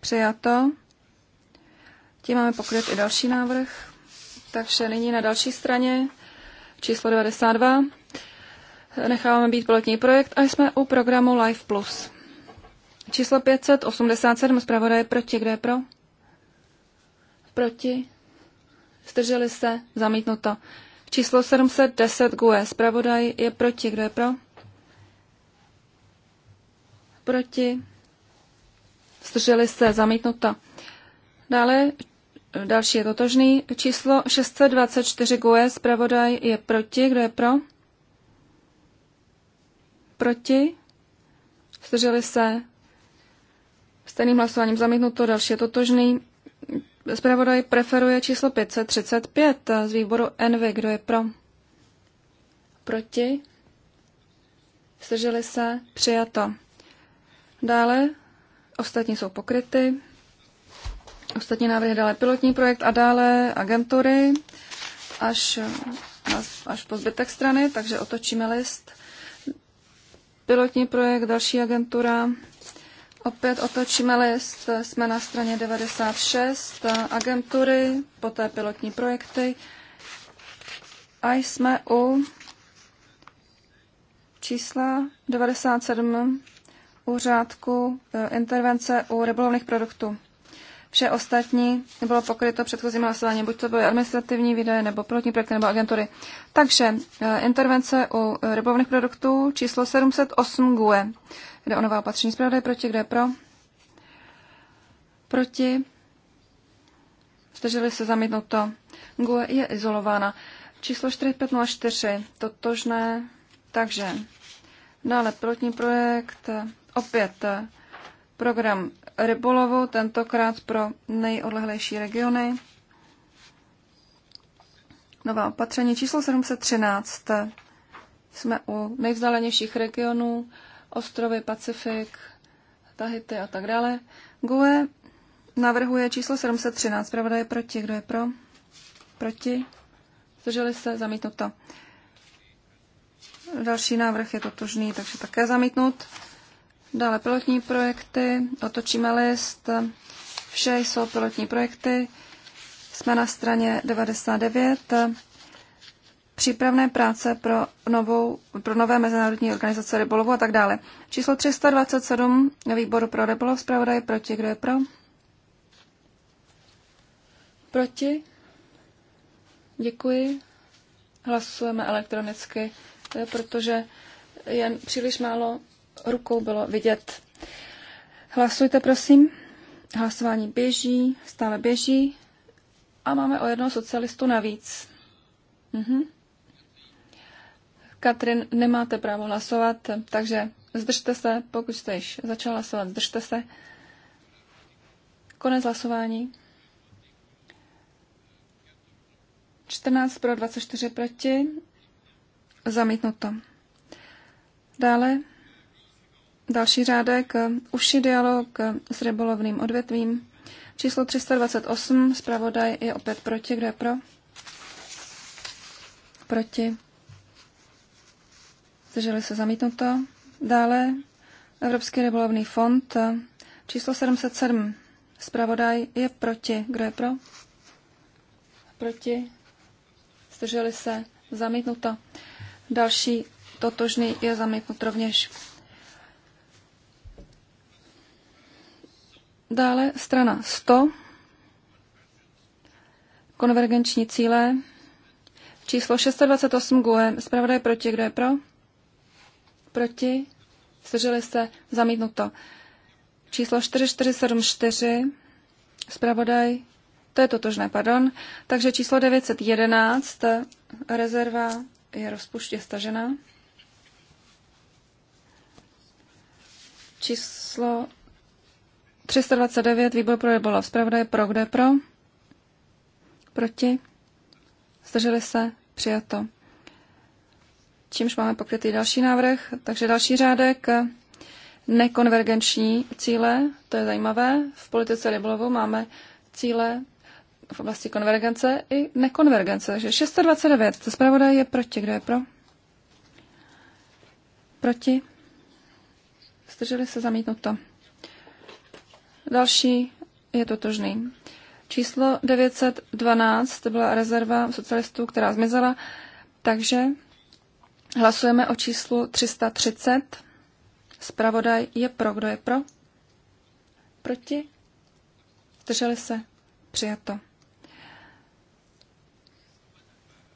Přijato. Tím máme pokryt i další návrh. Takže nyní na další straně číslo 92. Necháváme být pilotní projekt a jsme u programu Life Plus. Číslo 587, zpravodaj proti, kdo je pro? Proti. Zdrželi se, zamítnuto. Číslo 710, GUE, zpravodaj je proti, kdo je pro? Proti. Zdrželi se, zamítnuto. Dále další je totožný. Číslo 624 GUE, zpravodaj je proti, kdo je pro? Proti. Zdrželi se, Stejným hlasováním zamítnuto, další je totožný. Zpravodaj preferuje číslo 535 z výboru NV. Kdo je pro? Proti? Zdrželi se? Přijato. Dále ostatní jsou pokryty. Ostatní návrhy dále pilotní projekt a dále agentury až, až po zbytek strany, takže otočíme list. Pilotní projekt, další agentura, Opět otočíme list, jsme na straně 96, agentury, poté pilotní projekty a jsme u čísla 97 u řádku eh, intervence u rybolovných produktů. Vše ostatní bylo pokryto předchozím hlasováním, buď to byly administrativní výdaje, nebo pilotní projekty, nebo agentury. Takže eh, intervence u eh, rybovných produktů číslo 708 GUE. Jde o nová opatření. Zpravodaj proti, kde je pro? Proti. Zdrželi se zamítnuto. GUE je izolována. Číslo 4504, totožné. Takže dále pilotní projekt, opět eh, program rybolovu, tentokrát pro nejodlehlejší regiony. Nová opatření číslo 713. Jsme u nejvzdálenějších regionů, ostrovy Pacifik, Tahiti a tak dále. GUE navrhuje číslo 713. Pravda je proti. Kdo je pro? Proti? Zdrželi se? Zamítnuto. Další návrh je totožný, takže také zamítnut. Dále pilotní projekty, otočíme list, vše jsou pilotní projekty, jsme na straně 99. Přípravné práce pro, novou, pro nové mezinárodní organizace rybolovu a tak dále. Číslo 327 výboru pro rybolov, zpravodaj proti, kdo je pro? Proti? Děkuji. Hlasujeme elektronicky, eh, protože je příliš málo rukou bylo vidět. Hlasujte, prosím. Hlasování běží, stále běží. A máme o jednoho socialistu navíc. Mhm. Katrin, nemáte právo hlasovat, takže zdržte se, pokud jste již začal hlasovat, zdržte se. Konec hlasování. 14 pro, 24 proti. Zamítnuto. Dále Další řádek, užší dialog s rybolovným odvětvím. Číslo 328, zpravodaj je opět proti, kdo je pro? Proti. Zdrželi se zamítnuto. Dále Evropský rybolovný fond, číslo 707, zpravodaj je proti, kdo je pro? Proti. Zdrželi se zamítnuto. Další totožný je zamítnut rovněž. Dále strana 100, konvergenční cíle, číslo 628 GUE, zpravodaj proti, kdo je pro? Proti, zdrželi se, zamítnuto. Číslo 4474, zpravodaj, to je totožné, pardon. Takže číslo 911, rezerva je rozpuště stažena Číslo 329, výbor pro rybolov. Zpravodaj pro, kde pro? Proti? Zdrželi se? Přijato. Čímž máme pokrytý další návrh. Takže další řádek. Nekonvergenční cíle, to je zajímavé. V politice rybolovu máme cíle v oblasti konvergence i nekonvergence. Takže 629, to zpravodaj je proti. Kdo je pro? Proti? Zdrželi se zamítnuto. to. Další je totožný. Číslo 912 to byla rezerva socialistů, která zmizela, takže hlasujeme o číslu 330. Spravodaj je pro. Kdo je pro? Proti? Zdrželi se? Přijato.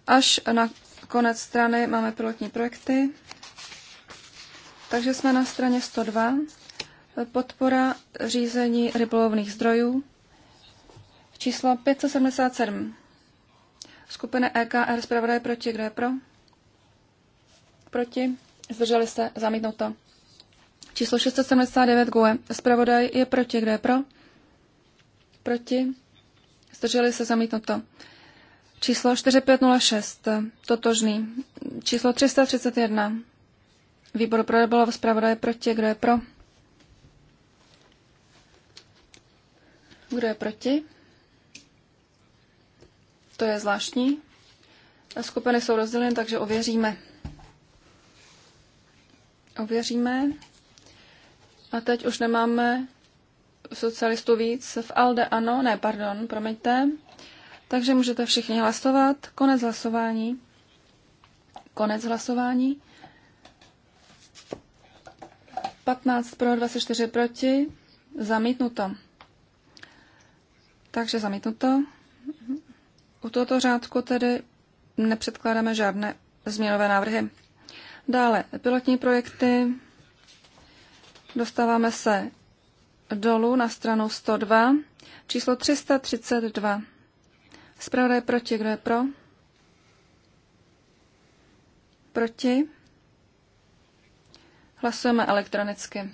Až na konec strany máme pilotní projekty. Takže jsme na straně 102 podpora řízení rybolovných zdrojů, číslo 577. Skupina EKR zpravodaje proti. Kdo je pro? Proti. Zdrželi se. Zamítnuto. Číslo 679 GUE. Zpravodaj je proti. Kdo je pro? Proti. Zdrželi se. Zamítnuto. Číslo 4506. Totožný. Číslo 331. Výbor pro rybolov. Zpravodaj proti. Kdo je pro? Kdo je proti? To je zvláštní. Skupiny jsou rozděleny, takže ověříme. Ověříme. A teď už nemáme socialistů víc. V ALDE ano, ne, pardon, promiňte. Takže můžete všichni hlasovat. Konec hlasování. Konec hlasování. 15 pro, 24 proti. Zamítnuto. Takže zamítnuto. U tohoto řádku tedy nepředkládáme žádné změnové návrhy. Dále pilotní projekty. Dostáváme se dolů na stranu 102, číslo 332. Zpravodaj proti, kdo je pro? Proti. Hlasujeme elektronicky.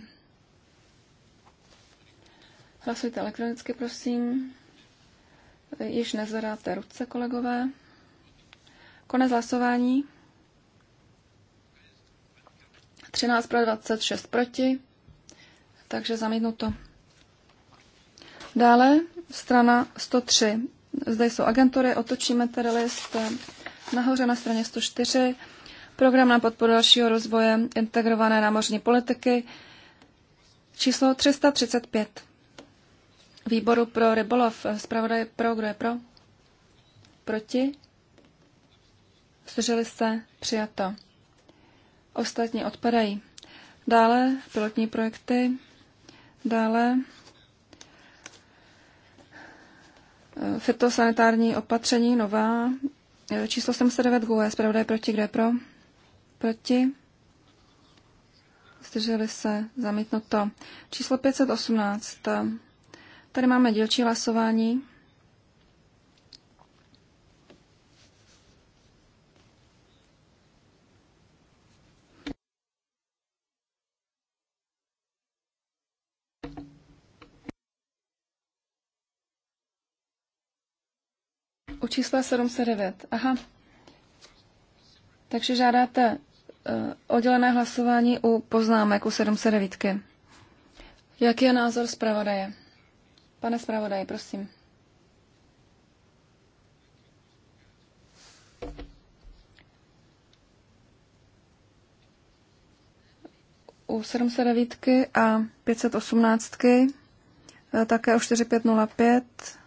Hlasujte elektronicky, prosím. Již nezvedáte ruce, kolegové. Konec hlasování. 13 pro 26 proti, takže zamítnuto. Dále strana 103. Zde jsou agentury, otočíme tedy list nahoře na straně 104. Program na podporu dalšího rozvoje integrované námořní politiky číslo 335 výboru pro rybolov. Zpravodaj pro, kdo je pro? Proti? Zdrželi se? Přijato. Ostatní odpadají. Dále pilotní projekty. Dále eh, fitosanitární opatření nová. Eh, číslo 79 GUE. Zpravodaj proti, kde pro? Proti? Zdrželi se? Zamítnuto. Číslo 518 Tady máme dělčí hlasování. U čísla 709. Aha. Takže žádáte eh, oddělené hlasování u poznámek u 709. Jaký je názor zpravodaje? Pane zpravodaj, prosím. U 709 a 518 eh, také o 4505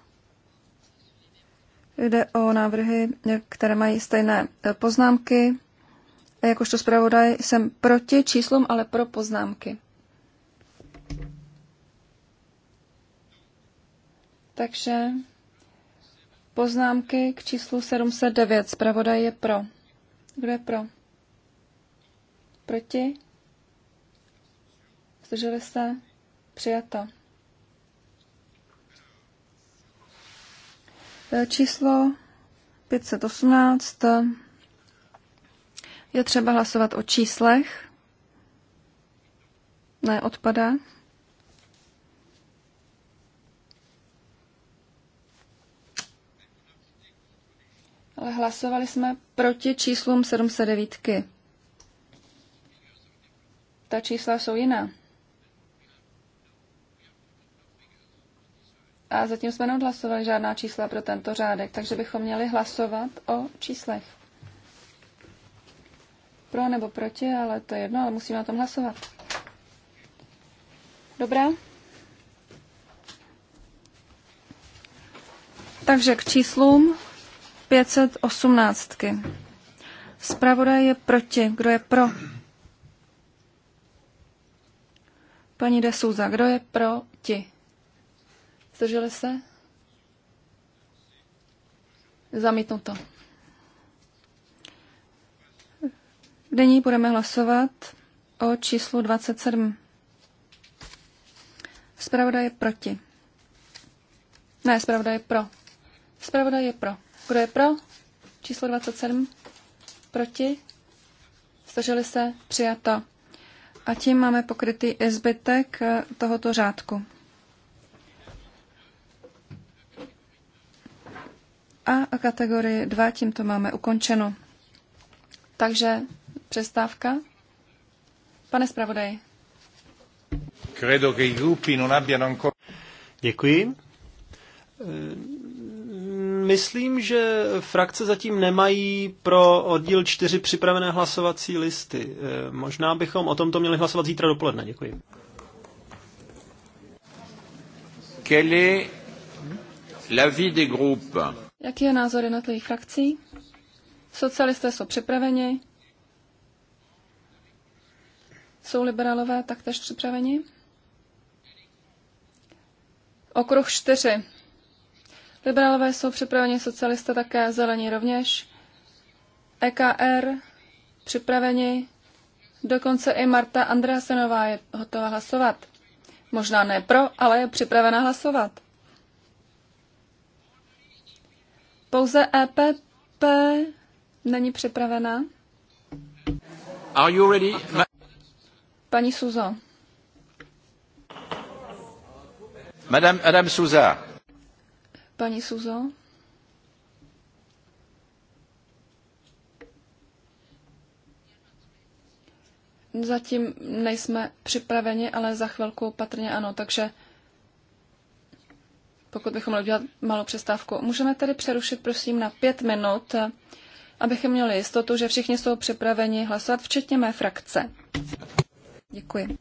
jde o návrhy, eh, které mají stejné eh, poznámky. Jakožto zpravodaj jsem proti číslům, ale pro poznámky. Takže poznámky k číslu 709. Zpravodaj je pro. Kdo je pro? Proti? Zdrželi se? Přijato. E, číslo 518. Je třeba hlasovat o číslech. Ne, odpada. ale hlasovali jsme proti číslům 709. Ta čísla jsou jiná. A zatím jsme neodhlasovali žádná čísla pro tento řádek, takže bychom měli hlasovat o číslech. Pro nebo proti, ale to je jedno, ale musíme o tom hlasovat. Dobrá? Takže k číslům 518. Zpravodaj je proti. Kdo je pro? Paní De Souza, kdo je proti? Zdrželi se? Zamítnuto. Nyní budeme hlasovat o číslu 27. Zpravodaj je proti. Ne, zpravodaj je pro. Zpravodaj je pro. Kdo je pro? Číslo 27. Proti? Zdrželi se? Přijato. A tím máme pokrytý i zbytek eh, tohoto řádku. A kategorii 2 tímto máme ukončeno. Takže přestávka. Pane zpravodaj. Credo che i gruppi non abbiano ancora... Děkuji Myslím, že frakce zatím nemají pro oddíl čtyři připravené hlasovací listy. Eh, možná bychom o tomto měli hlasovat zítra dopoledne. Děkuji. Quel est l'avis des Jaký je názor jednotlivých frakcí? Socialisté jsou připraveni. Jsou liberálové taktéž připraveni? Okruh čtyři. Liberálové jsou připraveni, socialisté také, zelení rovněž. EKR připraveni, dokonce i Marta Andreasenová je hotová hlasovat. Možná ne pro, ale je připravena hlasovat. Pouze EPP není připravena. Are you ready? Paní Suzo. Madame, Madame Souza. Paní Suzo? Zatím nejsme připraveni, ale za chvilku patrně ano, takže pokud bychom měli udělat malou přestávku. Můžeme tedy přerušit, prosím, na pět minut, abychom měli jistotu, že všichni jsou připraveni hlasovat, včetně mé frakce. Děkuji.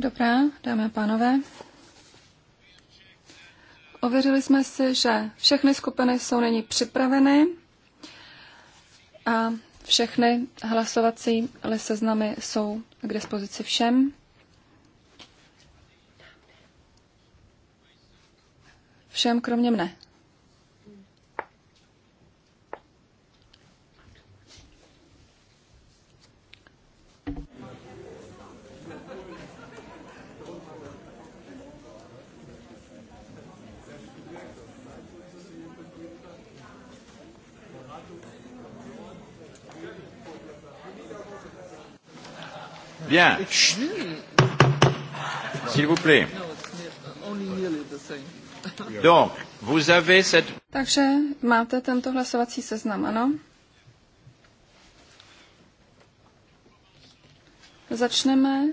Dobrá, dámy a pánové. Ověřili jsme si, že všechny skupiny jsou nyní připraveny a všechny hlasovací seznamy jsou k dispozici všem. Všem kromě mne. Bien. S'il vous plaît. Donc, vous avez cette... Takže máte tento hlasovací seznam, ano? Začneme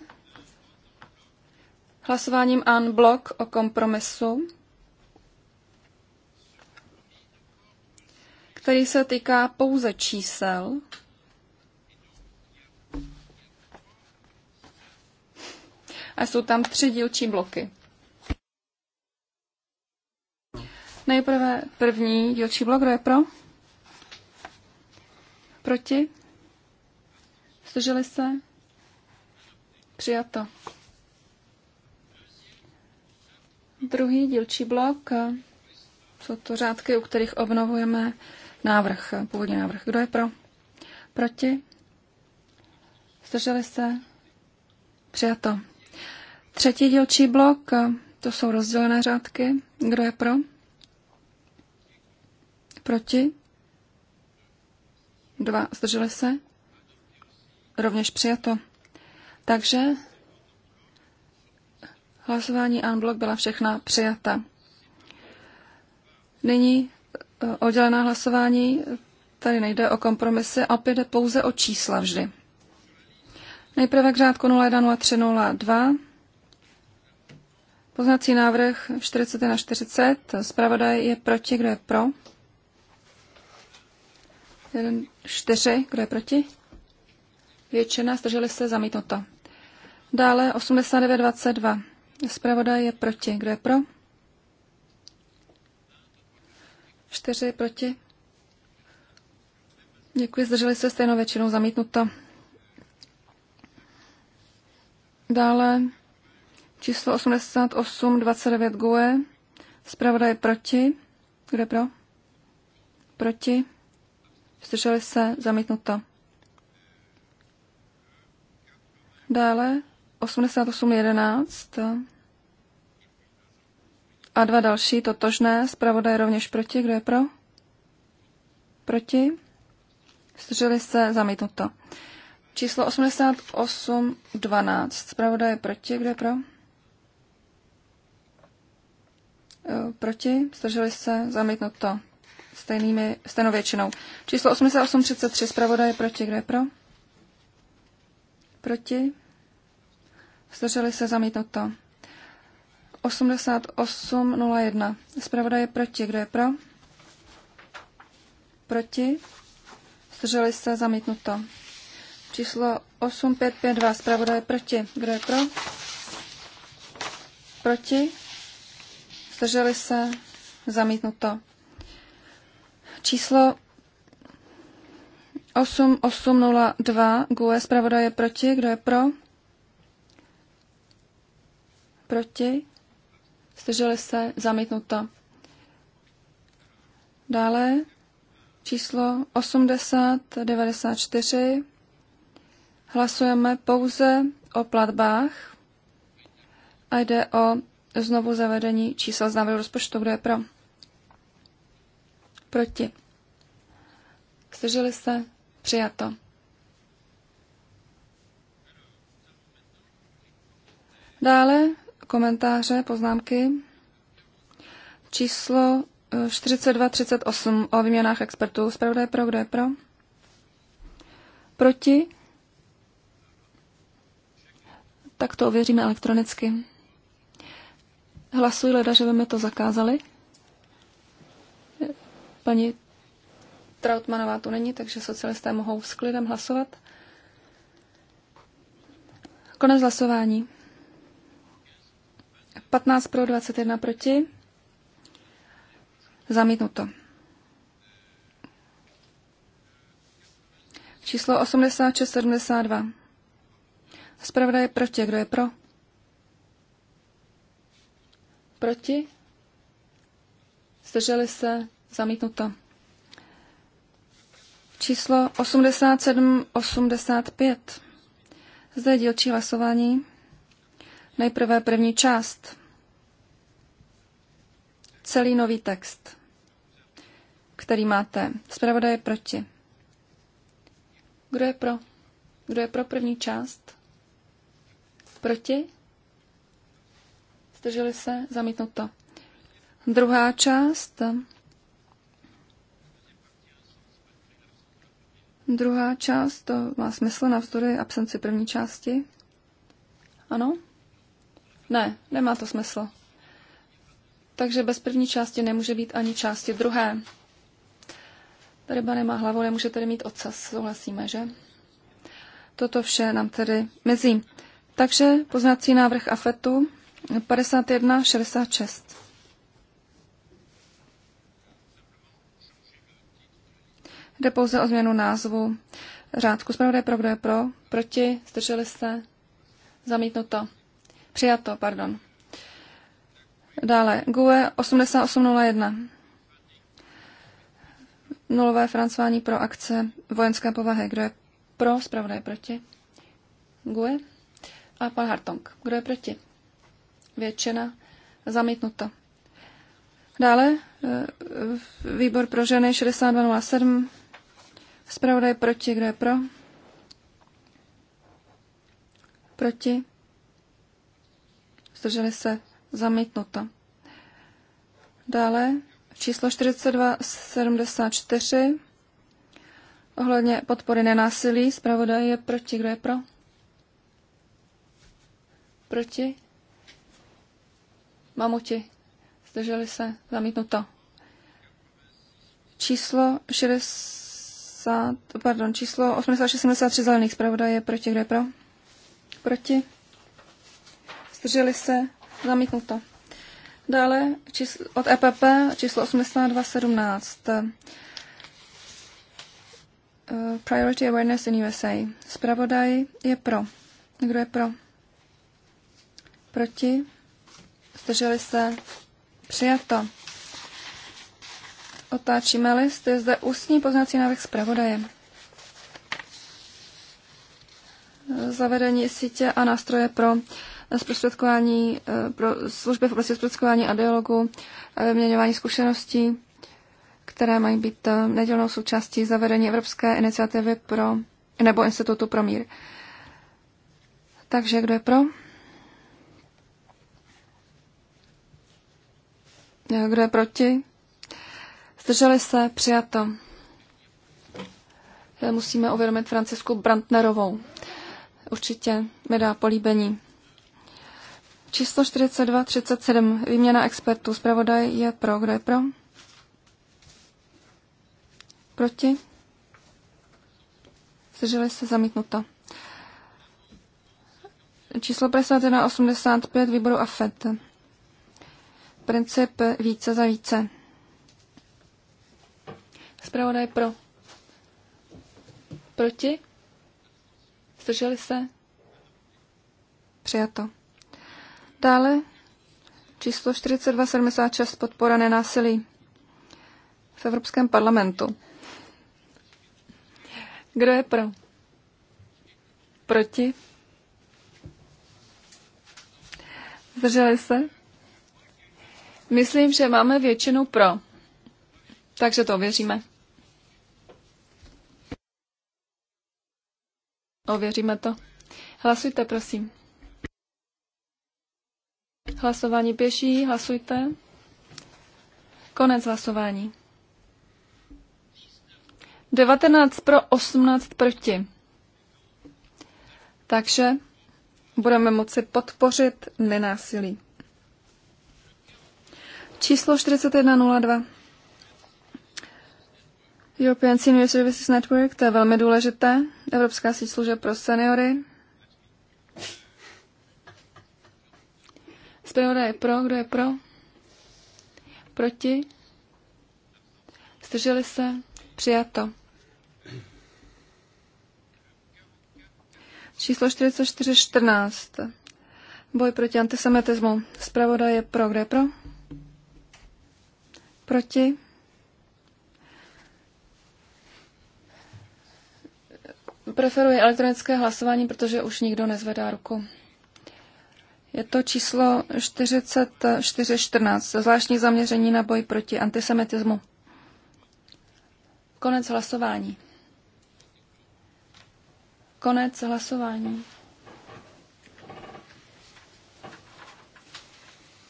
hlasováním an blok o kompromisu, který se týká pouze čísel a jsou tam tři dílčí bloky. Nejprve první dílčí blok, kdo je pro? Proti? Zdrželi se? Přijato. Druhý dílčí blok, jsou to řádky, u kterých obnovujeme návrh, původní návrh. Kdo je pro? Proti? Zdrželi se? Přijato. Třetí dělčí blok, to jsou rozdělené řádky. Kdo je pro? Proti? Dva. Zdrželi se? Rovněž přijato. Takže hlasování unblock byla všechna přijata. Nyní e, oddělená hlasování, tady nejde o kompromisy, a opět jde pouze o čísla vždy. Nejprve k řádku 010302 Poznací návrh 40 na 40. Zpravodaj je proti, kdo je pro? 1, 4, kdo je proti? Většina, zdrželi se, zamítnuto. Dále 89.22. Zpravodaj je proti, kdo je pro? 4 proti. Děkuji, zdrželi se stejnou většinou, zamítnuto. Dále Číslo 88, 29 GUE. Zpravodaj proti. Kde pro? Proti. Zdrželi se. Zamítnuto. Dále 88.11 a dva další totožné. Zpravodaj rovněž proti. Kdo je pro? Proti. Zdrželi se. Zamítnuto. Číslo 88.12. Zpravodaj proti. Kdo je pro? E, proti, zdrželi se, zamítnout to stejnými, stejnou většinou. Číslo 8833, zpravodaje proti, kdo je pro? Proti, zdrželi se, zamítnout to. 8801, zpravodaje proti, kdo je pro? Proti, zdrželi se, zamítnout to. Číslo 8552, zpravodaje proti, kdo je pro? Proti, zdrželi se, zamítnuto. Číslo 8802, GUE zpravodaje je proti, kdo je pro? Proti, zdrželi se, zamítnuto. Dále číslo 8094. Hlasujeme pouze o platbách a jde o znovu zavedení čísel z návrhu rozpočtu. Kdo je pro? Proti. Zdrželi se? Přijato. Dále komentáře, poznámky. Číslo 4238 eh, o výměnách expertů. Zpravodaj pro, kdo je pro? Proti? Tak to ověříme elektronicky. Hlasuj, leda, že by mi to zakázali. Paní Trautmanová tu není, takže socialisté mohou s klidem hlasovat. Konec hlasování. 15 pro 21 proti. Zamítnuto. Číslo 8672. Zpravda je proti. Kdo je pro? Proti? Zdrželi se? Zamítnuto. Číslo 8785. Zde je dílčí hlasování. Nejprve první část. Celý nový text, který máte. Zpravoda je proti. Kdo je pro? Kdo je pro první část? Proti? Zdrželi se? Zamítnuto. Druhá část. Druhá část, to má smysl vzdory absenci první části. Ano? Ne, nemá to smysl. Takže bez první části nemůže být ani části druhé. ryba nemá hlavu, nemůže tedy mít ocas, souhlasíme, že? Toto vše nám tedy mezí. Takže poznací návrh AFETu 51, 66. Jde pouze o změnu názvu řádku. Zpravodaj pro, kdo je pro, proti, zdrželi se, zamítnuto, přijato, pardon. Dále, GUE 8801. Nulové francování pro akce vojenské povahy. Kdo je pro, zpravodaj proti? GUE. A pan Hartong. Kdo je proti? většina zamítnuta. Dále eh, výbor pro ženy 6207, zpravodaj proti, kdo je pro? Proti? Zdrželi se zamítnuta. Dále číslo 4274 ohledně podpory nenásilí. Zpravodaj je proti, kdo je pro? Proti? Mamuti. Zdrželi se. Zamítnuto. Číslo 60, pardon, číslo 8673 zelených zpravodaj je proti. Kdo je pro? Proti. Zdrželi se. Zamítnuto. Dále e číslo, od EPP číslo 8217. Priority Awareness in USA. Spravodaj je pro. Kdo je pro? Proti? zdrželi se, přijato. Otáčíme list, je zde ústní poznací návrh zpravodaje. Zavedení sítě a nástroje pro zprostředkování, eh, pro služby v oblasti zprostředkování a dialogu, vyměňování zkušeností, které mají být eh, nedělnou součástí zavedení Evropské iniciativy pro, nebo Institutu pro mír. Takže kdo je pro? Kdo je proti? Zdrželi se? Přijato. Eh, musíme uvědomit Francisku Brantnerovou. Určitě mi dá políbení. Číslo 4237. Výměna expertů. Zpravodaj je pro. Kdo je pro? Proti? Zdrželi se zamítnuto. Číslo 5185 výboru AFET princip více za více. Zpravodaj pro. Proti? Zdrželi se? Přijato. Dále číslo 4276 podpora nenásilí v Evropském parlamentu. Kdo je pro? Proti? Zdrželi se? Myslím, že máme většinu pro. Takže to ověříme. Ověříme to. Hlasujte, prosím. Hlasování pěší, hlasujte. Konec hlasování. 19 pro 18 proti. Takže budeme moci podpořit nenásilí. Číslo 4102. European Senior Services Network, to je velmi důležité. Evropská síť služeb pro seniory. Zpravoda je pro, kdo je pro? Proti? Zdrželi se? Přijato. Číslo 4414. Boj proti antisemitismu. Zpravodaj je pro, kdo je pro? Proti? Preferuji elektronické hlasování, protože už nikdo nezvedá ruku. Je to číslo 4414, zvláštní zaměření na boj proti antisemitismu. Konec hlasování. Konec hlasování.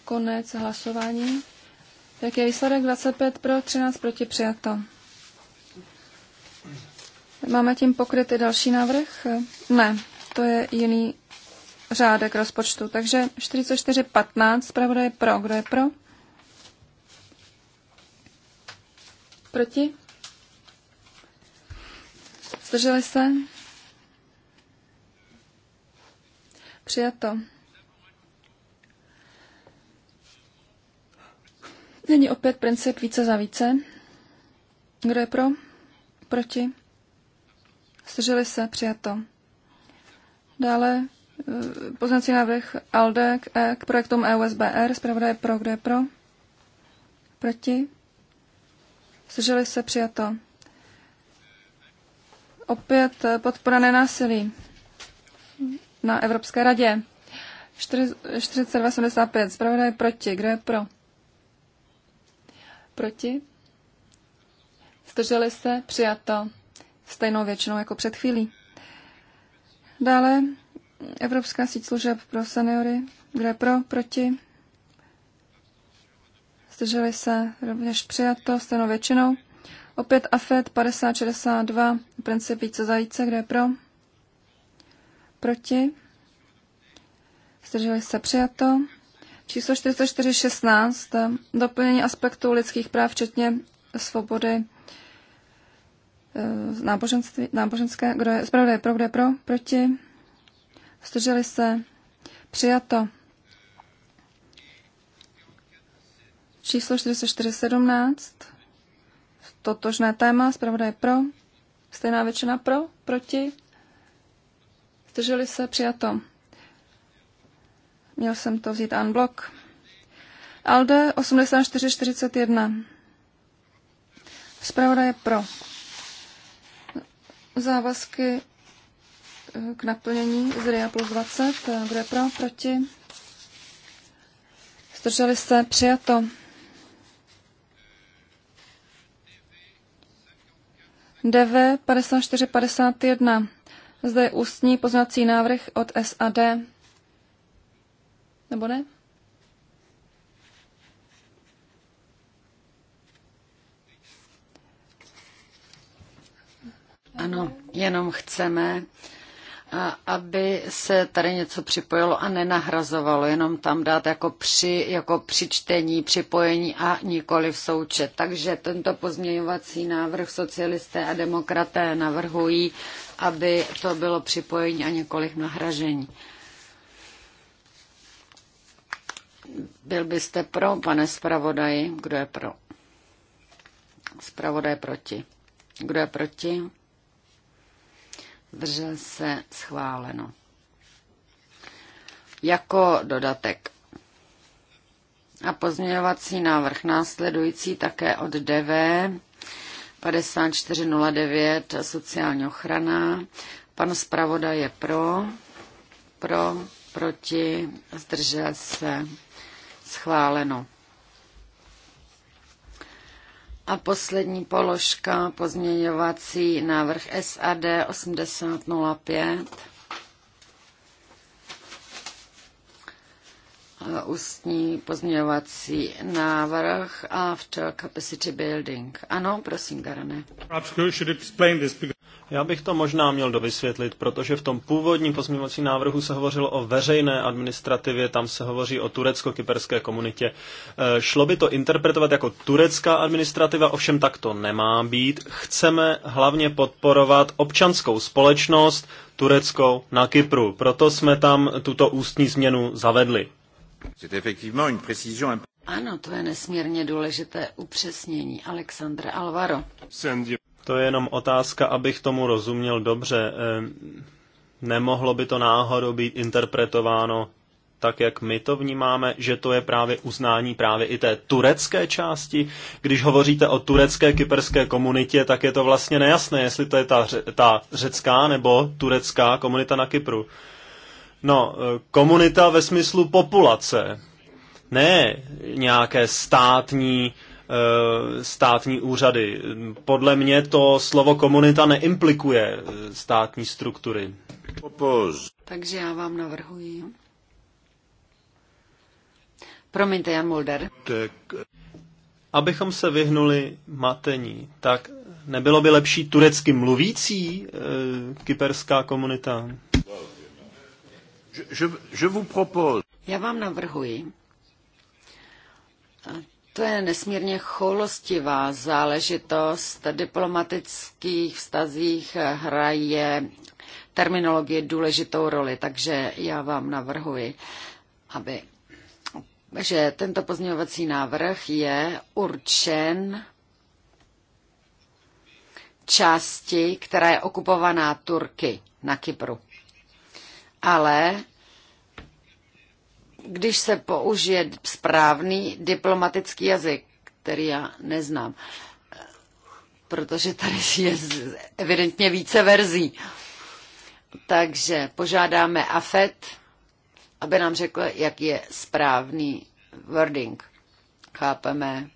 Konec hlasování. Tak je výsledek 25 pro, 13 proti přijato. Máme tím pokryty další návrh? Ne, to je jiný řádek rozpočtu. Takže 44.15, zpravodaj pro. Kdo je pro? Proti? Zdrželi se? Přijato. Není opět princip více za více. Kdo je pro? Proti? Zdrželi se? Přijato. Dále eh, poznací návrh ALDE k, e, k projektům EUSBR. Zpravodaj pro. Kdo je pro? Proti? Zdrželi se? Přijato. Opět eh, podpora nenásilí na Evropské radě. 42,75. Zpravodaj proti. Kdo je pro? Proti? Zdrželi se? Přijato stejnou většinou jako před chvílí. Dále Evropská síť služeb pro seniory. Kde pro? Proti? Zdrželi se? Rovněž přijato stejnou většinou. Opět AFED 5062, princip více zajíce, kde je pro? Proti? Zdrželi se přijato. Číslo 4416, doplnění aspektů lidských práv, včetně svobody eh, náboženství, náboženské, kdo je zpravodaj pro, kdo je pro, proti, zdrželi se, přijato. Číslo 4417, totožné téma, zpravodaj pro, stejná většina pro, proti, zdrželi se, přijato. Měl jsem to vzít unblock. Alde 8441. Zpravodaj je pro. Závazky eh, k naplnění z RIA plus 20. Eh, Kdo je pro? Proti? Zdrželi se? Přijato. DV 5451. Zde je ústní poznací návrh od SAD. Nebo ne? Ano, jenom chceme, aby se tady něco připojilo a nenahrazovalo, jenom tam dát jako, při, jako přičtení, připojení a nikoli v součet. Takže tento pozměňovací návrh socialisté a demokraté navrhují, aby to bylo připojení a několik nahražení. Byl byste pro, pane zpravodaji? Kdo je pro? Zpravodaj proti. Kdo je proti? Zdržel se schváleno. Jako dodatek. A pozměňovací návrh následující také od DV 5409 sociální ochrana. Pan zpravodaj je pro, pro, proti, zdržel se Schváleno. A poslední položka, pozměňovací návrh SAD 8005. Eh, ústní pozměňovací návrh a včel capacity building. Ano, prosím, Garane. Já bych to možná měl dovysvětlit, protože v tom původním pozměňovacím návrhu se hovořilo o veřejné administrativě, tam se hovoří o turecko-kyperské komunitě. E, šlo by to interpretovat jako turecká administrativa, ovšem tak to nemá být. Chceme hlavně podporovat občanskou společnost tureckou na Kypru. Proto jsme tam tuto ústní změnu zavedli. Ano, to je nesmírně důležité upřesnění. Alexandre Alvaro. To je jenom otázka, abych tomu rozuměl dobře. Ehm, nemohlo by to náhodou být interpretováno tak, jak my to vnímáme, že to je právě uznání právě i té turecké části. Když hovoříte o turecké kyperské komunitě, tak je to vlastně nejasné, jestli to je ta, ta řecká nebo turecká komunita na Kypru. No, eh, komunita ve smyslu populace, ne nějaké státní Eh, státní úřady. Podle mě to slovo komunita neimplikuje eh, státní struktury. Takže já vám navrhuji. Promiňte, Jan Mulder. Tak. Abychom se vyhnuli matení, tak nebylo by lepší turecky mluvící e, kyperská komunita? Já vám navrhuji to je nesmírně choulostivá záležitost. V diplomatických vztazích hraje terminologie důležitou roli, takže já vám navrhuji, aby, že tento pozměňovací návrh je určen části, která je okupovaná Turky na Kypru. Ale když se použije správný diplomatický jazyk, který já neznám, protože tady je evidentně více verzí. Takže požádáme AFET, aby nám řekl, jak je správný wording. Chápeme,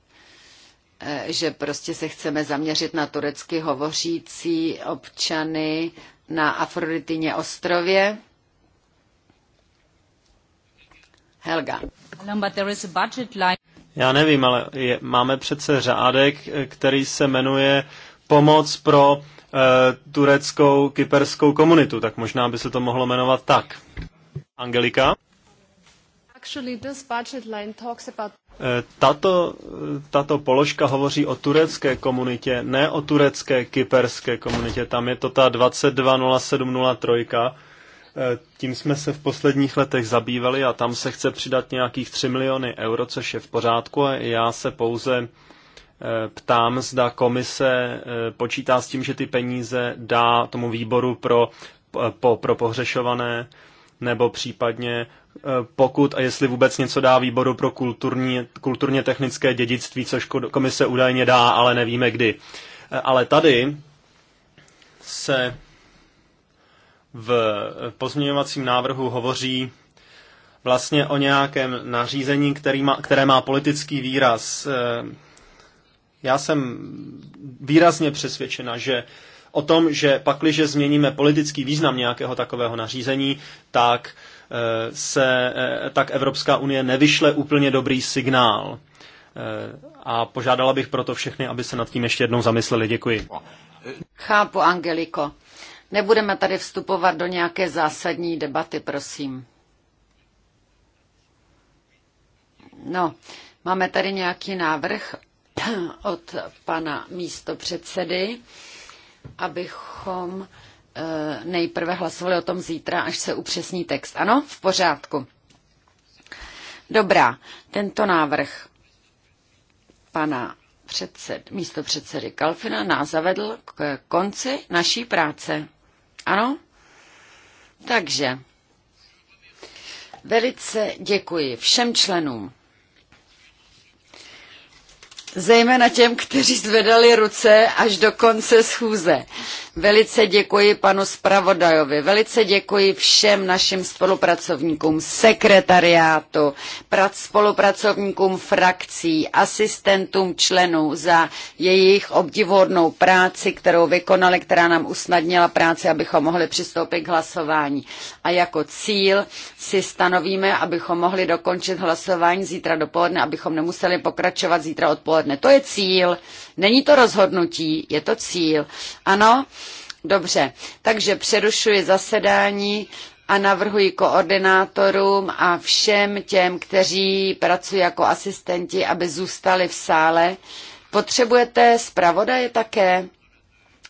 eh, že prostě se chceme zaměřit na turecky hovořící občany na Afroditině ostrově Helga. No, Já nevím, ale je, máme přece řádek, který se jmenuje Pomoc pro e, tureckou kyperskou komunitu, tak možná by se to mohlo jmenovat tak. Angelika? Eh, tato, tato položka hovoří o turecké komunitě, ne o turecké kyperské komunitě. Tam je to ta 220703 Eh, tím jsme se v posledních letech zabývali a tam se chce přidat nějakých 3 miliony euro, což je v pořádku. A já se pouze eh, ptám, zda komise eh, počítá s tím, že ty peníze dá tomu výboru pro, po, pro pohřešované, nebo případně pokud a jestli vůbec něco dá výboru pro kulturní, kulturně technické dědictví, což komise údajně dá, ale nevíme kdy. Ale tady se v pozměňovacím návrhu hovoří vlastně o nějakém nařízení, který má, které má politický výraz. Eh, já jsem výrazně přesvědčena, že o tom, že pakliže změníme politický význam nějakého takového nařízení, tak eh, se eh, tak Evropská unie nevyšle úplně dobrý signál. A požádala bych proto všechny, aby se nad tím ještě jednou zamysleli. Děkuji. Chápu, Angeliko. Nebudeme tady vstupovat do nějaké zásadní debaty, prosím. No, máme tady nějaký návrh od pana místopředsedy, abychom eh, nejprve hlasovali o tom zítra, až se upřesní text. Ano, v pořádku. Dobrá, tento návrh pana předsed, místo předsedy Kalfina nás zavedl k konci naší práce. Ano? Takže velice děkuji všem členům, zejména těm, kteří zvedali ruce až do konce schůze. Velice děkuji panu Spravodajovi, velice děkuji všem našim spolupracovníkům, sekretariátu, spolupracovníkům frakcí, asistentům členů za jejich obdivuhodnou práci, kterou vykonali, která nám usnadnila práci, abychom mohli přistoupit k hlasování. A jako cíl si stanovíme, abychom mohli dokončit hlasování zítra dopoledne, abychom nemuseli pokračovat zítra odpoledne. To je cíl, není to rozhodnutí, je to cíl. Ano, Dobře, takže přerušuji zasedání a navrhuji koordinátorům a všem těm, kteří pracují jako asistenti, aby zůstali v sále. Potřebujete zpravodaje také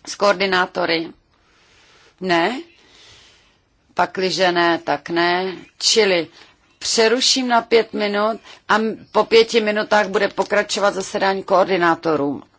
s koordinátory? Ne? Pakliže ne, tak ne. Čili přeruším na pět minut a po pěti minutách bude pokračovat zasedání koordinátorům.